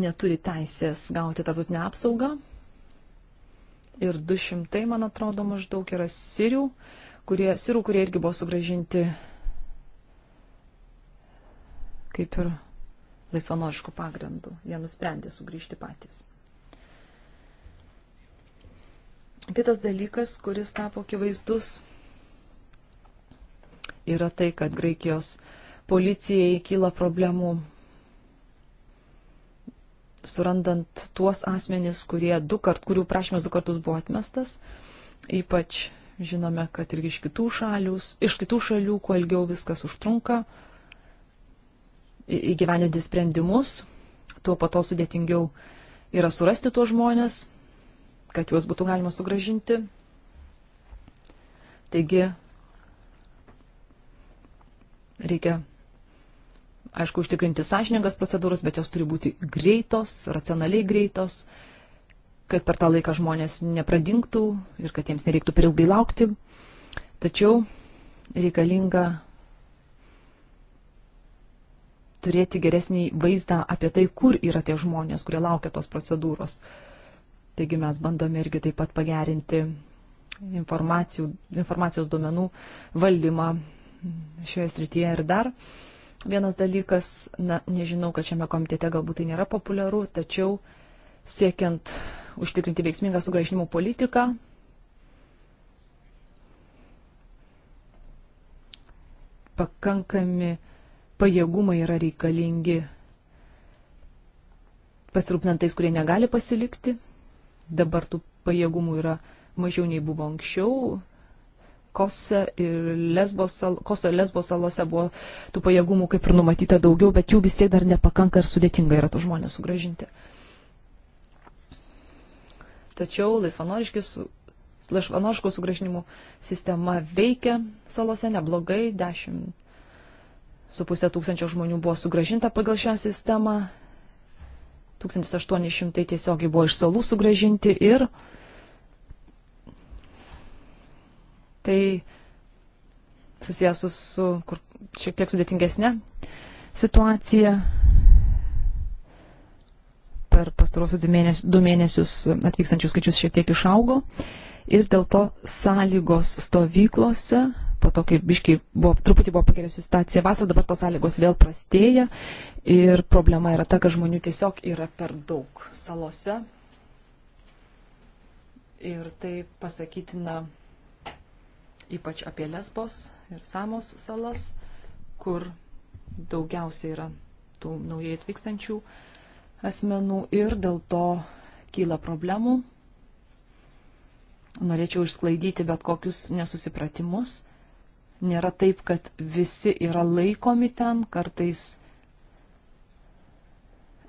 neturi teisės gauti tarptautinę apsaugą. Ir 200, man atrodo, maždaug yra sirių, kurie, sirų, kurie irgi buvo sugražinti kaip ir laisvanoriškų pagrindų. Jie nusprendė sugrįžti patys. Kitas dalykas, kuris tapo akivaizdus, yra tai, kad Graikijos policijai kyla problemų surandant tuos asmenys, kurie du kart, kurių prašymas du kartus buvo atmestas. Ypač žinome, kad irgi iš kitų, šalius, iš kitų šalių, kuo ilgiau viskas užtrunka, įgyvenėti sprendimus, tuo pato sudėtingiau yra surasti tuos žmonės, kad juos būtų galima sugražinti. Taigi reikia aišku, užtikrinti sąžiningas procedūras, bet jos turi būti greitos, racionaliai greitos, kad per tą laiką žmonės nepradinktų ir kad jiems nereiktų per ilgai laukti. Tačiau reikalinga turėti geresnį vaizdą apie tai, kur yra tie žmonės, kurie laukia tos procedūros. Taigi mes bandome irgi taip pat pagerinti informacijos duomenų valdymą šioje srityje ir dar. Uh, Vienas dalykas, na, nežinau, kad šiame komitete galbūt tai nėra populiaru, tačiau siekiant užtikrinti veiksmingą sugražinimų politiką, pakankami pajėgumai yra reikalingi pasirūpinant tais, kurie negali pasilikti. Dabar tų pajėgumų yra mažiau nei buvo anksčiau. Kose ir Lesbos, sal, Koso ir Lesbos salose buvo tų pajėgumų kaip ir numatyta daugiau, bet jų vis tiek dar nepakanka ir sudėtinga yra tų žmonės sugražinti. Tačiau laisvanoriškų sugražinimų sistema veikia salose neblogai, 10 su pusė tūkstančio žmonių buvo sugražinta pagal šią sistemą, 1800 tiesiogiai buvo iš salų sugražinti ir Tai susijęs su, su kur, šiek tiek sudėtingesnė situacija. Per pastarosius du, mėnes, du mėnesius atvykstančių skaičius šiek tiek išaugo ir dėl to sąlygos stovyklose, po to, kai biškai buvo, truputį buvo pagerėjusi situacija vasarą, dabar tos sąlygos vėl prastėja ir problema yra ta, kad žmonių tiesiog yra per daug salose. Ir tai pasakytina ypač apie Lesbos ir Samos salas, kur daugiausia yra tų naujai atvykstančių asmenų ir dėl to kyla problemų. Norėčiau išsklaidyti bet kokius nesusipratimus. Nėra taip, kad visi yra laikomi ten, kartais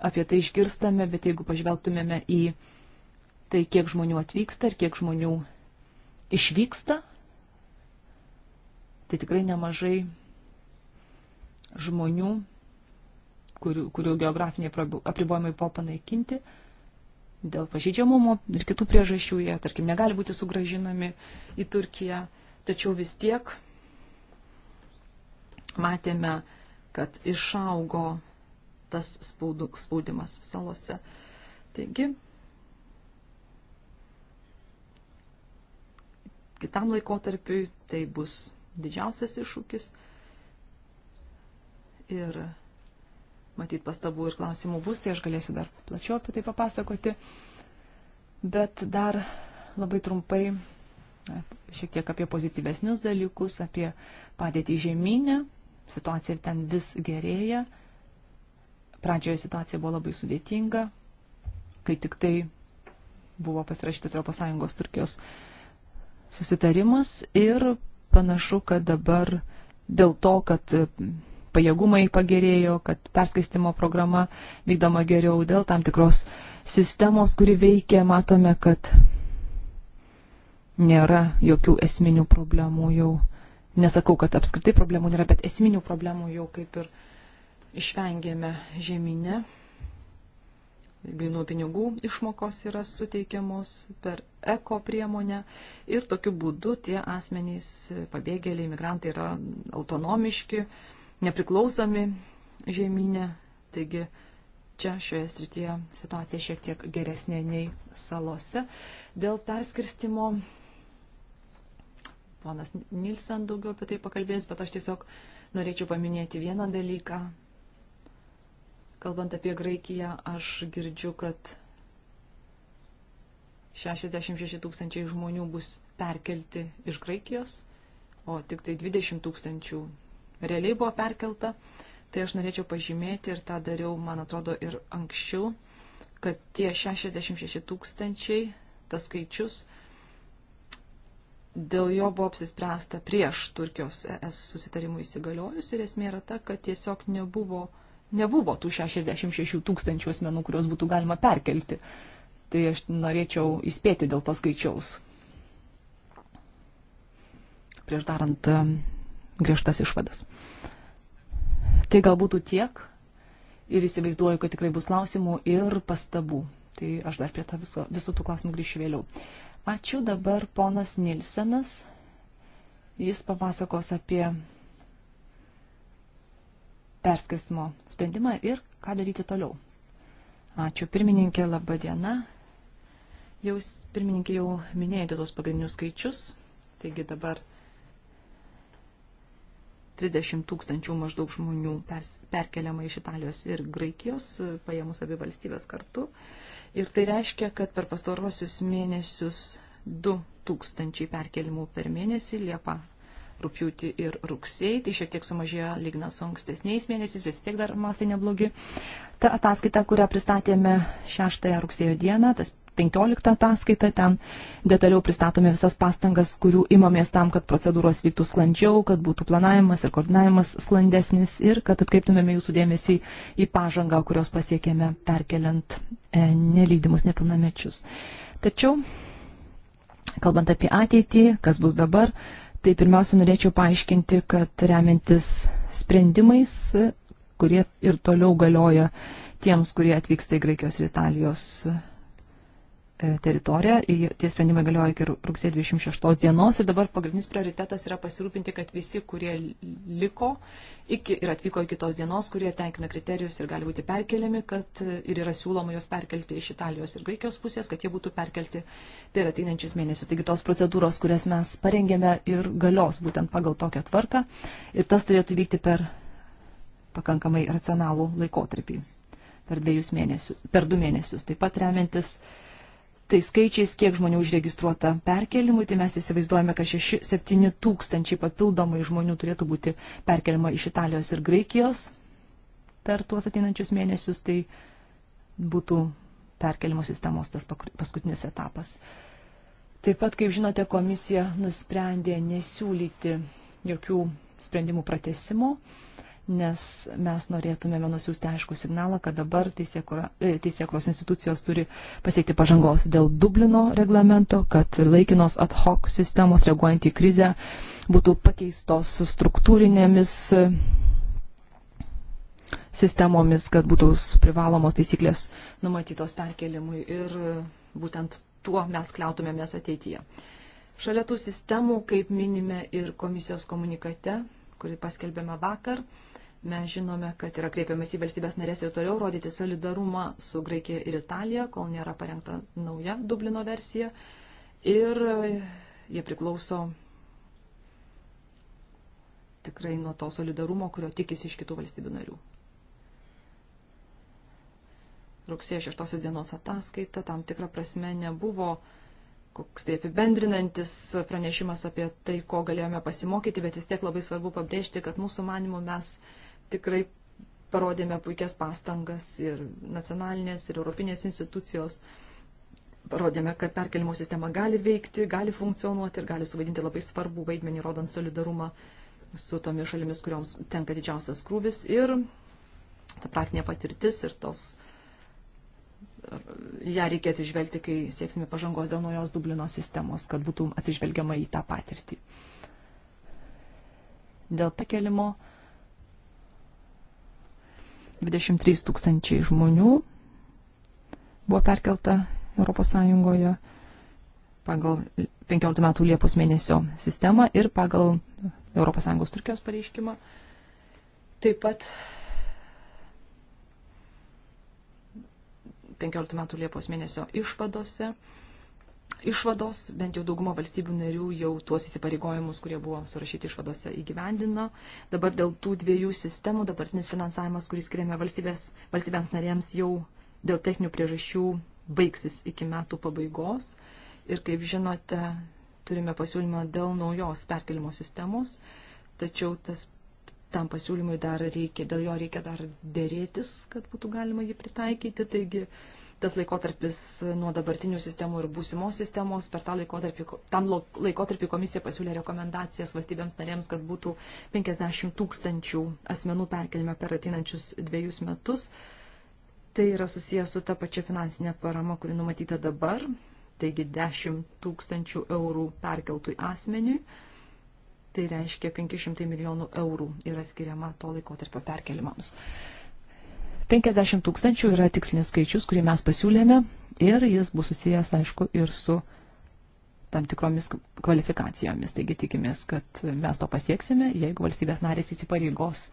apie tai išgirstame, bet jeigu pažvelgtumėme į tai, kiek žmonių atvyksta ir kiek žmonių išvyksta, tai tikrai nemažai žmonių, kurių, kurių geografiniai apribojimai buvo panaikinti dėl pažeidžiamumo ir kitų priežasčių, jie, tarkim, negali būti sugražinami į Turkiją, tačiau vis tiek matėme, kad išaugo tas spaudu, spaudimas salose. Taigi, kitam laikotarpiui tai bus didžiausias iššūkis. Ir matyt pastabų ir klausimų bus, tai aš galėsiu dar plačiau apie tai papasakoti. Bet dar labai trumpai šiek tiek apie pozityvesnius dalykus, apie padėtį žemynę. Situacija ir ten vis gerėja. Pradžioje situacija buvo labai sudėtinga, kai tik tai buvo pasirašytas ES Turkijos susitarimas ir panašu, kad dabar dėl to, kad e, pajėgumai pagerėjo, kad perskaistimo programa vykdoma geriau dėl tam tikros sistemos, kuri veikia, matome, kad nėra jokių esminių problemų jau. Nesakau, kad apskritai problemų nėra, bet esminių problemų jau kaip ir išvengėme žemynę grinų pinigų išmokos yra suteikiamos per eko priemonę ir tokiu būdu tie asmenys, pabėgėliai, migrantai yra autonomiški, nepriklausomi žemynė. Taigi čia šioje srityje situacija šiek tiek geresnė nei salose. Dėl perskirstimo ponas Nilsen daugiau apie tai pakalbės, bet aš tiesiog norėčiau paminėti vieną dalyką, Kalbant apie Graikiją, aš girdžiu, kad 66 tūkstančiai žmonių bus perkelti iš Graikijos, o tik tai 20 tūkstančių realiai buvo perkelta. Tai aš norėčiau pažymėti ir tą dariau, man atrodo, ir anksčiau, kad tie 66 tūkstančiai, tas skaičius, dėl jo buvo apsispręsta prieš Turkijos ES susitarimų įsigaliojus ir esmė yra ta, kad tiesiog nebuvo uh, nebuvo tų 66 tūkstančių asmenų, kuriuos būtų galima perkelti. Tai aš norėčiau įspėti dėl to skaičiaus. Prieš darant griežtas išvadas. Tai galbūt tiek ir įsivaizduoju, kad tikrai bus klausimų ir pastabų. Tai aš dar prie to viso, visų tų klausimų grįšiu vėliau. Ačiū dabar ponas Nilsenas. Jis papasakos apie perskirstimo sprendimą ir ką daryti toliau. Ačiū pirmininkė, laba diena. Jau pirmininkė jau minėjote tos pagrindinius skaičius, taigi dabar 30 tūkstančių maždaug žmonių pers, perkeliama iš Italijos ir Graikijos, paėmus abi valstybės kartu. Ir tai reiškia, kad per pastarosius mėnesius 2 tūkstančiai perkelimų per mėnesį Liepa rūpjūtį ir rugsėjį, tai šiek tiek sumažėjo lyginant su ankstesniais mėnesiais, vis tiek dar mastai neblogi. Ta ataskaita, kurią pristatėme 6 rugsėjo dieną, tas 15 ataskaita, ten detaliau pristatome visas pastangas, kurių imamės tam, kad procedūros vyktų sklandžiau, kad būtų planavimas ir koordinavimas sklandesnis ir kad atkreiptumėme jūsų dėmesį į pažangą, kurios pasiekėme perkeliant e, nelydimus nepilnamečius. Tačiau, kalbant apie ateitį, kas bus dabar, Tai pirmiausia, norėčiau paaiškinti, kad remiantis sprendimais, kurie ir toliau galioja tiems, kurie atvyksta į Graikijos ir Italijos E, teritoriją. Tie sprendimai galioja iki rugsėjo 26 dienos ir dabar pagrindinis prioritetas yra pasirūpinti, kad visi, kurie liko iki, ir atvyko iki tos dienos, kurie tenkina kriterijus ir gali būti perkeliami, kad e, ir yra siūloma juos perkelti iš Italijos ir Graikijos pusės, kad jie būtų perkelti per ateinančius mėnesius. Taigi tos procedūros, kurias mes parengėme ir galios būtent pagal tokią tvarką ir tas turėtų vykti per pakankamai racionalų laikotarpį per dviejus mėnesius, per du mėnesius. Taip pat remiantis tai skaičiais, kiek žmonių užregistruota perkelimui, tai mes įsivaizduojame, kad 6-7 tūkstančiai papildomai žmonių turėtų būti perkeliama iš Italijos ir Graikijos per tuos ateinančius mėnesius, tai būtų perkelimo sistemos tas paskutinis etapas. Taip pat, kaip žinote, komisija nusprendė nesiūlyti jokių sprendimų pratesimo nes mes norėtumėme nusiųsti aišku signalą, kad dabar e, teisėkros institucijos turi pasiekti pažangos dėl Dublino reglamento, kad laikinos ad hoc sistemos reaguojant į krizę būtų pakeistos struktūrinėmis e, sistemomis, kad būtų privalomos taisyklės numatytos perkelimui ir e, būtent tuo mes kliautumėmės ateityje. Šalia tų sistemų, kaip minime ir komisijos komunikate, kurį paskelbėme vakar, Mes žinome, kad yra kreipiamas į valstybės narės ir toliau rodyti solidarumą su Graikija ir Italija, kol nėra parengta nauja Dublino versija. Ir jie priklauso tikrai nuo to solidarumo, kurio tikisi iš kitų valstybių narių. Rugsėjo 6 dienos ataskaita tam tikrą prasme nebuvo koks tai apibendrinantis pranešimas apie tai, ko galėjome pasimokyti, bet vis tiek labai svarbu pabrėžti, kad mūsų manimų mes tikrai parodėme puikias pastangas ir nacionalinės, ir europinės institucijos. Parodėme, kad perkelimo sistema gali veikti, gali funkcionuoti ir gali suvaidinti labai svarbų vaidmenį, rodant solidarumą su tomis šalimis, kurioms tenka didžiausias krūvis. Ir ta praktinė patirtis ir tos, ją reikia atsižvelgti, kai sieksime pažangos dėl naujos Dublino sistemos, kad būtų atsižvelgiama į tą patirtį. Dėl pakelimo 23 tūkstančiai žmonių buvo perkelta ES pagal 15 metų Liepos mėnesio sistemą ir pagal ES Turkijos pareiškimą. Taip pat 15 metų Liepos mėnesio išvadose išvados, bent jau dauguma valstybių narių jau tuos įsipareigojimus, kurie buvo surašyti išvadose, įgyvendino. Dabar dėl tų dviejų sistemų dabartinis finansavimas, kuris skiriame valstybėms narėms, jau dėl techninių priežasčių baigsis iki metų pabaigos. Ir kaip žinote, turime pasiūlymą dėl naujos perkelimo sistemos, tačiau tas, tam pasiūlymui dar reikia, dėl jo reikia dar dėrėtis, kad būtų galima jį pritaikyti. Taigi, uh, tas laikotarpis nuo dabartinių sistemų ir būsimos sistemos. Per tą laikotarpį, tam laikotarpį komisija pasiūlė rekomendacijas valstybėms narėms, kad būtų 50 tūkstančių asmenų perkelime per ateinančius dviejus metus. Tai yra susijęs su ta pačia finansinė parama, kuri numatyta dabar, taigi 10 tūkstančių eurų perkeltui asmeniui. Tai reiškia 500 milijonų eurų yra skiriama to laikotarpio perkelimams. Uh, 50 tūkstančių yra tikslinis skaičius, kurį mes pasiūlėme ir jis bus susijęs, aišku, ir su tam tikromis kvalifikacijomis. Taigi tikimės, kad mes to pasieksime, jeigu valstybės narės įsipareigos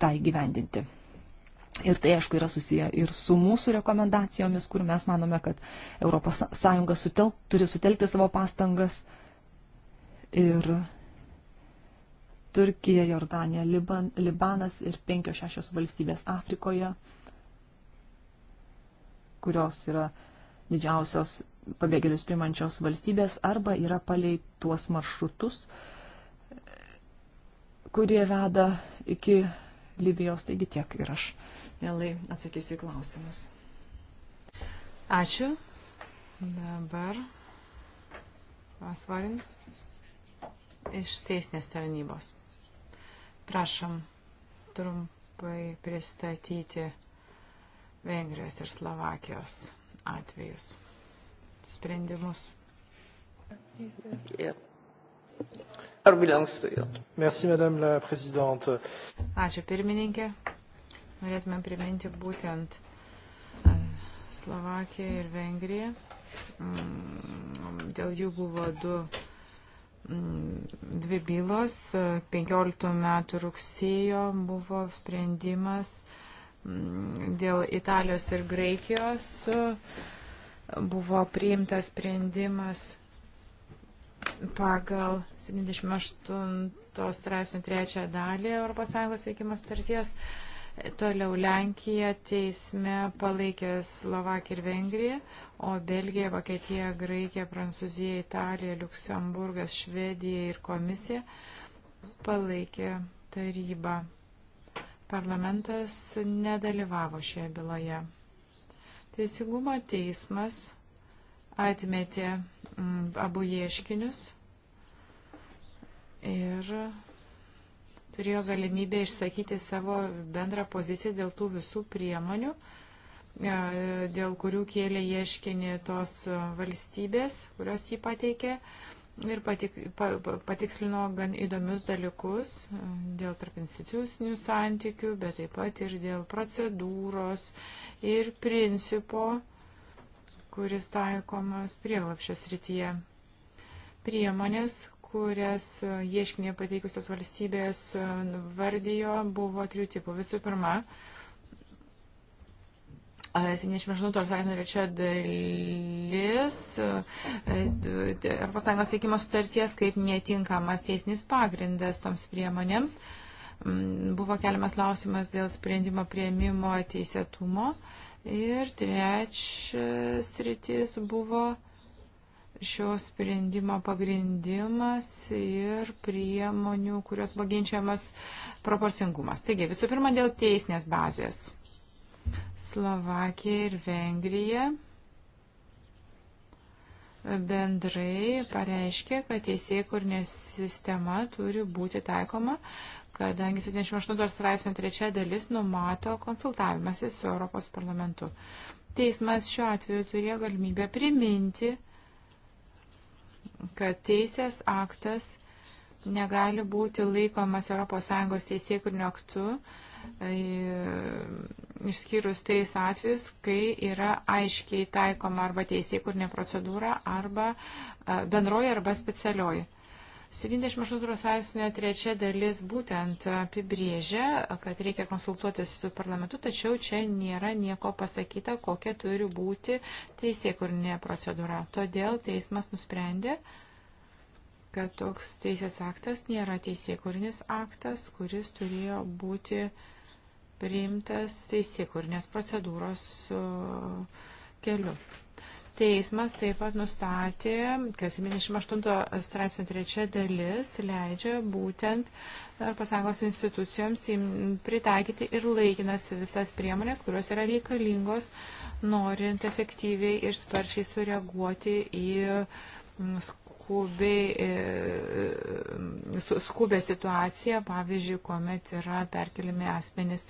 tai gyvendinti. Ir tai, aišku, yra susiję ir su mūsų rekomendacijomis, kur mes manome, kad ES sutel, turi sutelkti savo pastangas ir Turkija, Jordanija, Liban, Libanas ir 5-6 valstybės Afrikoje, kurios yra didžiausios pabėgėlius primančios valstybės arba yra palei tuos maršrutus, kurie veda iki Libijos. Taigi tiek ir aš mielai atsakysiu į klausimus. Ačiū. Dabar Asvarin iš teisinės tarnybos. Prašom trumpai pristatyti Vengrijos ir Slovakijos atvejus, sprendimus. Yeah. Merci, Madame la Présidente. Ačiū pirmininkė. Norėtume priminti būtent e, Slovakiją ir Vengriją. Mm, dėl jų buvo du dvi bylos. 15 metų rugsėjo buvo sprendimas mm, dėl Italijos ir Graikijos. Buvo priimtas sprendimas pagal 78 straipsnių trečią dalį ES veikimo sutarties. Toliau Lenkija teisme palaikė Slovakiją ir Vengriją, o Belgija, Vokietija, Graikija, Prancūzija, Italija, Luksemburgas, Švedija ir komisija palaikė tarybą. Parlamentas nedalyvavo šioje byloje. Teisingumo teismas atmetė mm, abu ieškinius ir turėjo galimybę išsakyti savo bendrą poziciją dėl tų visų priemonių, e, dėl kurių kėlė ieškinį tos valstybės, kurios jį pateikė ir patik, pa, patikslino gan įdomius dalykus e, dėl tarp institucinių santykių, bet taip pat ir dėl procedūros ir principo, kuris taikomas prieglapščios rytyje. Priemonės, kurias e, ieškinį pateikusios valstybės e, vardijo, buvo trijų tipų. Visų pirma, 78 e, toleratinio dalis Europos Sąjungos veikimo sutarties kaip netinkamas teisinis pagrindas toms priemonėms. Mm, buvo keliamas klausimas dėl sprendimo prieimimo teisėtumo. Ir trečias rytis buvo šio sprendimo pagrindimas ir priemonių, kurios buvo ginčiamas proporcingumas. Taigi, visų pirma, dėl teisinės bazės. Slovakija ir Vengrija bendrai pareiškė, kad teisėkurnė sistema turi būti taikoma, kadangi 78 straipsnio trečia dalis numato konsultavimasi su Europos parlamentu. Teismas šiuo atveju turėjo galimybę priminti kad teisės aktas negali būti laikomas ES teisėkurinio aktu, e, išskyrus tais atvejus, kai yra aiškiai taikoma arba teisėkurinė procedūra, arba e, bendroji, arba specialioji. 78 straipsnio trečia dalis būtent apibrėžia, kad reikia konsultuotis su parlamentu, tačiau čia nėra nieko pasakyta, kokia turi būti teisėkurinė procedūra. Todėl teismas nusprendė, kad toks teisės aktas nėra teisėkurinis aktas, kuris turėjo būti priimtas teisėkurinės procedūros uh, keliu. Teismas taip pat nustatė, kad 78 straipsnio trečia dalis leidžia būtent ES institucijoms pritaikyti ir laikinas visas priemonės, kurios yra reikalingos, norint efektyviai ir sparčiai sureaguoti į skubę e, e, situaciją, pavyzdžiui, kuomet yra perkeliami asmenys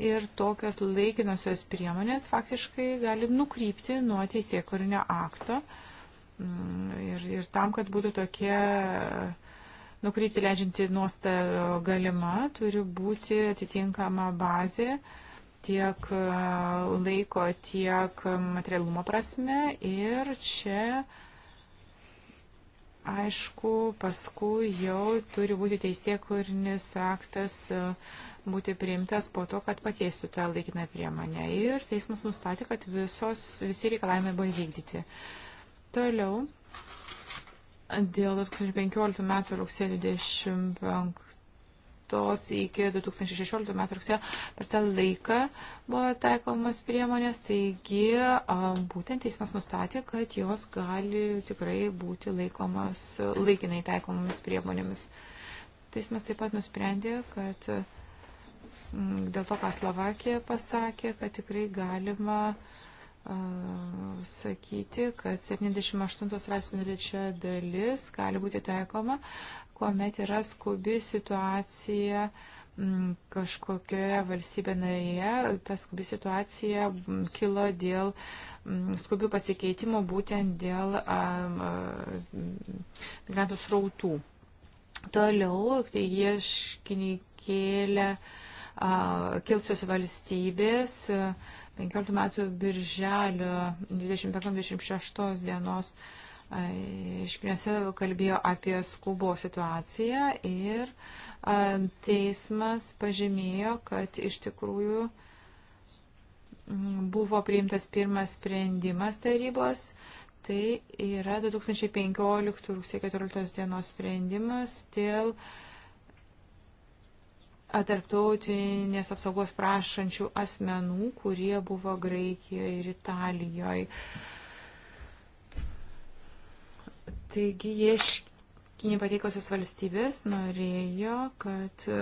ir tokios laikinosios priemonės faktiškai gali nukrypti nuo teisėkurinio akto mm, ir, ir tam, kad būtų tokia nukrypti leidžianti nuosta galima, turi būti atitinkama bazė tiek e, laiko, tiek materialumo prasme ir čia aišku, paskui jau turi būti teisėkurnis aktas uh, būti priimtas po to, kad pakeistų tą laikiną priemonę. Ir teismas nustatė, kad visos, visi reikalavimai buvo įvykdyti. Toliau, dėl 2015 metų rugsėjo 25 iki 2016 metų rugsėjo per tą laiką buvo taikomas priemonės, taigi būtent teismas nustatė, kad jos gali tikrai būti laikomas laikinai taikomomis priemonėmis. Teismas taip pat nusprendė, kad Mm, dėl to, ką Slovakija pasakė, kad tikrai galima uh, sakyti, kad 78 straipsnių rečia dalis gali būti taikoma, kuomet yra skubi situacija m, mm, kažkokioje valstybė narėje, ta skubi situacija mm, kilo dėl m, skubių pasikeitimų būtent dėl migrantų srautų. Toliau, tai ieškiniai kėlė uh, kilusios valstybės 15 metų birželio 25-26 dienos iškinėse kalbėjo apie skubo situaciją ir teismas pažymėjo, kad iš tikrųjų buvo priimtas pirmas sprendimas tarybos. Tai yra 2015 rugsėjo 14 dienos sprendimas dėl uh, tarptautinės apsaugos prašančių asmenų, kurie buvo Graikijoje ir Italijoje. Taigi, ieškinį pateikusios valstybės norėjo, kad e,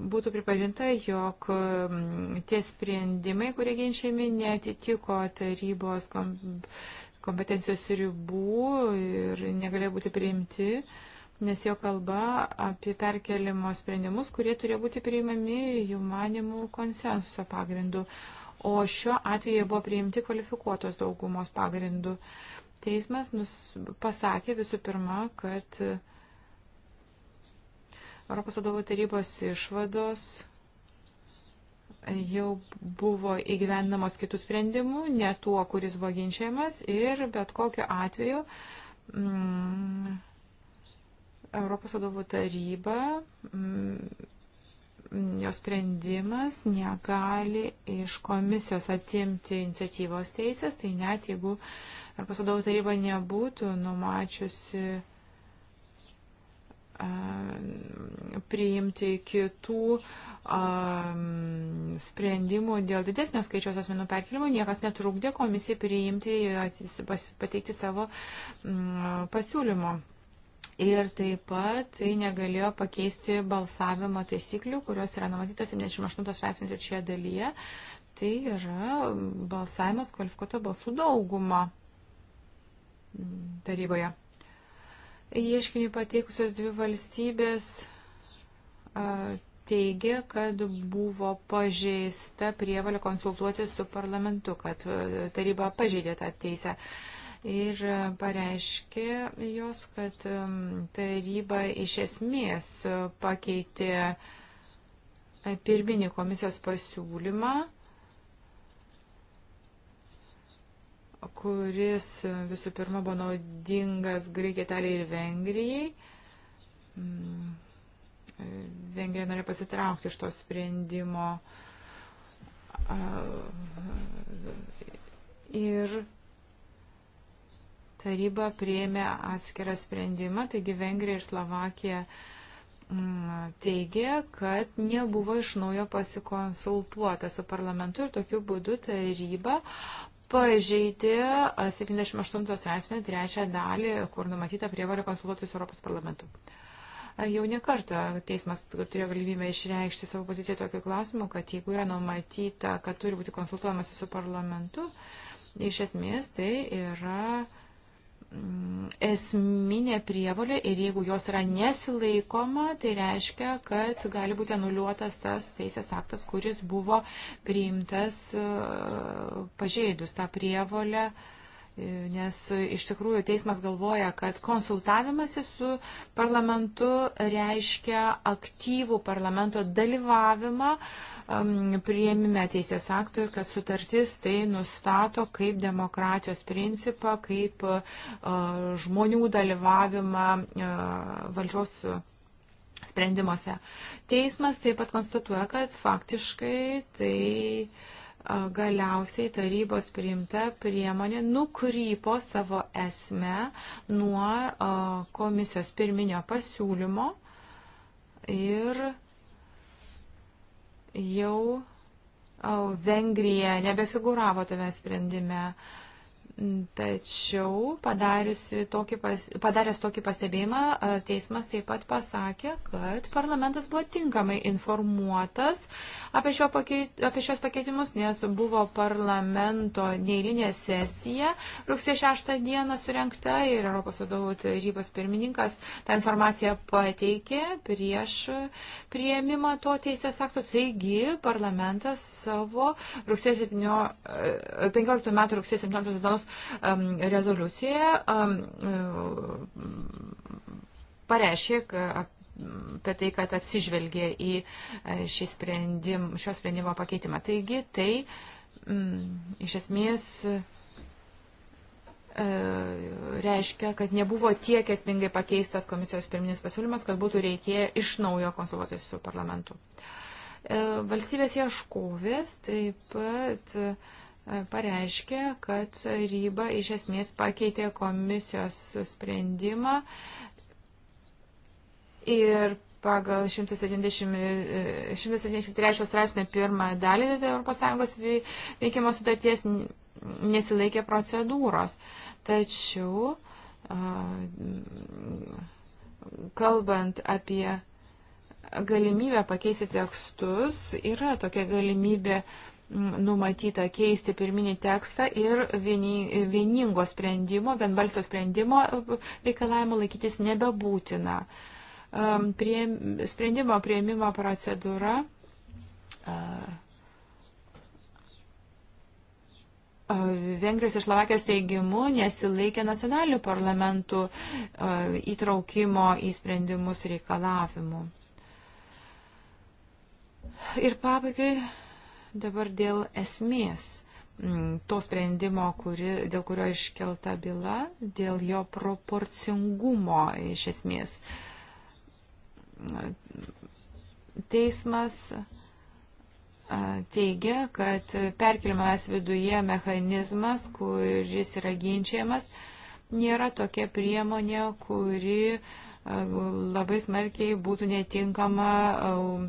būtų pripažinta, jog tie sprendimai, kurie ginčiami, netitiko tarybos kompetencijos ribų ir negalėjo būti priimti. Uh, nes jo kalba apie perkelimo sprendimus, kurie turėjo būti priimami jų manimų konsensuso pagrindu. O šiuo atveju buvo priimti kvalifikuotos daugumos pagrindu. Teismas nus, pasakė visų pirma, kad Europos vadovų tarybos išvados jau buvo įgyvendinamos kitų sprendimų, ne tuo, kuris buvo ginčiamas ir bet kokiu atveju. Mm, Europos vadovų taryba, mm, jos sprendimas negali iš komisijos atimti iniciatyvos teisės, tai net jeigu Europos vadovų taryba nebūtų numačiusi priimti kitų um, sprendimų dėl didesnio skaičiaus asmenų perkelimų, niekas netrukdė komisijai priimti, pateikti savo um, pasiūlymą. Ir taip pat tai negalėjo pakeisti balsavimo taisyklių, kurios yra numatytos 78 straipsnės ir šioje dalyje. Tai yra balsavimas kvalifikuoto balsų daugumo taryboje. Ieškinį pateikusios dvi valstybės teigia, kad buvo pažeista prievalė konsultuoti su parlamentu, kad taryba pažeidė tą teisę ir e, pareiškė jos, kad taryba iš esmės pakeitė e, pirminį komisijos pasiūlymą kuris visų pirma buvo naudingas Graikijai, Italijai ir Vengrijai. Mm, Vengrija norėjo pasitraukti iš to sprendimo. Ir taryba prieėmė atskirą sprendimą, taigi Vengrija ir Slovakija mm, teigė, kad nebuvo iš naujo pasikonsultuota su parlamentu ir tokiu būdu taryba pažeidė 78 straipsnio trečią dalį, kur numatyta prievalė konsultuotis su Europos parlamentu. Jau ne kartą teismas turėjo galimybę išreikšti savo poziciją tokiu klausimu, kad jeigu yra numatyta, kad turi būti konsultuojamas su parlamentu, iš esmės tai yra uh, Mm, esminė prievolė ir jeigu jos yra nesilaikoma, tai reiškia, kad gali būti anuliuotas tas teisės aktas, kuris buvo priimtas e, pažeidus tą prievolę. E, nes iš tikrųjų teismas galvoja, kad konsultavimasi su parlamentu reiškia aktyvų parlamento dalyvavimą uh, prieimime teisės aktų ir kad sutartis tai nustato kaip demokratijos principą, kaip žmonių dalyvavimą valdžios sprendimuose. Teismas taip pat konstatuoja, kad faktiškai tai galiausiai tarybos priimta priemonė nukrypo savo esmę nuo komisijos pirminio pasiūlymo ir jau Vengrija nebefiguravo tame sprendime. Uh, Tačiau tokį pas, padaręs tokį pastebėjimą, teismas taip pat pasakė, kad parlamentas buvo tinkamai informuotas apie, šio pakeit, apie šios pakeitimus, nes buvo parlamento neįlinė sesija rugsėjo 6 dieną surenkta ir Europos vadovų tarybos pirmininkas tą informaciją pateikė prieš prieimimą to teisės akto. Taigi parlamentas savo rugsėjo 15 metų rugsėjo 17 dienos tarybos rezoliucijoje pareiškė apie tai, kad atsižvelgė į e, šį sprendim, šio sprendimo pakeitimą. Taigi tai mm, iš esmės e, reiškia, kad nebuvo tiek esmingai pakeistas komisijos pirminis pasiūlymas, kad būtų reikėję iš naujo konsultuotis su parlamentu. E, valstybės ieškovės taip pat pareiškė, kad ryba iš esmės pakeitė komisijos sprendimą ir pagal 170, 173 straipsnio pirmą dalį ES veikimo sutarties nesilaikė procedūros. Tačiau, kalbant apie galimybę pakeisti tekstus, yra tokia galimybė uh, numatyta keisti pirminį tekstą ir vieni, vieningo sprendimo, vienbalsio sprendimo reikalavimo laikytis nebebūtina. Prie, sprendimo prieimimo procedūra Vengrijos ir Slovakijos teigimu nesilaikė nacionalinių parlamentų įtraukimo į sprendimus reikalavimų. Ir pabaigai Dabar dėl esmės mm, to sprendimo, kuri, dėl kurio iškelta byla, dėl jo proporcingumo iš esmės. Teismas teigia, kad perkeliamas viduje mechanizmas, kuris yra ginčiamas, nėra tokia priemonė, kuri uh, labai smarkiai būtų netinkama um,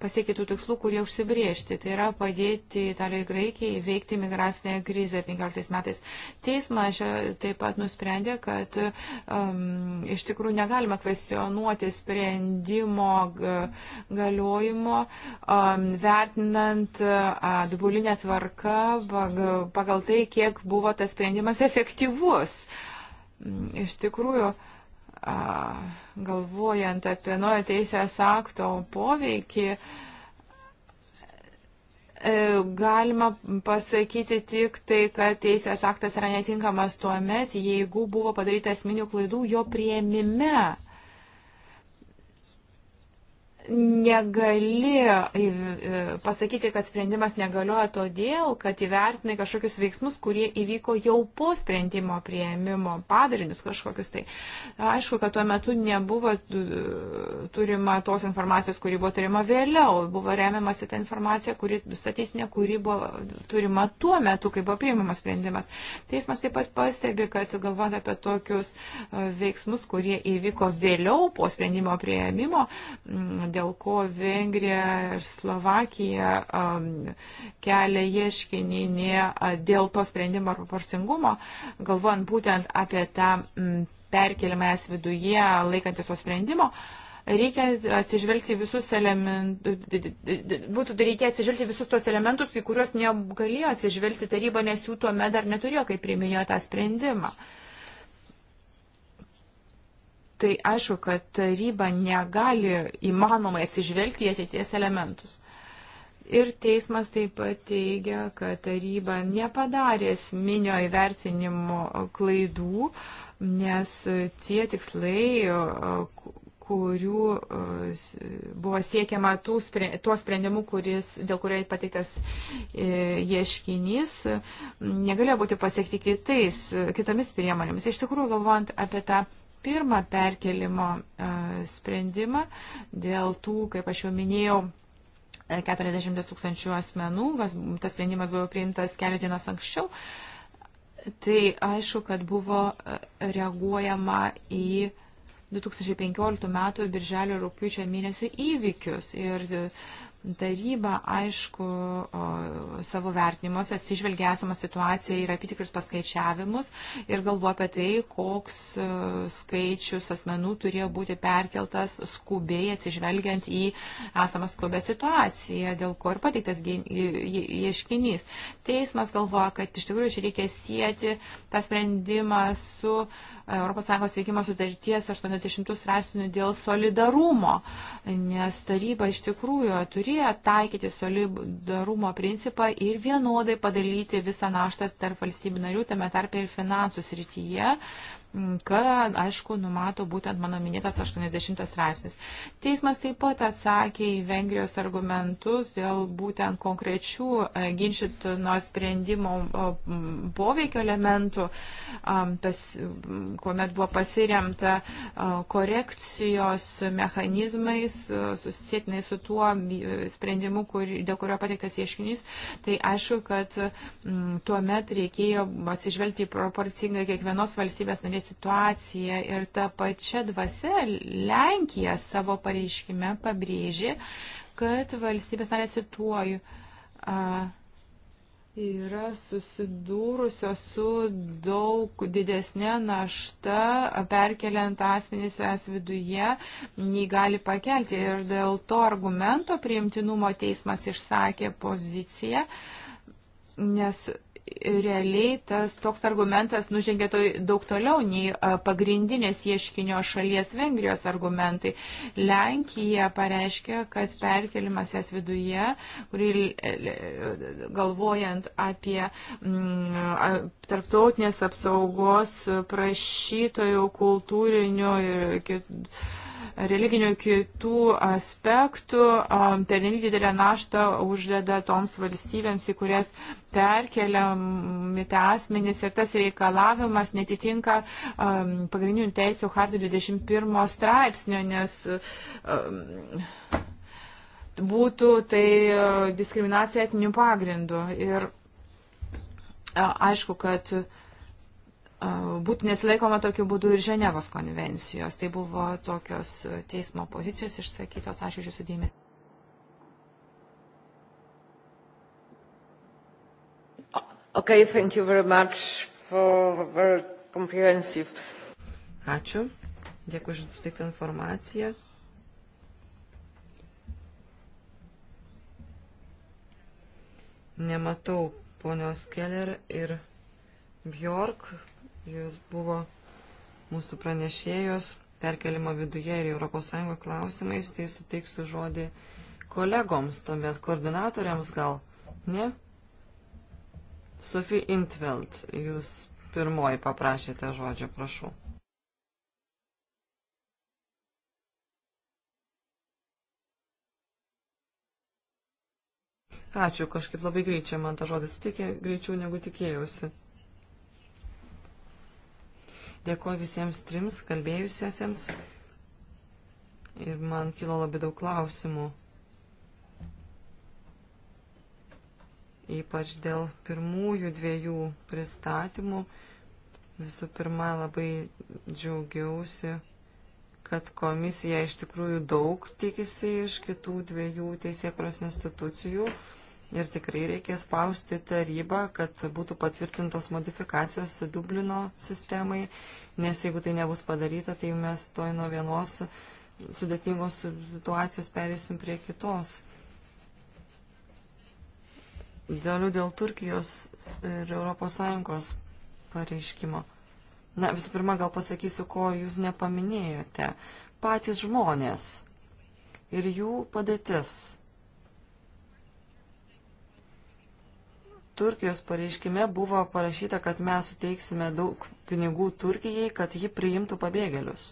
pasiekti tų tikslų, kurie užsibriežti. Tai yra padėti Italijai ir Graikijai veikti migracinę krizę 15 metais. Teismas taip pat nusprendė, kad um, iš tikrųjų negalima kvestionuoti sprendimo galiojimo, um, vertinant uh, atbulinę tvarką pagal tai, kiek buvo tas sprendimas efektyvus. Mm, iš tikrųjų, uh, galvojant apie naujo teisės akto poveikį, e, galima pasakyti tik tai, kad teisės aktas yra netinkamas tuo met, jeigu buvo padaryta esminių klaidų jo prieimime negali e, e, pasakyti, kad sprendimas negalioja todėl, kad įvertinai kažkokius veiksmus, kurie įvyko jau po sprendimo prieimimo, padarinius kažkokius. Tai aišku, kad tuo metu nebuvo e, turima tos informacijos, kuri buvo turima vėliau, buvo remiamasi ta informacija, kuri, statistinė, kuri buvo turima tuo metu, kai buvo priimamas sprendimas. Teismas taip pat pastebi, kad galvojant apie tokius veiksmus, kurie įvyko vėliau po sprendimo prieimimo, dėl ko Vengrija ir Slovakija um, kelia ieškinį ne, dėl to sprendimo ar proporcingumo, galvojant būtent apie tą m, perkelimą es viduje laikantis to sprendimo. Reikia atsižvelgti visus elementus, būtų reikia atsižvelgti visus tos elementus, kai kuriuos negalėjo atsižvelgti taryba, nes jų tuomet dar neturėjo, kai priminėjo tą sprendimą. Uh, tai aišku, kad taryba negali įmanomai atsižvelgti į ateities elementus. Ir teismas taip pat teigia, kad taryba nepadarė esminio įvertinimo klaidų, nes tie tikslai, kurių buvo siekiama tų, tuo sprendimu, kuris, dėl kurio pateiktas e, ieškinys, negalėjo būti pasiekti kitais, kitomis priemonėmis. Iš tikrųjų, galvojant apie tą pirmą perkelimo e, sprendimą dėl tų, kaip aš jau minėjau, 40 e, tūkstančių asmenų, tas sprendimas buvo priimtas kelios dienos anksčiau. Tai aišku, kad buvo e, reaguojama į 2015 metų birželio rūpiučio mėnesio įvykius. Ir Taryba, aišku, savo vertinimuose atsižvelgia esamą situaciją ir apitikrius paskaičiavimus ir galvo apie tai, koks skaičius asmenų turėjo būti perkeltas skubiai atsižvelgiant į esamą skubę situaciją, dėl ko ir pateiktas ieškinys. Teismas galvoja, kad iš tikrųjų čia reikia sieti tą sprendimą su ES veikimo sutarties 80 straipsnių dėl solidarumo, nes taryba iš tikrųjų turi Vokietija taikyti solidarumo principą ir vienodai padalyti visą naštą tarp valstybių narių, tame tarpe ir finansų srityje, ką, aišku, numato būtent mano minėtas 80 straipsnis. Teismas taip pat atsakė į Vengrijos argumentus dėl būtent konkrečių e, ginčytino sprendimo poveikio elementų, pas, kuomet buvo pasiremta korekcijos mechanizmais, e, susisėtinai su tuo e, sprendimu, kur, dėl kurio pateiktas ieškinys, tai aišku, kad m, tuomet reikėjo atsižvelgti proporcingai kiekvienos valstybės narės situaciją ir tą pačią dvasę Lenkija savo pareiškime pabrėžė, kad valstybės narės situoju yra susidūrusios su daug didesnė našta, perkeliant asmenys es viduje, nei gali pakelti. Ir dėl to argumento priimtinumo teismas išsakė poziciją, nes realiai tas toks argumentas nužengė to daug toliau nei pagrindinės ieškinio šalies Vengrijos argumentai. Lenkija pareiškia, kad perkelimas jas viduje, kurį galvojant apie m, mm, tarptautinės apsaugos prašytojų kultūrinių ir kitų religinių kitų aspektų pernelyg didelę naštą uždeda toms valstybėms, į kurias perkeliami tie asmenys ir tas reikalavimas netitinka um, pagrindinių teisų hartų 21 straipsnio, nes um, būtų tai diskriminacija etinių pagrindų. Ir aišku, kad uh, būtų nesilaikoma tokiu būdu ir Ženevos konvencijos. Tai buvo tokios teismo pozicijos išsakytos. Ačiū iš jūsų dėmesį. Okay, thank you very much for very comprehensive. Ačiū. Dėkui už suteiktą informaciją. Nematau ponios Keller ir Bjork Jūs buvo mūsų pranešėjos perkelimo viduje ir ES klausimais, tai suteiksiu žodį kolegoms, tuomet koordinatoriams gal, ne? Sofie Intveld, jūs pirmoji paprašėte žodžio, prašau. Ačiū, kažkaip labai greičiai man tą žodį sutikė, greičiau negu tikėjausi. Dėkuoju visiems trims kalbėjusiesiems ir man kilo labai daug klausimų. Ypač dėl pirmųjų dviejų pristatymų. Visų pirma, labai džiaugiausi, kad komisija iš tikrųjų daug tikisi iš kitų dviejų teisėkros institucijų ir tikrai reikės pausti tarybą, kad būtų patvirtintos modifikacijos Dublino sistemai, nes jeigu tai nebus padaryta, tai mes toj nuo vienos sudėtingos situacijos perėsim prie kitos. Dėl, dėl Turkijos ir ES pareiškimo. Na, visų pirma, gal pasakysiu, ko jūs nepaminėjote. Patys žmonės ir jų padėtis Turkijos pareiškime buvo parašyta, kad mes suteiksime daug pinigų Turkijai, kad ji priimtų pabėgėlius.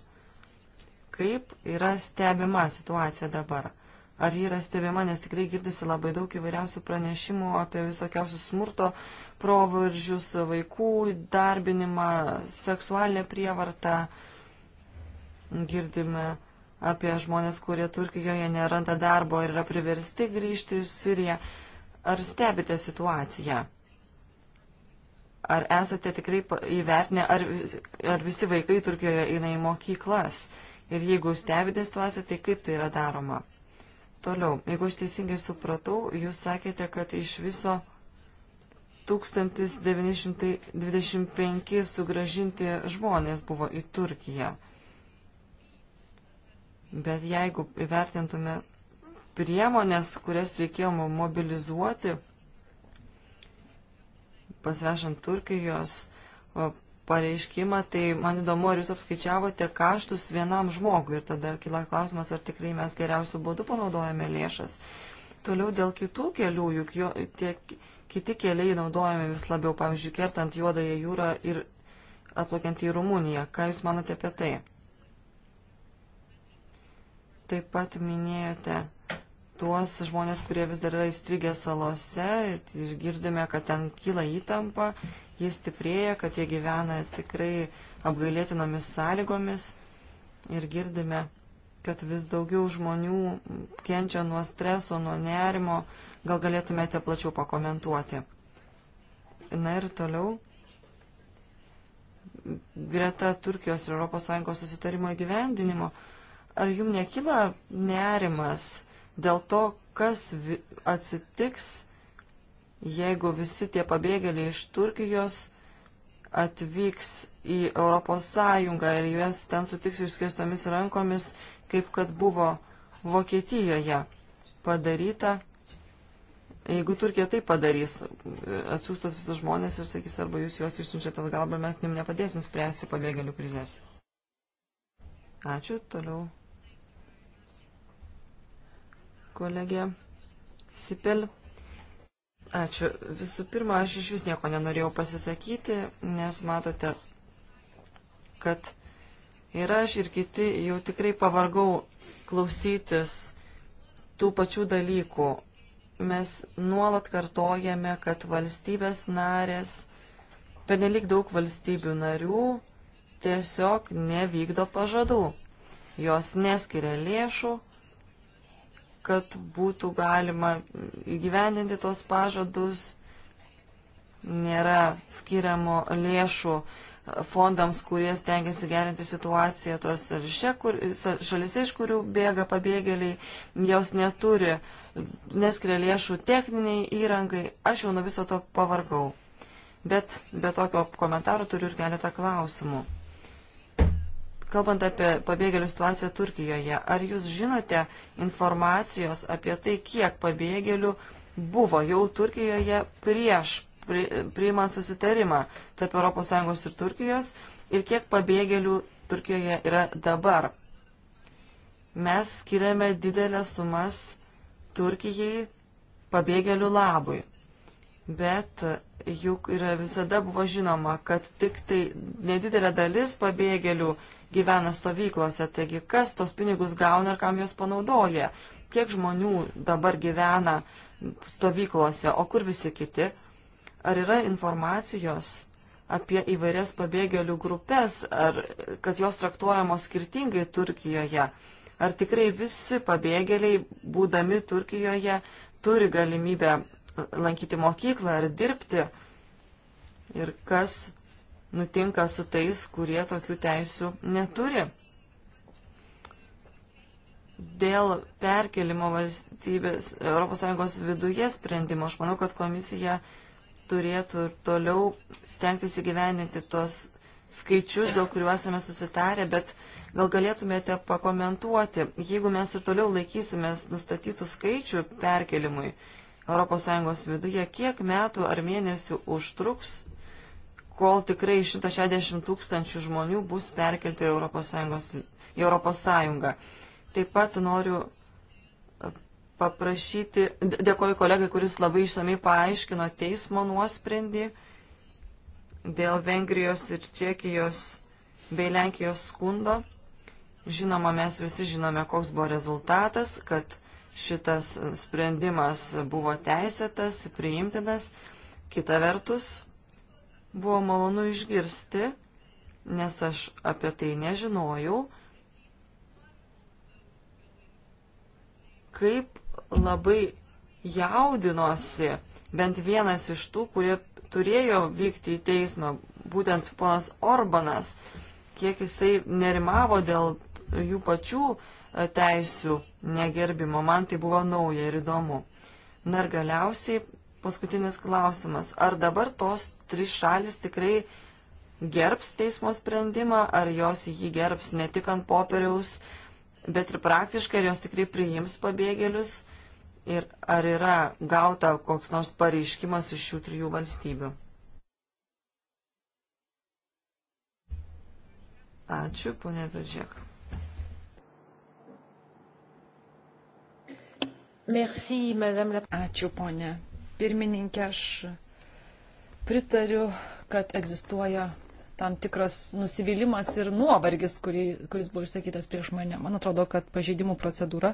Kaip yra stebima situacija dabar? Ar ji yra stebima, nes tikrai girdisi labai daug įvairiausių pranešimų apie visokiausius smurto provaržius, vaikų darbinimą, seksualinę prievartą. Girdime apie žmonės, kurie Turkijoje neranda darbo ir yra priversti grįžti į Siriją. Ar stebite situaciją? Ar esate tikrai įvertinę, ar, ar visi vaikai Turkijoje eina į mokyklas? Ir jeigu stebite situaciją, tai kaip tai yra daroma? Toliau, jeigu aš teisingai supratau, jūs sakėte, kad iš viso 1925 sugražinti žmonės buvo į Turkiją. Bet jeigu įvertintume priemonės, kurias reikėjo mobilizuoti, pasirašant Turkijos pareiškimą, tai man įdomu, ar jūs apskaičiavote kaštus vienam žmogui ir tada kila klausimas, ar tikrai mes geriausių būdų panaudojame lėšas. Toliau dėl kitų kelių, juk jo, tie kiti keliai naudojami vis labiau, pavyzdžiui, kertant juodąją jūrą ir atplaukiant į Rumuniją. Ką Jūs manote apie tai? Taip pat minėjote tuos žmonės, kurie vis dar yra įstrigę salose ir girdime, kad ten kyla įtampa, jis stiprėja, kad jie gyvena tikrai apgailėtinomis sąlygomis ir girdime, kad vis daugiau žmonių kenčia nuo streso, nuo nerimo. Gal galėtumėte plačiau pakomentuoti. Na ir toliau. Greta Turkijos ir ES susitarimo įgyvendinimo. Ar jums nekyla nerimas dėl to, kas atsitiks, jeigu visi tie pabėgėliai iš Turkijos atvyks į Europos Sąjungą ir juos ten sutiks išskirstomis rankomis, kaip kad buvo Vokietijoje padaryta. Jeigu Turkija tai padarys, atsiūstos visus žmonės ir sakys, arba jūs juos išsiunčiate atgal, arba mes jums nepadėsim spręsti pabėgėlių krizės. Ačiū, toliau kolegė Sipel. Ačiū. Visų pirma, aš iš vis nieko nenorėjau pasisakyti, nes matote, kad ir aš, ir kiti jau tikrai pavargau klausytis tų pačių dalykų. Mes nuolat kartojame, kad valstybės narės, penelik daug valstybių narių tiesiog nevykdo pažadų. Jos neskiria lėšų, kad būtų galima įgyvendinti tos pažadus. Nėra skiriamo lėšų fondams, kurie stengiasi gerinti situaciją tos šia, kur, šalise, iš kurių bėga pabėgėliai, jos neturi, neskiria lėšų techniniai įrangai. Aš jau nuo viso to pavargau. Bet be tokio komentaro turiu ir keletą klausimų. Kalbant apie pabėgėlių situaciją Turkijoje, ar jūs žinote informacijos apie tai, kiek pabėgėlių buvo jau Turkijoje prieš priimant susitarimą tarp ES ir Turkijos ir kiek pabėgėlių Turkijoje yra dabar. Mes skiriame didelę sumas Turkijai pabėgėlių labui. Bet juk yra visada buvo žinoma, kad tik tai nedidelė dalis pabėgėlių gyvena stovyklose. Taigi, kas tos pinigus gauna ir kam juos panaudoja? Kiek žmonių dabar gyvena stovyklose, o kur visi kiti? Ar yra informacijos apie įvairias pabėgėlių grupės, ar kad jos traktuojamos skirtingai Turkijoje? Ar tikrai visi pabėgėliai, būdami Turkijoje, turi galimybę lankyti mokyklą ar dirbti? Ir kas nutinka su tais, kurie tokių teisių neturi. Dėl perkelimo valstybės ES viduje sprendimo, aš manau, kad komisija turėtų ir toliau stengtis įgyveninti tos skaičius, dėl kurių esame susitarę, bet gal galėtumėte pakomentuoti, jeigu mes ir toliau laikysimės nustatytų skaičių perkelimui ES viduje, kiek metų ar mėnesių užtruks kol tikrai 160 tūkstančių žmonių bus perkelti Europos Sąjungos, į Europos Sąjungą. Taip pat noriu e, paprašyti, dėkoju kolegai, kuris labai išsamei paaiškino teismo nuosprendį dėl Vengrijos ir Čekijos bei Lenkijos skundo. Žinoma, mes visi žinome, koks buvo rezultatas, kad šitas sprendimas buvo teisėtas, priimtinas. Kita vertus, Buvo malonu išgirsti, nes aš apie tai nežinojau, kaip labai jaudinosi bent vienas iš tų, kurie turėjo vykti į teismą, būtent ponas Orbanas, kiek jisai nerimavo dėl jų pačių e, teisių negerbimo. Man tai buvo nauja ir įdomu. Na ir galiausiai paskutinis klausimas. Ar dabar tos trys šalis tikrai gerbs teismo sprendimą, ar jos jį gerbs ne tik ant popieriaus, bet ir praktiškai, ar jos tikrai priims pabėgėlius ir ar yra gauta koks nors pareiškimas iš šių trijų valstybių. Ačiū, ponė Veržėk. Merci, madame la. Ačiū, ponė pirmininkė, aš pritariu, kad egzistuoja tam tikras nusivylimas ir nuovargis, kurį, kuris buvo išsakytas prieš mane. Man atrodo, kad pažeidimų procedūra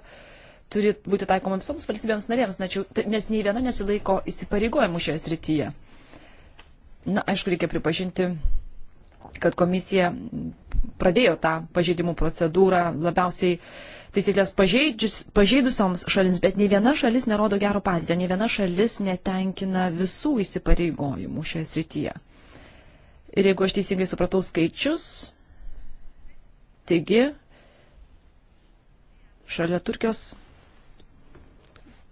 turi būti taikoma visoms valstybėms narėms, načiau, nes nei viena nesilaiko įsipareigojimų šioje srityje. Na, aišku, reikia pripažinti, kad komisija pradėjo tą pažeidimų procedūrą labiausiai uh, taisyklės pažeidusioms šalims, bet nei viena šalis nerodo gero pavyzdžio, nei viena šalis netenkina visų įsipareigojimų šioje srityje. Ir jeigu aš teisingai supratau skaičius, taigi šalia Turkijos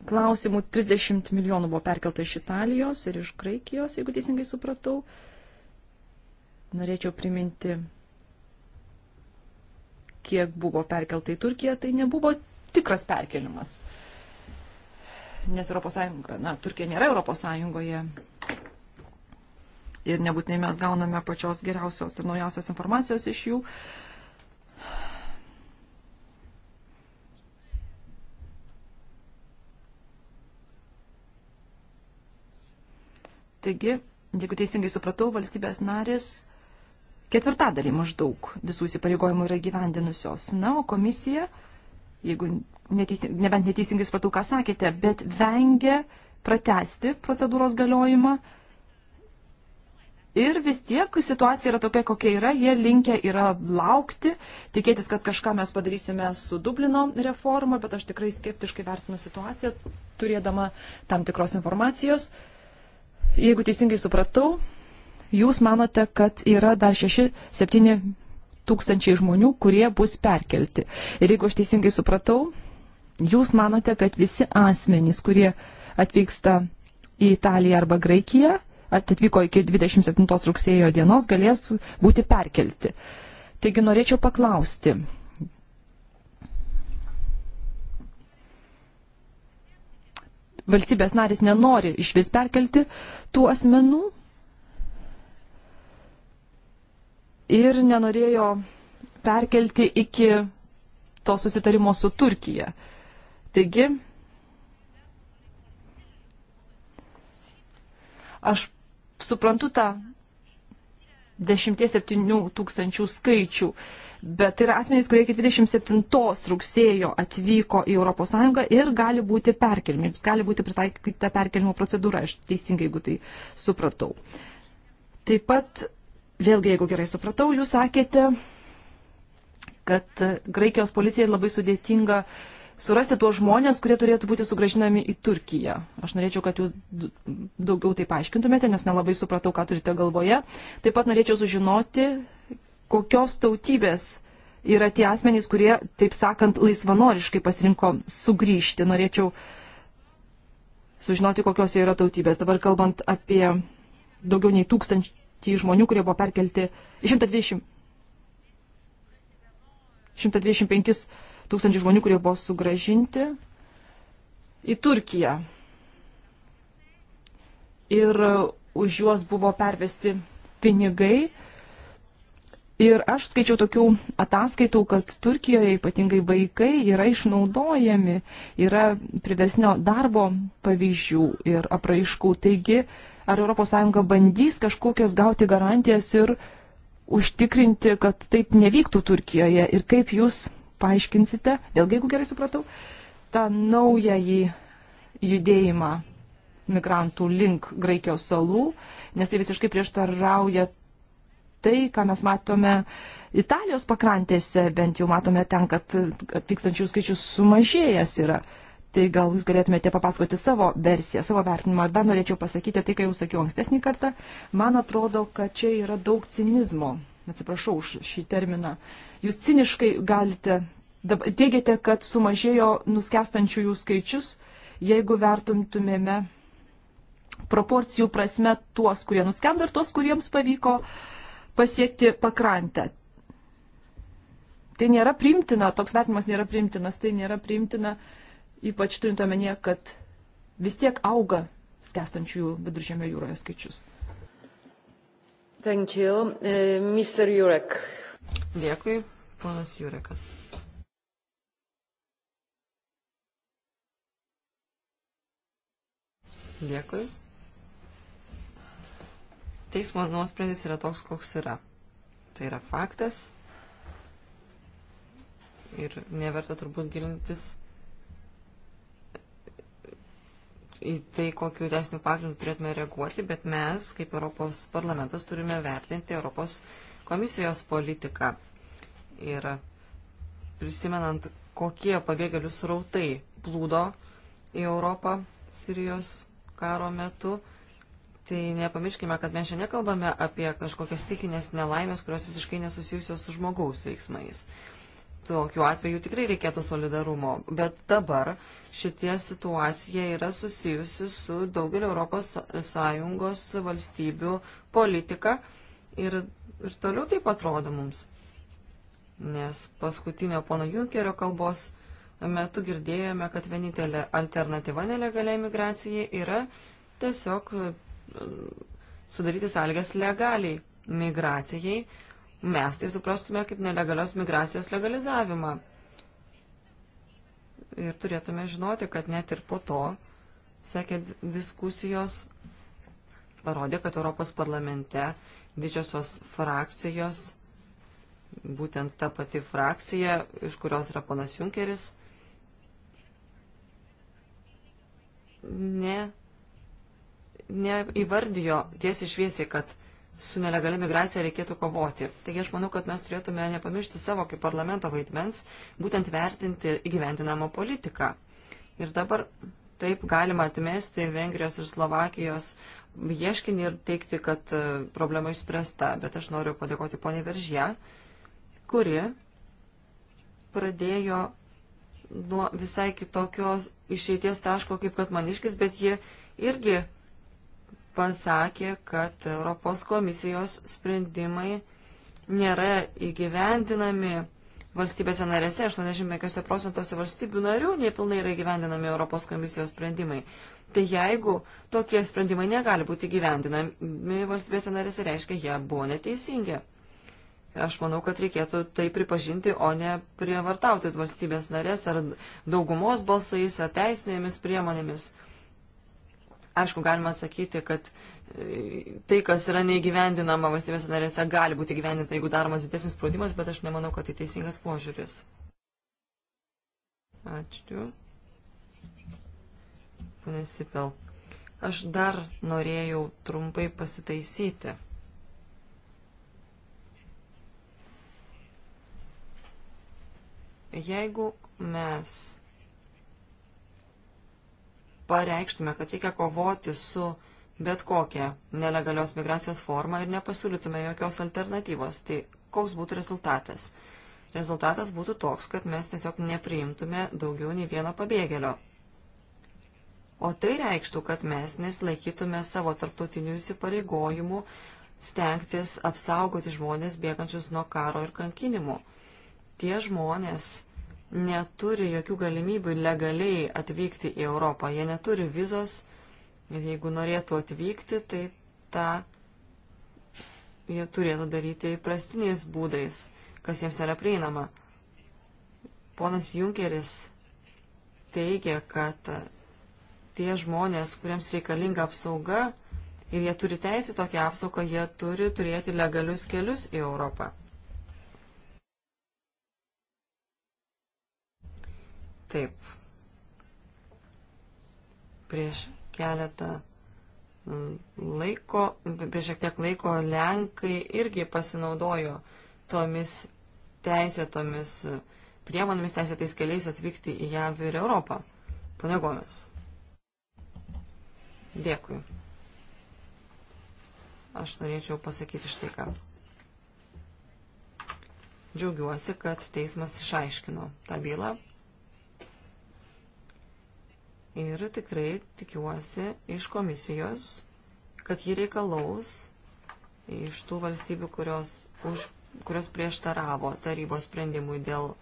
klausimų 30 milijonų buvo perkelta iš Italijos ir iš Graikijos, jeigu teisingai supratau. Norėčiau priminti kiek buvo perkelta į Turkiją, tai nebuvo tikras perkelimas. Nes Europos Sąjunga, na, Turkija nėra Europos Sąjungoje. Ir nebūtinai mes gauname pačios geriausios ir naujausios informacijos iš jų. Taigi, jeigu teisingai supratau, valstybės narės ketvirtadalį maždaug visų įsipareigojimų yra gyvendinusios. Na, o komisija, jeigu neteisi, nebent neteisingai supratau, ką sakėte, bet vengia pratesti procedūros galiojimą. Ir vis tiek situacija yra tokia, kokia yra, jie linkia yra laukti, tikėtis, kad kažką mes padarysime su Dublino reforma, bet aš tikrai skeptiškai vertinu situaciją, turėdama tam tikros informacijos. Jeigu teisingai supratau, jūs manote, kad yra dar 6-7 tūkstančiai žmonių, kurie bus perkelti. Ir jeigu aš teisingai supratau, jūs manote, kad visi asmenys, kurie atvyksta į Italiją arba Graikiją, atvyko iki 27 rugsėjo dienos, galės būti perkelti. Taigi norėčiau paklausti. Valstybės narys nenori iš vis perkelti tų asmenų, ir nenorėjo perkelti iki to susitarimo su Turkija. Taigi, aš suprantu tą 10-7 tūkstančių skaičių, bet tai yra asmenys, kurie iki 27 rugsėjo atvyko į ES ir gali būti perkelmi, jis gali būti pritaikyta perkelimo procedūra, aš teisingai, jeigu tai supratau. Taip pat Vėlgi, jeigu gerai supratau, jūs sakėte, kad Graikijos policijai labai sudėtinga surasti tuos žmonės, kurie turėtų būti sugražinami į Turkiją. Aš norėčiau, kad jūs daugiau tai paaiškintumėte, nes nelabai supratau, ką turite galvoje. Taip pat norėčiau sužinoti, kokios tautybės yra tie asmenys, kurie, taip sakant, laisvanoriškai pasirinko sugrįžti. Norėčiau sužinoti, kokios jie yra tautybės. Dabar kalbant apie daugiau nei tūkstančių 120 žmonių, kurie buvo perkelti 120. 125 tūkstančių žmonių, kurie buvo sugražinti į Turkiją. Ir e, už juos buvo pervesti pinigai. Ir aš skaičiau tokių ataskaitų, kad Turkijoje ypatingai vaikai yra išnaudojami, yra privesnio darbo pavyzdžių ir apraiškų. Taigi ar ES bandys kažkokias gauti garantijas ir užtikrinti, kad taip nevyktų Turkijoje ir kaip jūs paaiškinsite, vėlgi jeigu gerai supratau, tą naująjį judėjimą migrantų link Graikijos salų, nes tai visiškai prieštarauja tai, ką mes matome Italijos pakrantėse, bent jau matome ten, kad atvykstančių skaičius sumažėjęs yra. Tai gal jūs galėtumėte papasakoti savo versiją, savo vertinimą. Ir dar norėčiau pasakyti tai, ką jau sakiau ankstesnį kartą. Man atrodo, kad čia yra daug cinizmo. Atsiprašau už šį terminą. Jūs ciniškai galite, teigiate, kad sumažėjo nuskestančiųjų skaičius, jeigu vertintumėme proporcijų prasme tuos, kurie nuskendo ir tuos, kuriems pavyko pasiekti pakrantę. Tai nėra primtina, toks vertimas nėra primtinas, tai nėra primtina. Uh, ypač turint omenyje, kad vis tiek auga skestančiųjų viduržėmio jūroje skaičius. Thank you. Uh, e, Mr. Jurek. Dėkui, ponas Jurekas. Dėkui. Teismo nuosprendis yra toks, koks yra. Tai yra faktas. Ir neverta turbūt gilintis į tai, kokiu teisiniu pagrindu turėtume reaguoti, bet mes, kaip Europos parlamentas, turime vertinti Europos komisijos politiką. Ir prisimenant, kokie pabėgėlių srautai plūdo į Europą Sirijos karo metu, tai nepamirškime, kad mes čia nekalbame apie kažkokias tikinės nelaimės, kurios visiškai nesusijusios su žmogaus veiksmais. Uh, tokiu atveju tikrai reikėtų solidarumo. Bet dabar šitie situacija yra susijusi su daugelio ES valstybių politika ir, ir toliau taip atrodo mums. Nes paskutinio pono Junkerio kalbos metu girdėjome, kad vienintelė alternatyva nelegaliai migracijai yra tiesiog mm, sudaryti sąlygas legaliai migracijai mes tai suprastume kaip nelegalios migracijos legalizavimą. Ir turėtume žinoti, kad net ir po to, sekė diskusijos, parodė, kad Europos parlamente didžiosios frakcijos, būtent ta pati frakcija, iš kurios yra ponas Junkeris, ne, neįvardijo tiesiai šviesiai, kad su nelegalia migracija reikėtų kovoti. Taigi aš manau, kad mes turėtume nepamiršti savo kaip parlamento vaidmens, būtent vertinti įgyvendinamą politiką. Ir dabar taip galima atmesti Vengrijos ir Slovakijos ieškinį ir teikti, kad e, problema išspręsta. Bet aš noriu padėkoti poniai Veržė, kuri pradėjo nuo visai kitokios išeities taško, kaip kad maniškis, bet ji irgi pasakė, kad Europos komisijos sprendimai nėra įgyvendinami valstybėse narėse, 85 procentuose valstybių narių nepilnai yra įgyvendinami Europos komisijos sprendimai. Tai jeigu tokie sprendimai negali būti gyvendinami valstybėse narėse, reiškia, jie buvo neteisingi. Aš manau, kad reikėtų tai pripažinti, o ne prievartauti valstybės narės ar daugumos balsais, ar teisinėmis priemonėmis. Aišku, galima sakyti, kad e, tai, kas yra neįgyvendinama valstybės narėse, gali būti įgyvendinta, jeigu daromas didesnis spaudimas, bet aš nemanau, kad tai teisingas požiūris. Ačiū. Pane Sipel. Aš dar norėjau trumpai pasitaisyti. Jeigu mes pareikštume, kad reikia kovoti su bet kokia nelegalios migracijos forma ir nepasiūlytume jokios alternatyvos, tai koks būtų rezultatas? Rezultatas būtų toks, kad mes tiesiog nepriimtume daugiau nei vieno pabėgėlio. O tai reikštų, kad mes nesilaikytume savo tarptautinių įsipareigojimų stengtis apsaugoti žmonės bėgančius nuo karo ir kankinimų. Tie žmonės neturi jokių galimybių legaliai atvykti į Europą. Jie neturi vizos ir jeigu norėtų atvykti, tai tą jie turėtų daryti įprastiniais būdais, kas jiems nėra prieinama. Ponas Junkeris teigia, kad tie žmonės, kuriems reikalinga apsauga ir jie turi teisę tokią apsaugą, jie turi turėti legalius kelius į Europą. Taip. Prieš keletą mm, laiko, prieš šiek tiek laiko Lenkai irgi pasinaudojo tomis teisėtomis mm, priemonėmis, teisėtais keliais atvykti į JAV ir Europą. Pane Gomes. Dėkui. Aš norėčiau pasakyti štai ką. Džiaugiuosi, kad teismas išaiškino tą bylą ir tikrai tikiuosi iš komisijos, kad ji reikalaus iš tų valstybių, kurios, už, kurios prieštaravo tarybos sprendimui dėl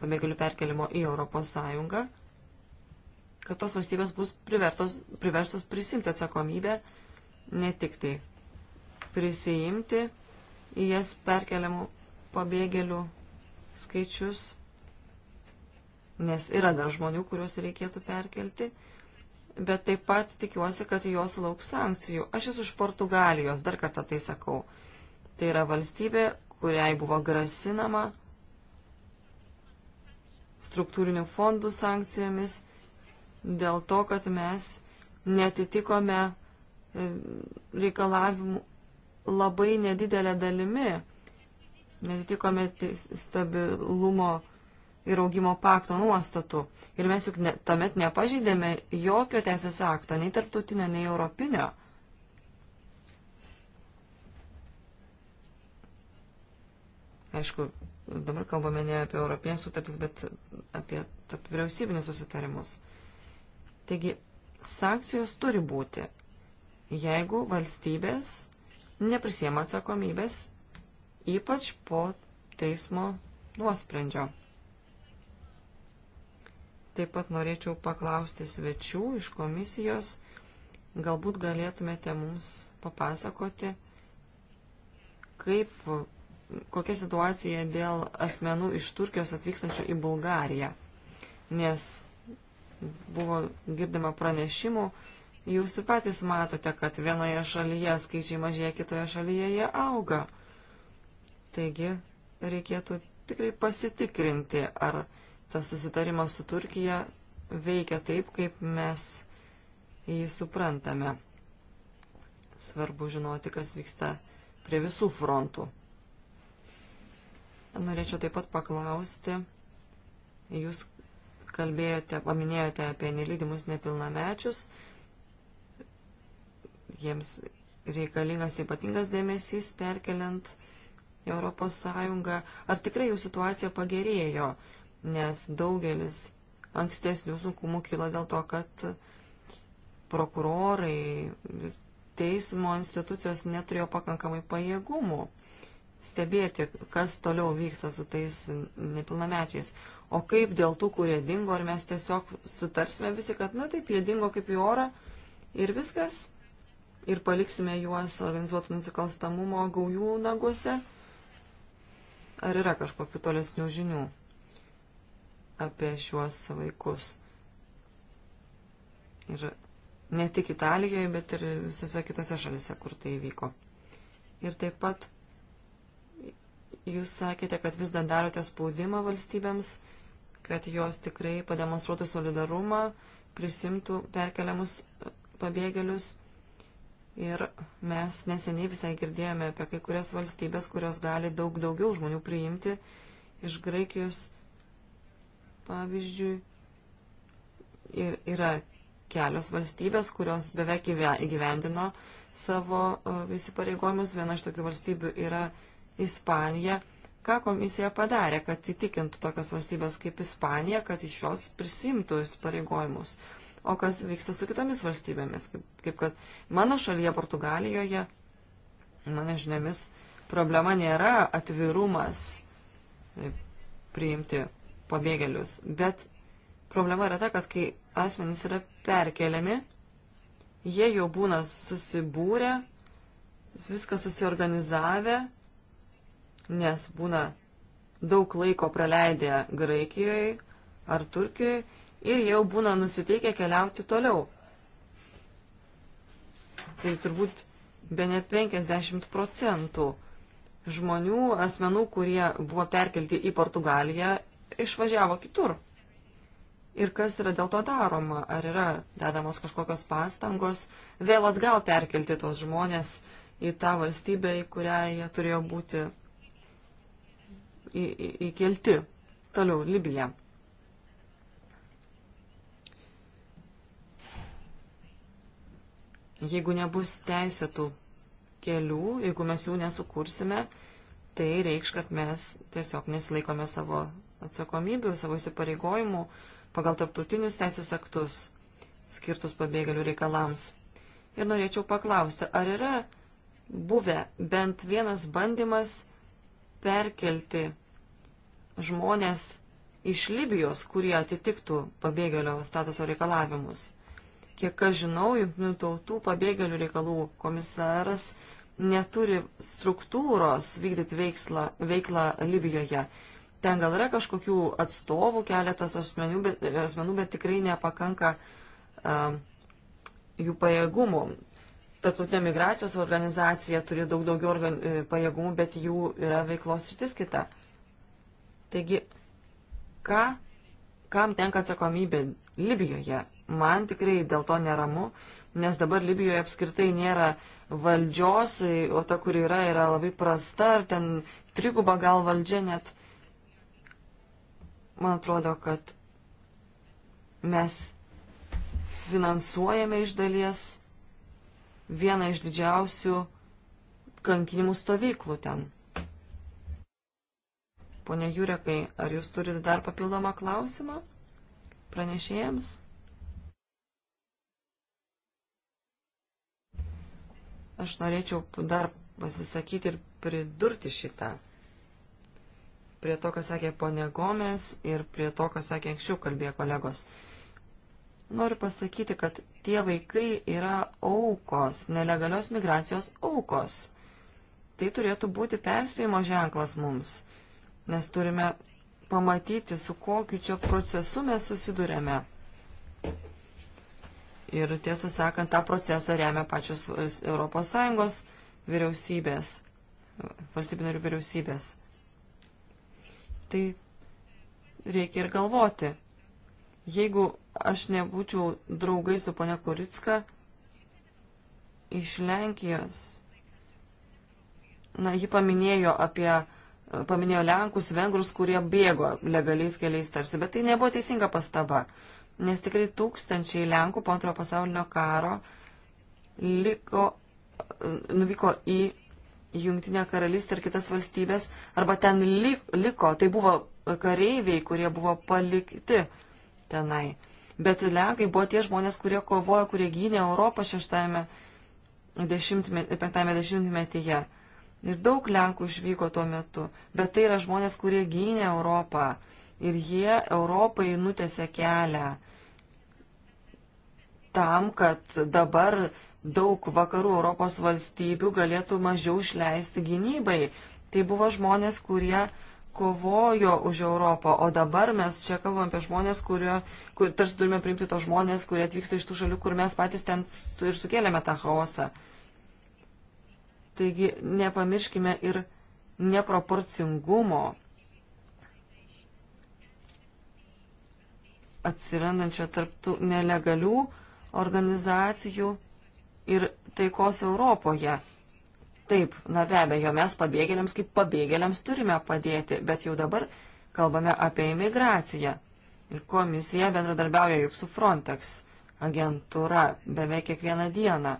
pabėgėlių perkelimo į Europos Sąjungą, kad tos valstybės bus privertos, priverstos prisimti atsakomybę, ne tik tai prisijimti į jas perkeliamų pabėgėlių skaičius, nes yra dar žmonių, kuriuos reikėtų perkelti, bet taip pat tikiuosi, kad jos lauks sankcijų. Aš esu iš Portugalijos, dar kartą tai sakau. Tai yra valstybė, kuriai buvo grasinama struktūrinių fondų sankcijomis dėl to, kad mes netitikome e, reikalavimų labai nedidelę dalimi, netitikome stabilumo reikalavimų ir augimo pakto nuostatų. Ir mes juk ne, tamet nepažeidėme jokio teisės akto, nei tarptautinio, nei europinio. Aišku, dabar kalbame ne apie europinės sutartis, bet apie vyriausybinius susitarimus. Taigi, sankcijos turi būti, jeigu valstybės neprisiema atsakomybės, ypač po teismo nuosprendžio. Taip pat norėčiau paklausti svečių iš komisijos, galbūt galėtumėte mums papasakoti, kaip, kokia situacija dėl asmenų iš Turkijos atvykstančių į Bulgariją. Nes buvo girdima pranešimų, jūs ir patys matote, kad vienoje šalyje skaičiai mažėja, kitoje šalyje jie auga. Taigi reikėtų tikrai pasitikrinti, ar tas susitarimas su Turkija veikia taip, kaip mes jį suprantame. Svarbu žinoti, kas vyksta prie visų frontų. Norėčiau taip pat paklausti, jūs kalbėjote, paminėjote apie nelydimus nepilnamečius, jiems reikalingas ypatingas dėmesys perkeliant Europos Sąjungą. Ar tikrai jų situacija pagerėjo? nes daugelis ankstesnių sunkumų kilo dėl to, kad prokurorai, teismo institucijos neturėjo pakankamai pajėgumų stebėti, kas toliau vyksta su tais nepilnamečiais. O kaip dėl tų, kurie dingo, ar mes tiesiog sutarsime visi, kad, na taip, jie dingo kaip į orą ir viskas, ir paliksime juos organizuotų nusikalstamumo gaujų naguose? Ar yra kažkokių tolesnių žinių? apie šiuos vaikus. Ir ne tik Italijoje, bet ir visose kitose šalise, kur tai vyko. Ir taip pat jūs sakėte, kad vis dar darote spaudimą valstybėms, kad jos tikrai pademonstruotų solidarumą, prisimtų perkeliamus pabėgėlius. Ir mes neseniai visai girdėjome apie kai kurias valstybės, kurios gali daug daugiau žmonių priimti iš Graikijos Pavyzdžiui, ir yra kelios valstybės, kurios beveik įgyvendino savo e, įsipareigojimus. Viena iš tokių valstybių yra Ispanija. Ką komisija padarė, kad įtikintų tokias valstybės kaip Ispanija, kad iš jos prisimtų įsipareigojimus? O kas vyksta su kitomis valstybėmis? Kaip, kaip kad mano šalyje, Portugalijoje, mano žiniomis, problema nėra atvirumas priimti pabėgėlius, bet problema yra ta, kad kai asmenys yra perkeliami, jie jau būna susibūrę, viską susiorganizavę, nes būna daug laiko praleidę Graikijoje ar Turkijoje ir jau būna nusiteikę keliauti toliau. Tai turbūt be ne 50 procentų žmonių, asmenų, kurie buvo perkelti į Portugaliją išvažiavo kitur. Ir kas yra dėl to daroma? Ar yra dedamos kažkokios pastangos vėl atgal perkelti tos žmonės į tą valstybę, į kurią jie turėjo būti į, į, įkelti? Toliau, Libija. Jeigu nebus teisėtų kelių, jeigu mes jų nesukursime, tai reikš, kad mes tiesiog nesilaikome savo atsakomybių, savo įsipareigojimų pagal tarptautinius teisės aktus skirtus pabėgėlių reikalams. Ir norėčiau paklausti, ar yra buvę bent vienas bandymas perkelti žmonės iš Libijos, kurie atitiktų pabėgėlio statuso reikalavimus. Kiek aš žinau, jungtinių tautų pabėgėlių reikalų komisaras neturi struktūros vykdyti veikslą, veiklą Libijoje. Ten gal yra kažkokių atstovų, keletas asmenų, bet, asmenų, bet tikrai nepakanka uh, jų pajėgumų. Tarptautinė migracijos organizacija turi daug daugiau organ, e, pajėgumų, bet jų yra veiklos sritis kita. Taigi, ką, kam tenka atsakomybė Libijoje? Man tikrai dėl to neramu, nes dabar Libijoje apskritai nėra valdžios, e, o ta, kur yra, yra labai prasta, ar ten triguba gal valdžia net. Uh, Man atrodo, kad mes finansuojame iš dalies vieną iš didžiausių kankinimų stovyklų ten. Pone Jurekai, ar jūs turite dar papildomą klausimą pranešėjams? Aš norėčiau dar pasisakyti ir pridurti šitą prie to, ką sakė ponė Gomes ir prie to, ką sakė anksčiau kalbėjo kolegos. Noriu pasakyti, kad tie vaikai yra aukos, nelegalios migracijos aukos. Tai turėtų būti perspėjimo ženklas mums, nes turime pamatyti, su kokiu čia procesu mes susidurėme. Ir tiesą sakant, tą procesą remia pačios ES vyriausybės, valstybinarių vyriausybės tai reikia ir galvoti. Jeigu aš nebūčiau draugai su ponia Kuricka iš Lenkijos, na, ji paminėjo apie, paminėjo Lenkus, Vengrus, kurie bėgo legaliais keliais tarsi, bet tai nebuvo teisinga pastaba, nes tikrai tūkstančiai Lenkų po antrojo pasaulinio karo liko, nuvyko į Jungtinę karalystę ir kitas valstybės, arba ten liko, tai buvo kareiviai, kurie buvo palikti tenai. Bet lenkai buvo tie žmonės, kurie kovojo, kurie gynė Europą šeštame dešimtmetyje, penktame dešimtmetyje. Ir daug lenkų išvyko tuo metu, bet tai yra žmonės, kurie gynė Europą ir jie Europai nutėse kelią tam, kad dabar daug vakarų Europos valstybių galėtų mažiau išleisti gynybai. Tai buvo žmonės, kurie kovojo už Europą, o dabar mes čia kalbam apie žmonės, kurio, kur, tarsi turime priimti tos žmonės, kurie atvyksta iš tų šalių, kur mes patys ten ir sukėlėme tą chaosą. Taigi nepamirškime ir neproporcingumo atsirandančio tarptų nelegalių organizacijų ir taikos Europoje. Taip, na be abejo, mes pabėgėliams kaip pabėgėliams turime padėti, bet jau dabar kalbame apie imigraciją. Ir komisija bendradarbiauja juk su Frontex agentūra beveik kiekvieną dieną.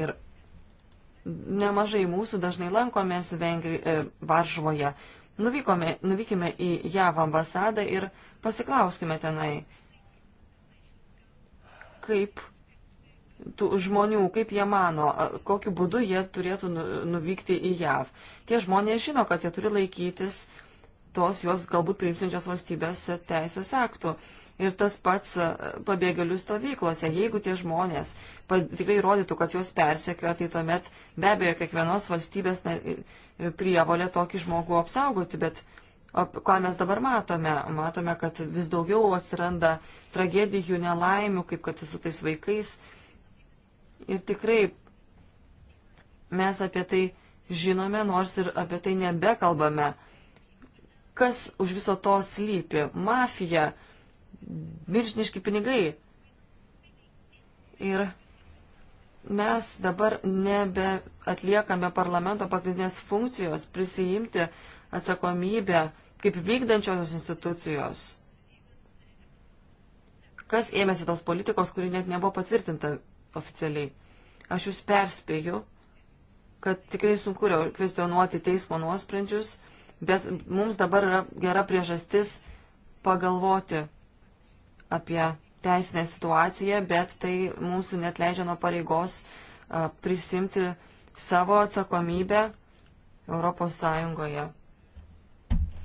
Ir nemažai mūsų dažnai lankomės Vengri, e, Varšvoje. Nuvykome, nuvykime į JAV ambasadą ir pasiklauskime tenai, kaip tų žmonių, kaip jie mano, kokiu būdu jie turėtų nu, nuvykti į JAV. Tie žmonės žino, kad jie turi laikytis tos juos galbūt priimsinčios valstybės teisės aktų. Ir tas pats pabėgėlių stovyklose, jeigu tie žmonės tikrai rodytų, kad juos persekioja, tai tuomet be abejo kiekvienos valstybės prievolė tokį žmogų apsaugoti, bet ką mes dabar matome? Matome, kad vis daugiau atsiranda tragedijų, nelaimių, kaip kad su tais vaikais, Ir tikrai mes apie tai žinome, nors ir apie tai nebekalbame. Kas už viso to slypi? Mafija, milžiniški pinigai. Ir mes dabar nebe atliekame parlamento pagrindinės funkcijos prisijimti atsakomybę kaip vykdančiosios institucijos. Kas ėmėsi tos politikos, kuri net nebuvo patvirtinta oficialiai. Aš jūs perspėju, kad tikrai sunku kvestionuoti teismo nuosprendžius, bet mums dabar yra gera priežastis pagalvoti apie teisinę situaciją, bet tai mūsų net leidžia nuo pareigos prisimti savo atsakomybę Europos Sąjungoje,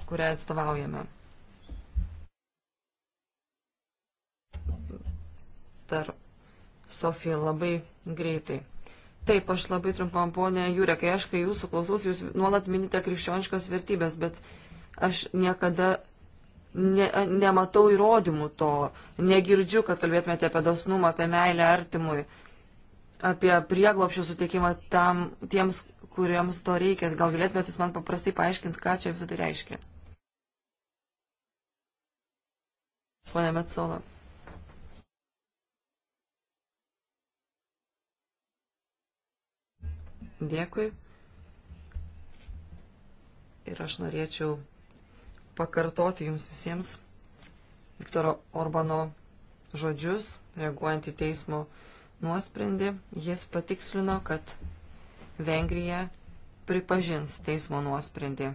kurią atstovaujame. Dar Sofija labai greitai. Taip, aš labai trumpam, ponė Jurekai, aš kai jūsų klausos, jūs nuolat minite krikščioniškas vertybės, bet aš niekada ne, nematau įrodymų to, negirdžiu, kad kalbėtumėte apie dosnumą, apie meilę artimui, apie prieglopšio suteikimą tam, tiems, kuriems to reikia. Gal galėtumėte jūs man paprastai paaiškinti, ką čia visą tai reiškia? Pone Metsola. Dėkui. Ir aš norėčiau pakartoti jums visiems Viktoro Orbano žodžius, reaguojant į teismo nuosprendį. Jis patikslino, kad Vengrija pripažins teismo nuosprendį.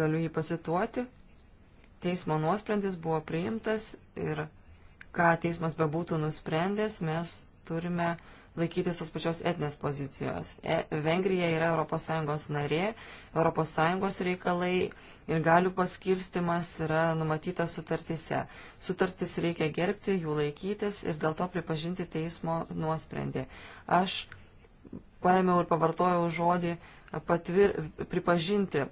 Galiu jį pacituoti. Teismo nuosprendis buvo priimtas ir ką teismas bebūtų nusprendęs, mes turime laikytis tos pačios etinės pozicijos. E, Vengrija yra ES narė, ES reikalai ir galių paskirstimas yra numatytas sutartise. Sutartis reikia gerbti, jų laikytis ir dėl to pripažinti teismo nuosprendį. Aš paėmiau ir pavartojau žodį patvir, pripažinti.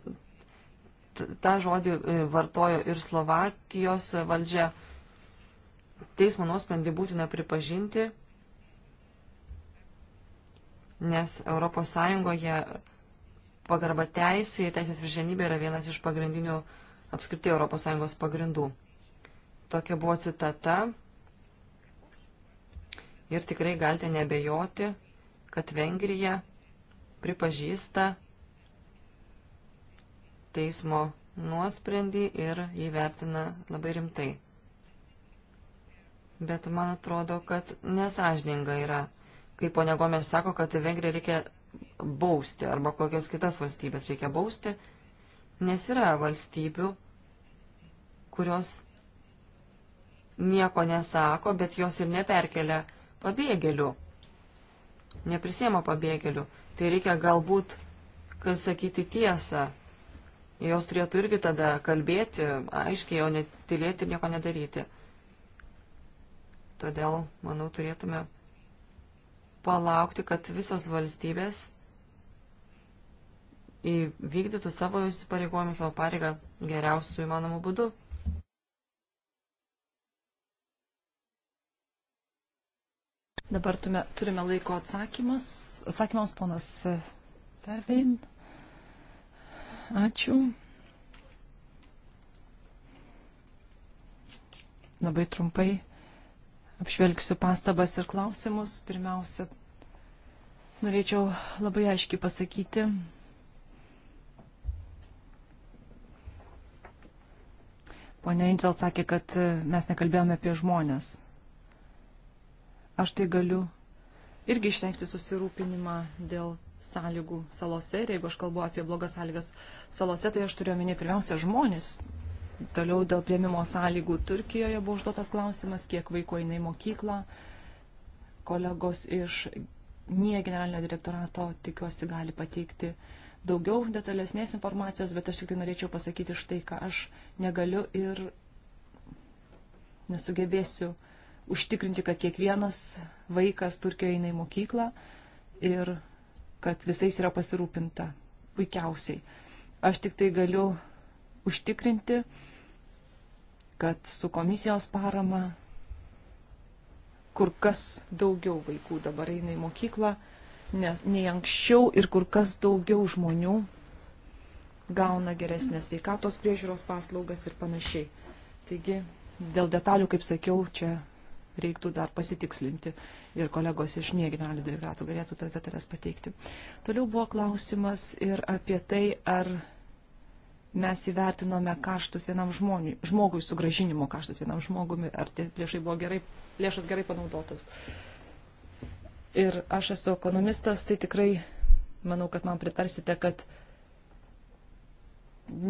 Ta žodį e, vartojo ir Slovakijos valdžia. Teismo nuosprendį būtina pripažinti nes ES pagarba teisė ir teisės viršenybė yra vienas iš pagrindinių apskritai ES pagrindų. Tokia buvo citata ir tikrai galite nebejoti, kad Vengrija pripažįsta teismo nuosprendį ir įvertina labai rimtai. Bet man atrodo, kad nesažninga yra kaip ponia Gomės sako, kad Vengriją reikia bausti arba kokias kitas valstybės reikia bausti, nes yra valstybių, kurios nieko nesako, bet jos ir neperkelia pabėgėlių, neprisiema pabėgėlių. Tai reikia galbūt, kad sakyti tiesą, jos turėtų irgi tada kalbėti aiškiai, o netilėti ir nieko nedaryti. Todėl, manau, turėtume palaukti, kad visos valstybės įvykdytų savo įsipareigojimą, savo pareigą geriausių įmanomų būdų. Dabar tume, turime laiko atsakymas. Atsakymams ponas Tervein. Ačiū. Labai trumpai apžvelgsiu pastabas ir klausimus. Pirmiausia, norėčiau labai aiškiai pasakyti, Pone Intvel sakė, kad mes nekalbėjome apie žmonės. Aš tai galiu irgi išreikšti susirūpinimą dėl sąlygų salose. Ir jeigu aš kalbu apie blogas sąlygas salose, tai aš turiu omeny pirmiausia žmonės, Toliau dėl prieimimo sąlygų Turkijoje buvo užduotas klausimas, kiek vaiko eina į mokyklą. Kolegos iš NIE generalinio direktorato tikiuosi gali pateikti daugiau detalesnės informacijos, bet aš tik tai norėčiau pasakyti štai, ką aš negaliu ir nesugebėsiu užtikrinti, kad kiekvienas vaikas Turkijoje eina į mokyklą ir kad visais yra pasirūpinta puikiausiai. Aš tik tai galiu užtikrinti, kad su komisijos parama kur kas daugiau vaikų dabar eina į mokyklą nes, nei anksčiau ir kur kas daugiau žmonių gauna geresnės veikatos priežiūros paslaugas ir panašiai. Taigi, dėl detalių, kaip sakiau, čia reiktų dar pasitikslinti ir kolegos iš nie generalinių direktoratų galėtų tas detalės pateikti. Toliau buvo klausimas ir apie tai, ar mes įvertinome kaštus vienam žmoniui, žmogui, sugražinimo kaštus vienam žmogumi, ar tie lėšai buvo gerai, lėšas gerai panaudotas. Ir aš esu ekonomistas, tai tikrai manau, kad man pritarsite, kad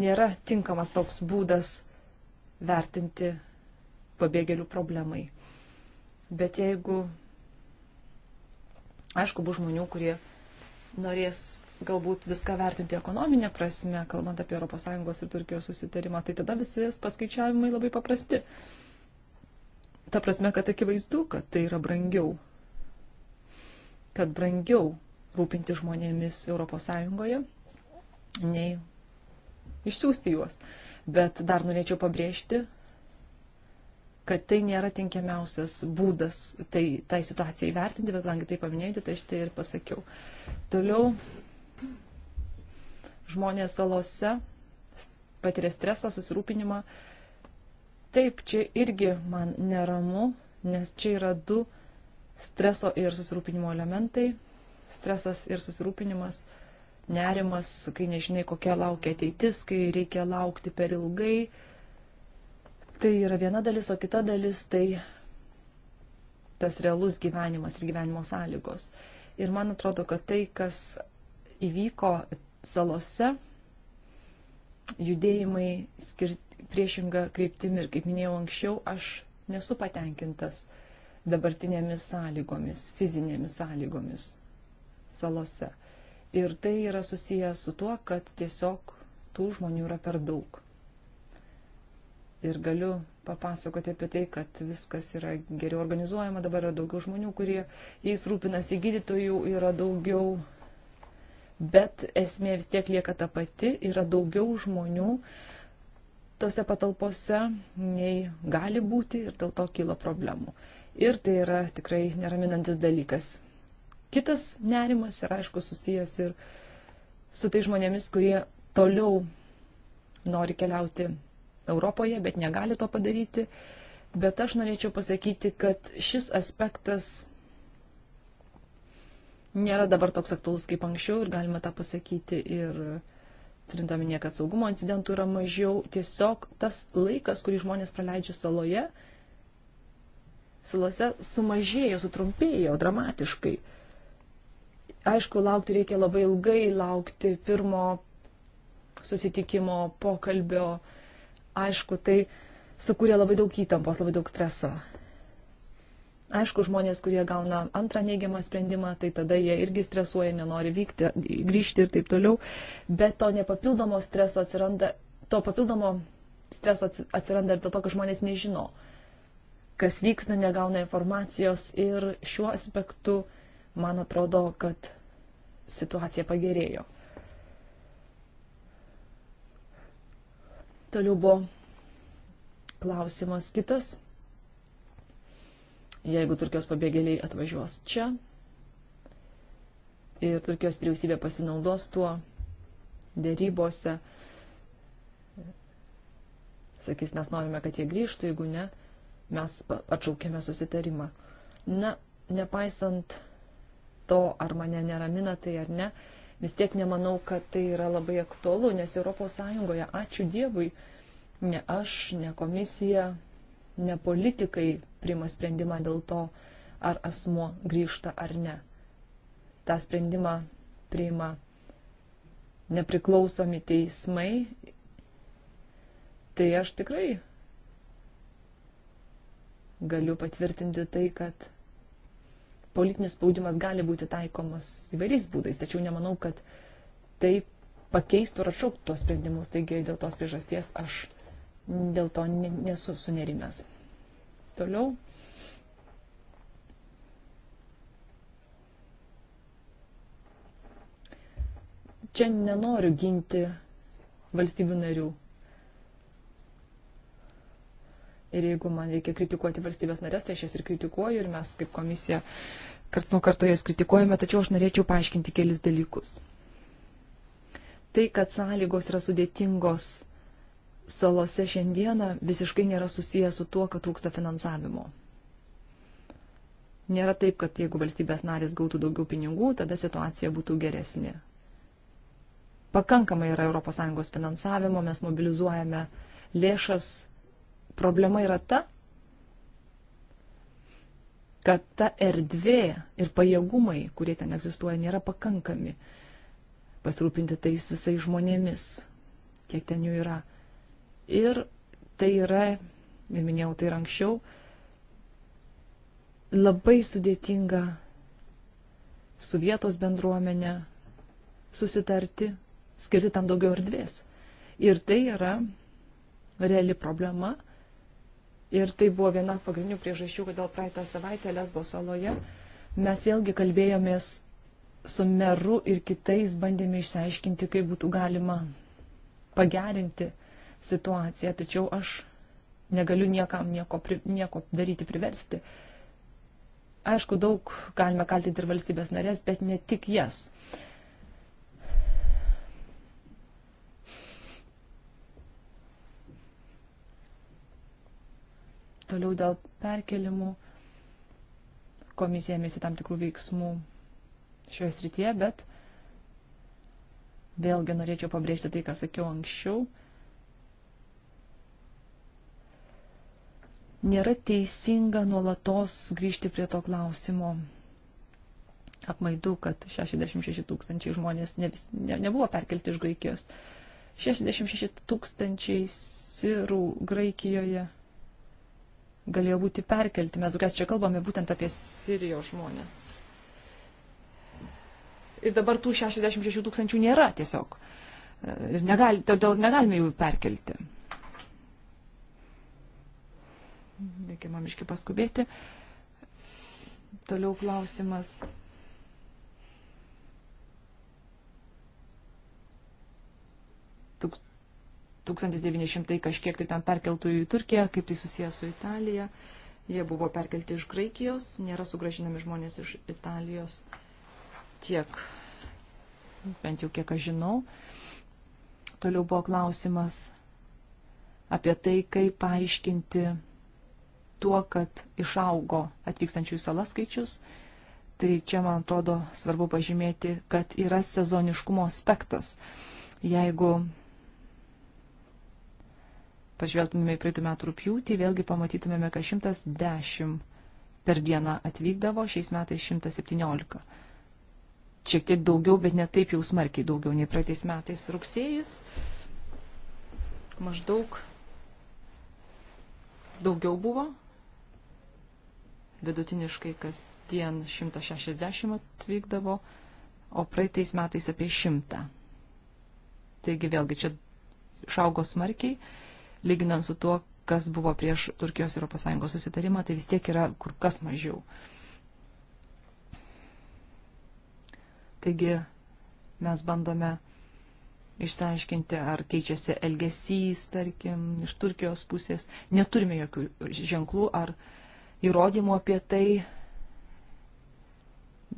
nėra tinkamas toks būdas vertinti pabėgėlių problemai. Bet jeigu, aišku, bus žmonių, kurie norės galbūt viską vertinti ekonominė prasme, kalbant apie ES ir Turkijos susitarimą, tai tada visi paskaičiavimai labai paprasti. Ta prasme, kad akivaizdu, kad tai yra brangiau. Kad brangiau rūpinti žmonėmis ES nei išsiųsti juos. Bet dar norėčiau pabrėžti, kad tai nėra tinkiamiausias būdas tai, tai situaciją įvertinti, bet kadangi tai paminėjote, tai aš tai ir pasakiau. Toliau Žmonės salose patiria stresą, susirūpinimą. Taip, čia irgi man neramu, nes čia yra du streso ir susirūpinimo elementai. Stresas ir susirūpinimas, nerimas, kai nežinai, kokia laukia ateitis, kai reikia laukti per ilgai. Tai yra viena dalis, o kita dalis tai tas realus gyvenimas ir gyvenimo sąlygos. Ir man atrodo, kad tai, kas įvyko salose judėjimai skirti priešingą kryptimį ir, kaip minėjau anksčiau, aš nesu patenkintas dabartinėmis sąlygomis, fizinėmis sąlygomis salose. Ir tai yra susijęs su tuo, kad tiesiog tų žmonių yra per daug. Ir galiu papasakoti apie tai, kad viskas yra geriau organizuojama, dabar yra daugiau žmonių, kurie jais rūpinasi gydytojų, yra daugiau bet esmė vis tiek lieka ta pati, yra daugiau žmonių tose patalpose nei gali būti ir dėl to kyla problemų. Ir tai yra tikrai neraminantis dalykas. Kitas nerimas yra aišku susijęs ir su tai žmonėmis, kurie toliau nori keliauti Europoje, bet negali to padaryti. Bet aš norėčiau pasakyti, kad šis aspektas nėra dabar toks aktuolus kaip anksčiau ir galima tą pasakyti ir turint omenyje, kad saugumo incidentų yra mažiau, tiesiog tas laikas, kurį žmonės praleidžia saloje, salose sumažėjo, sutrumpėjo dramatiškai. Aišku, laukti reikia labai ilgai, laukti pirmo susitikimo, pokalbio. Aišku, tai sukūrė labai daug įtampos, labai daug streso. Aišku, žmonės, kurie gauna antrą neigiamą sprendimą, tai tada jie irgi stresuoja, nenori vykti, grįžti ir taip toliau. Bet to nepapildomo streso atsiranda, to papildomo streso atsiranda ir dėl to, kad žmonės nežino, kas vyksta, negauna informacijos. Ir šiuo aspektu, man atrodo, kad situacija pagerėjo. Toliau buvo klausimas kitas jeigu Turkijos pabėgėliai atvažiuos čia ir Turkijos vyriausybė pasinaudos tuo dėrybose, sakys, mes norime, kad jie grįžtų, jeigu ne, mes atšaukėme susitarimą. Na, nepaisant to, ar mane neramina tai ar ne, vis tiek nemanau, kad tai yra labai aktualu, nes ES, ačiū Dievui, ne aš, ne komisija, ne politikai priima sprendimą dėl to, ar asmuo grįžta ar ne. Ta sprendimą priima nepriklausomi teismai. Tai aš tikrai galiu patvirtinti tai, kad politinis spaudimas gali būti taikomas įvairiais būdais, tačiau nemanau, kad tai pakeistų ar atšauktų tuos sprendimus. Taigi dėl tos priežasties aš dėl to nesu sunerimęs toliau. Čia nenoriu ginti valstybių narių. Ir jeigu man reikia kritikuoti valstybės narės, tai aš jas ir kritikuoju ir mes kaip komisija karts nuo karto jas kritikuojame, tačiau aš norėčiau paaiškinti kelis dalykus. Tai, kad sąlygos yra sudėtingos salose šiandieną visiškai nėra susijęs su tuo, kad trūksta finansavimo. Nėra taip, kad jeigu valstybės narės gautų daugiau pinigų, tada situacija būtų geresnė. Pakankamai yra ES finansavimo, mes mobilizuojame lėšas. Problema yra ta, kad ta erdvė ir pajėgumai, kurie ten egzistuoja, nėra pakankami pasirūpinti tais visais žmonėmis, kiek ten jų yra. Ir tai yra, ir minėjau tai ir anksčiau, labai sudėtinga su vietos bendruomenė susitarti, skirti tam daugiau erdvės. Ir tai yra reali problema. Ir tai buvo viena pagrindinių priežasčių, kodėl praeitą savaitę Lesbo saloje mes vėlgi kalbėjomės su meru ir kitais bandėme išsiaiškinti, kaip būtų galima pagerinti situaciją, tačiau aš negaliu niekam nieko, nieko daryti, priversti. Aišku, daug galime kaltinti ir valstybės narės, bet ne tik jas. Toliau dėl perkelimų komisija mėsi tam tikrų veiksmų šioje srityje, bet vėlgi norėčiau pabrėžti tai, ką sakiau anksčiau – nėra teisinga nuolatos grįžti prie to klausimo. Apmaidu, kad 66 tūkstančiai žmonės ne, vis, ne, nebuvo perkelti iš Graikijos. 66 tūkstančiai sirų Graikijoje galėjo būti perkelti. Mes daugiausiai čia kalbame būtent apie Sirijos žmonės. Ir dabar tų 66 tūkstančių nėra tiesiog. Ir negali, todėl negalime jų perkelti. Reikia man iški paskubėti. Toliau klausimas. Tuk, 1900 kažkiek tai ten perkeltų į Turkiją, kaip tai susijęs su Italija. Jie buvo perkelti iš Graikijos, nėra sugražinami žmonės iš Italijos tiek, bent jau kiek aš žinau. Toliau buvo klausimas apie tai, kaip paaiškinti tuo, kad išaugo atvykstančių į salas skaičius. Tai čia, man atrodo, svarbu pažymėti, kad yra sezoniškumo aspektas. Jeigu pažvelgtumėme į praeitų metų rūpjūtį, vėlgi pamatytumėme, kad 110 per dieną atvykdavo, šiais metais 117. Šiek tiek daugiau, bet ne taip jau smarkiai daugiau nei praeitais metais rugsėjais. Maždaug daugiau buvo, vidutiniškai kasdien 160 atvykdavo, o praeitais metais apie 100. Taigi vėlgi čia išaugo smarkiai, lyginant su tuo, kas buvo prieš Turkijos ir ES susitarimą, tai vis tiek yra kur kas mažiau. Taigi mes bandome išsiaiškinti, ar keičiasi elgesys, tarkim, iš Turkijos pusės. Neturime jokių ženklų, ar uh, įrodymų apie tai.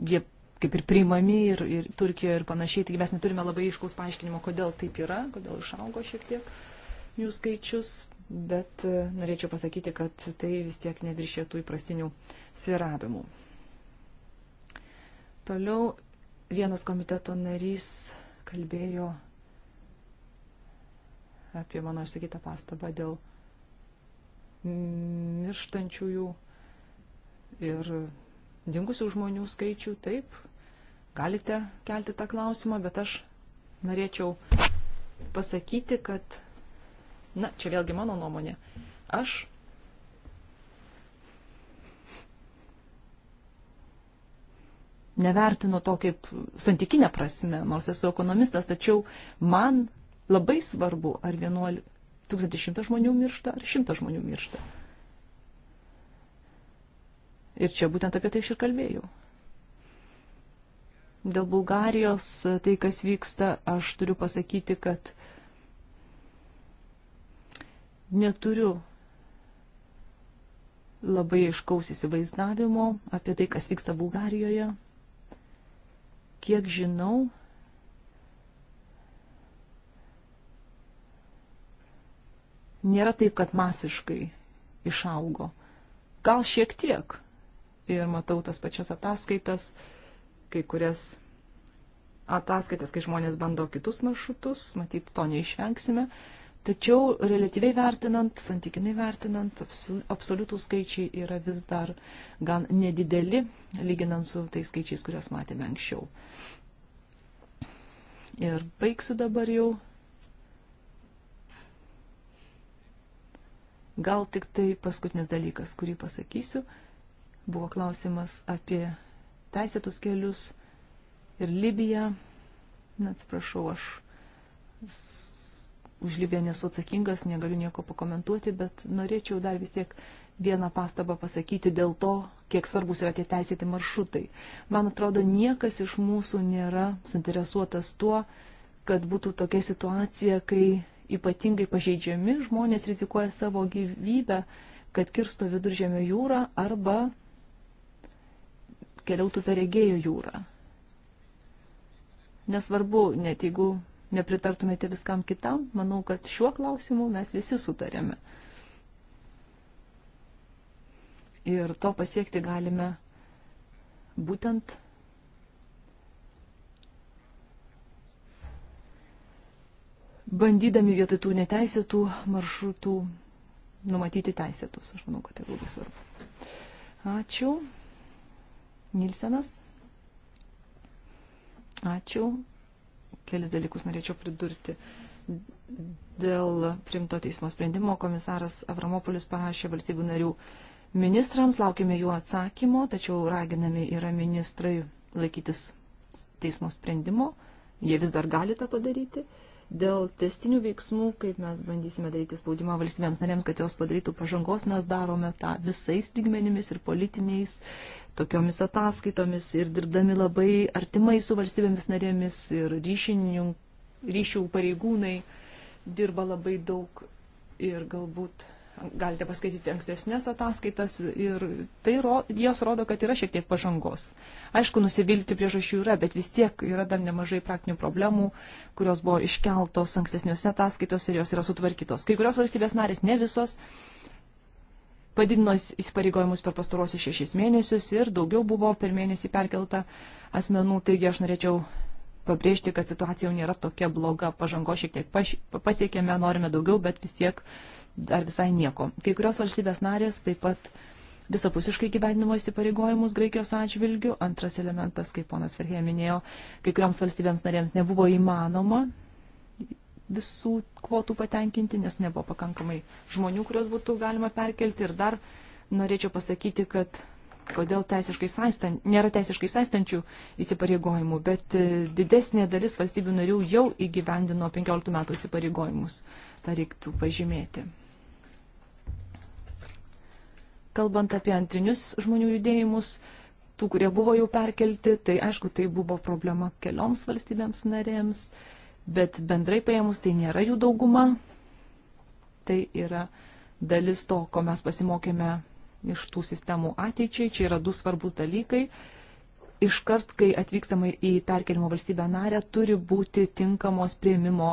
Jie kaip ir priimami ir, ir Turkijoje ir panašiai, taigi mes neturime labai iškaus paaiškinimo, kodėl taip yra, kodėl išaugo šiek tiek jų skaičius, bet e, norėčiau pasakyti, kad tai vis tiek neviršėtų įprastinių sviravimų. Toliau vienas komiteto narys kalbėjo apie mano išsakytą pastabą dėl mirštančiųjų ir dingusių žmonių skaičių, taip, galite kelti tą klausimą, bet aš norėčiau pasakyti, kad, na, čia vėlgi mano nuomonė, aš nevertinu to kaip santykinę prasme, nors esu ekonomistas, tačiau man labai svarbu, ar 11 tūkstantis šimtas žmonių miršta, ar šimtas žmonių miršta. Ir čia būtent apie tai aš ir kalbėjau. Dėl Bulgarijos e, tai, kas vyksta, aš turiu pasakyti, kad neturiu labai iškaus įsivaizdavimo apie tai, kas vyksta Bulgarijoje. Kiek žinau, nėra taip, kad masiškai išaugo. Gal šiek tiek ir matau tas pačias ataskaitas, kai kurias ataskaitas, kai žmonės bando kitus maršrutus, matyti to neišvengsime. Tačiau relatyviai vertinant, santykinai vertinant, absoliutų skaičiai yra vis dar gan nedideli, lyginant su tais skaičiais, kuriuos matėme anksčiau. Ir baigsiu dabar jau. Gal tik tai paskutinis dalykas, kurį pasakysiu. Uh, Buvo klausimas apie teisėtus kelius ir Libiją. Na, atsiprašau, aš už Libiją nesu atsakingas, negaliu nieko pakomentuoti, bet norėčiau dar vis tiek vieną pastabą pasakyti dėl to, kiek svarbus yra tie teisėti maršrutai. Man atrodo, niekas iš mūsų nėra suinteresuotas tuo, kad būtų tokia situacija, kai ypatingai pažeidžiami žmonės rizikuoja savo gyvybę, kad kirsto viduržėmio jūrą arba keliautų per regėjų jūrą. Nesvarbu, net jeigu nepritartumėte viskam kitam, manau, kad šiuo klausimu mes visi sutarėme. Ir to pasiekti galime būtent bandydami vietoj tų neteisėtų maršrutų numatyti teisėtus. Aš manau, kad tai labai svarbu. Ačiū. Nilsenas. Ačiū. Kelis dalykus norėčiau pridurti. Dėl primto teismo sprendimo komisaras Avramopolis parašė valstybių narių ministrams, laukime jų atsakymo, tačiau raginami yra ministrai laikytis teismo sprendimo. Jie vis dar gali tą padaryti. Uh, Dėl testinių veiksmų, kaip mes bandysime daryti spaudimą valstybėms narėms, kad jos padarytų pažangos, mes darome tą visais lygmenimis ir politiniais, tokiomis ataskaitomis ir dirbdami labai artimai su valstybėmis narėmis ir ryšinių, ryšių pareigūnai dirba labai daug ir galbūt Galite paskaityti ankstesnės ataskaitas ir tai ro, jos rodo, kad yra šiek tiek pažangos. Aišku, nusivilti priežasčių yra, bet vis tiek yra dar nemažai praktinių problemų, kurios buvo iškeltos ankstesniuose ataskaitose ir jos yra sutvarkytos. Kai kurios valstybės narės, ne visos, padidino įsipareigojimus per pastarosius šešis mėnesius ir daugiau buvo per mėnesį perkelta asmenų. Taigi aš norėčiau pabrėžti, kad situacija jau nėra tokia bloga, pažango šiek tiek pasiekėme, norime daugiau, bet vis tiek ar visai nieko. Kai kurios valstybės narės taip pat visapusiškai gyvenimo įsipareigojimus Graikijos atžvilgių. Antras elementas, kaip ponas Verhė minėjo, kai kurioms valstybėms narėms nebuvo įmanoma visų kvotų patenkinti, nes nebuvo pakankamai žmonių, kuriuos būtų galima perkelti. Ir dar norėčiau pasakyti, kad kodėl teisiškai saistan, nėra teisiškai saistančių įsipareigojimų, bet e, didesnė dalis valstybių narių jau įgyvendino 15 metų įsipareigojimus. Ta reiktų pažymėti kalbant apie antrinius žmonių judėjimus, tų, kurie buvo jau perkelti, tai aišku, tai buvo problema kelioms valstybėms narėms, bet bendrai paėmus tai nėra jų dauguma. Tai yra dalis to, ko mes pasimokėme iš tų sistemų ateičiai. Čia yra du svarbus dalykai. Iškart, kai atvykstama į perkelimo valstybę narę, turi būti tinkamos prieimimo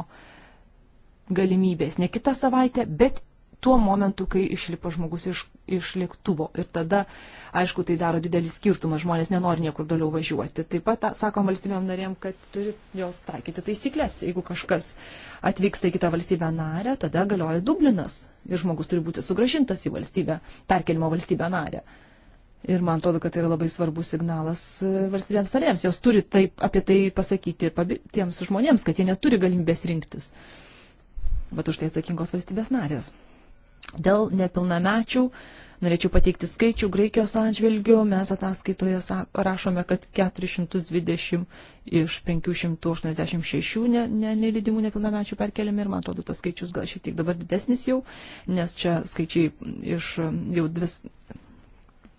galimybės. Ne kitą savaitę, bet tuo momentu, kai išlipa žmogus iš, iš lėktuvo. Ir tada, aišku, tai daro didelį skirtumą, žmonės nenori niekur toliau važiuoti. Taip pat sakom valstybėm narėm, kad turi jos taikyti taisyklės. Jeigu kažkas atvyksta į kitą valstybę narę, tada galioja Dublinas ir žmogus turi būti sugražintas į valstybę, perkelimo valstybę narę. Ir man atrodo, kad tai yra labai svarbus signalas e, valstybėms narėms. Jos turi taip, apie tai pasakyti tiems žmonėms, kad jie neturi galimybės rinktis. Bet už tai atsakingos valstybės narės. Dėl nepilnamečių, norėčiau pateikti skaičių, Graikijos atžvilgių mes ataskaitoje rašome, kad 420 iš 586 ne, ne, nelydimų nepilnamečių perkeliami ir man atrodo tas skaičius gal šiek tiek dabar didesnis jau, nes čia skaičiai iš jau dvis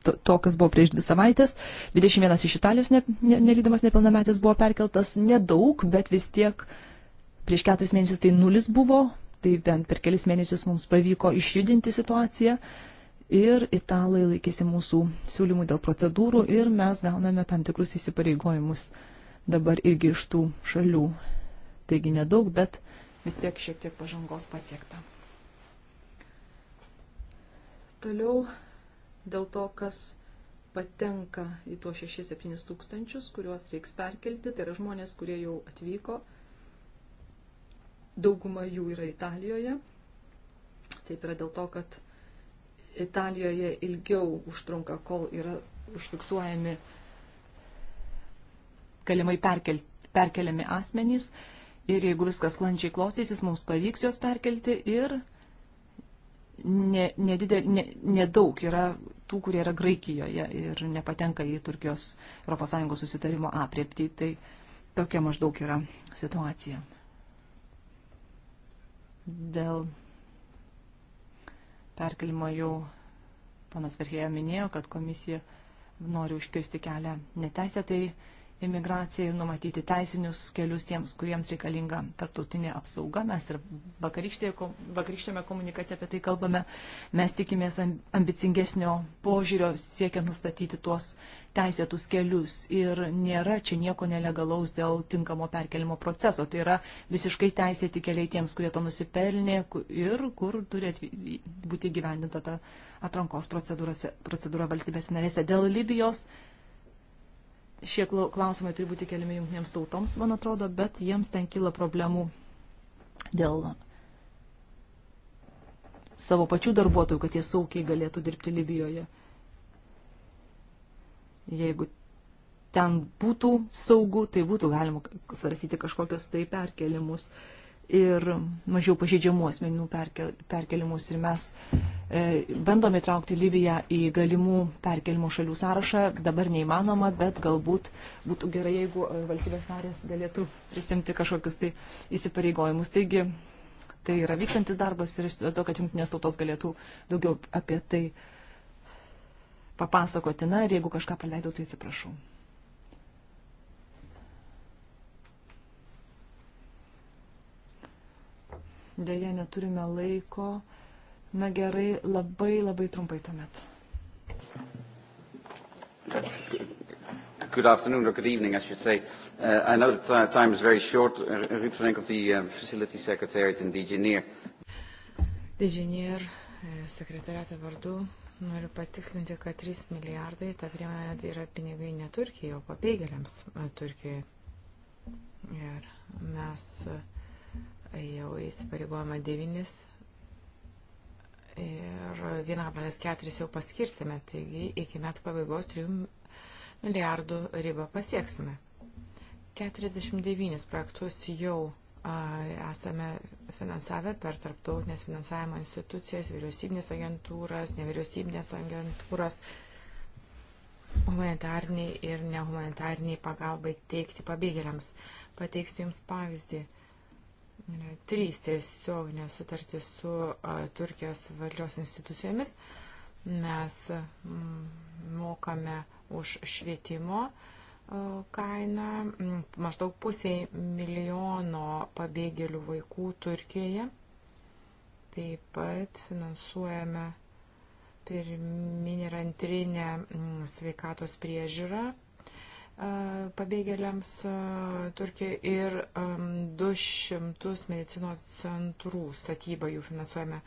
to, to, kas buvo prieš dvi savaitės. 21 iš Italijos ne, ne, nelydamas nepilnametis buvo perkeltas nedaug, bet vis tiek prieš keturis mėnesius tai nulis buvo, tai bent per kelis mėnesius mums pavyko išjudinti situaciją ir italai laikėsi mūsų siūlymų dėl procedūrų ir mes gauname tam tikrus įsipareigojimus dabar irgi iš tų šalių. Taigi nedaug, bet vis tiek šiek tiek pažangos pasiekta. Toliau dėl to, kas patenka į tuos 6-7 tūkstančius, kuriuos reiks perkelti, tai yra žmonės, kurie jau atvyko dauguma jų yra Italijoje. Taip yra dėl to, kad Italijoje ilgiau užtrunka, kol yra užfiksuojami galimai perkel, perkeliami asmenys. Ir jeigu viskas sklandžiai klostysis, mums pavyks juos perkelti ir nedaug ne ne, ne yra tų, kurie yra Graikijoje ir nepatenka į Turkijos ES susitarimo apriepti. Tai tokia maždaug yra situacija. Dėl perkelimo jau ponas Verhėja minėjo, kad komisija nori užkirsti kelią neteisėtai imigraciją ir numatyti teisinius kelius tiems, kuriems reikalinga tarptautinė apsauga. Mes ir vakarykštėme komunikate apie tai kalbame. Mes tikimės ambicingesnio požiūrio siekia nustatyti tuos teisėtus kelius. Ir nėra čia nieko nelegalaus dėl tinkamo perkelimo proceso. Tai yra visiškai teisėti keliai tiems, kurie to nusipelnė ir kur turi būti gyvendinta ta atrankos procedūra valstybės narėse. Dėl Libijos Šie klausimai turi būti keliami jungtinėms tautoms, man atrodo, bet jiems ten kyla problemų dėl savo pačių darbuotojų, kad jie saukiai galėtų dirbti Libijoje. Jeigu ten būtų saugu, tai būtų galima svarstyti kažkokius tai perkelimus. Uh, ir mažiau pažeidžiamų asmenų perkel, perkelimus. Ir mes e, bandome traukti Libiją į galimų perkelimų šalių sąrašą. Dabar neįmanoma, bet galbūt būtų gerai, jeigu e, valstybės narės galėtų prisimti kažkokius tai įsipareigojimus. Taigi tai yra vykstantis darbas ir aš to, kad jungtinės tautos galėtų daugiau apie tai papasakoti. Na ir jeigu kažką paleidau, tai atsiprašau. Deja, neturime laiko. Na gerai, labai labai trumpai tuomet. Good afternoon or good evening, I should say. Uh, I know that uh, time is very short. Uh, Ruud van Enk of the uh, Facility Secretariat in DGNIR. DGNIR uh, sekretariato vardu noriu patikslinti, kad 3 milijardai ta priemonė yra pinigai ne Turkijai, o pabėgėliams uh, Turkijai. Ir mes uh, jau įsipareigojama 9 ir 1,4 jau paskirstėme, taigi iki metų pabaigos 3 milijardų ribą pasieksime. 49 projektus jau esame finansavę per tarptautinės finansavimo institucijas, vyriausybinės agentūras, nevyriausybinės agentūras, humanitarniai ir nehumanitarniai pagalbai teikti pabėgėliams. Pateiksiu Jums pavyzdį yra trys tiesioginės sutartys su Turkijos valdžios institucijomis. Mes mm, mokame už švietimo kainą. Mm, maždaug pusiai milijono pabėgėlių vaikų Turkijoje. Taip pat finansuojame pirminį ir antrinę mm, sveikatos priežiūrą pabėgėliams Turkija ir 200 medicinos centrų statybą jų finansuojame.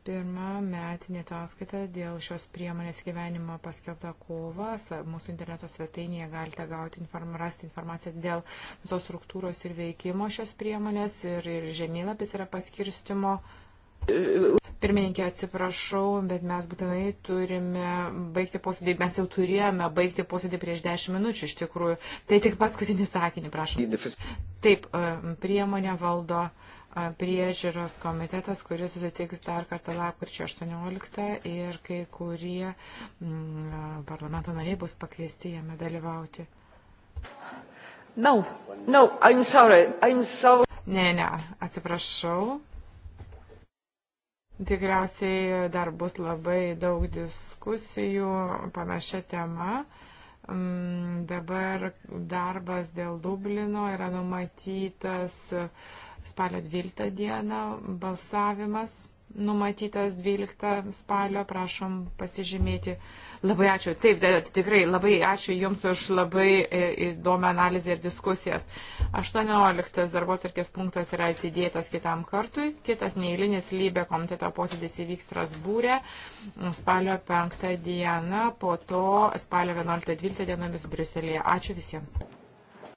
Pirma metinė ataskaita dėl šios priemonės gyvenimo paskelbta kovas. Mūsų interneto svetainėje galite gauti inform, rasti informaciją dėl visos struktūros ir veikimo šios priemonės ir, ir žemėlapis yra paskirstimo Pirmininkė, atsiprašau, bet mes būtinai turime baigti posėdį. Mes jau turėjome baigti posėdį prieš 10 minučių, iš tikrųjų. Tai tik paskutinį sakinį, prašom. Taip, e, priemonė valdo e, priežiūros komitetas, kuris susitiks dar kartą lapkričio 18 ir kai kurie m, mm, e, parlamento nariai bus pakviesti jame dalyvauti. No, no, I'm sorry, I'm sorry. Ne, ne, atsiprašau. Tikriausiai dar bus labai daug diskusijų panašia tema. Mm, dabar darbas dėl Dublino yra numatytas spalio 12 dieną balsavimas numatytas 12 spalio, prašom pasižymėti. Labai ačiū. Taip, tikrai labai ačiū Jums už labai e, įdomią analizę ir diskusijas. 18 darbo tarkės punktas yra atidėtas kitam kartui. Kitas neįlinis lybė komiteto posėdis įvyks Rasbūrė spalio 5 dieną, po to spalio 11-12 dienomis Briuselėje. Ačiū visiems.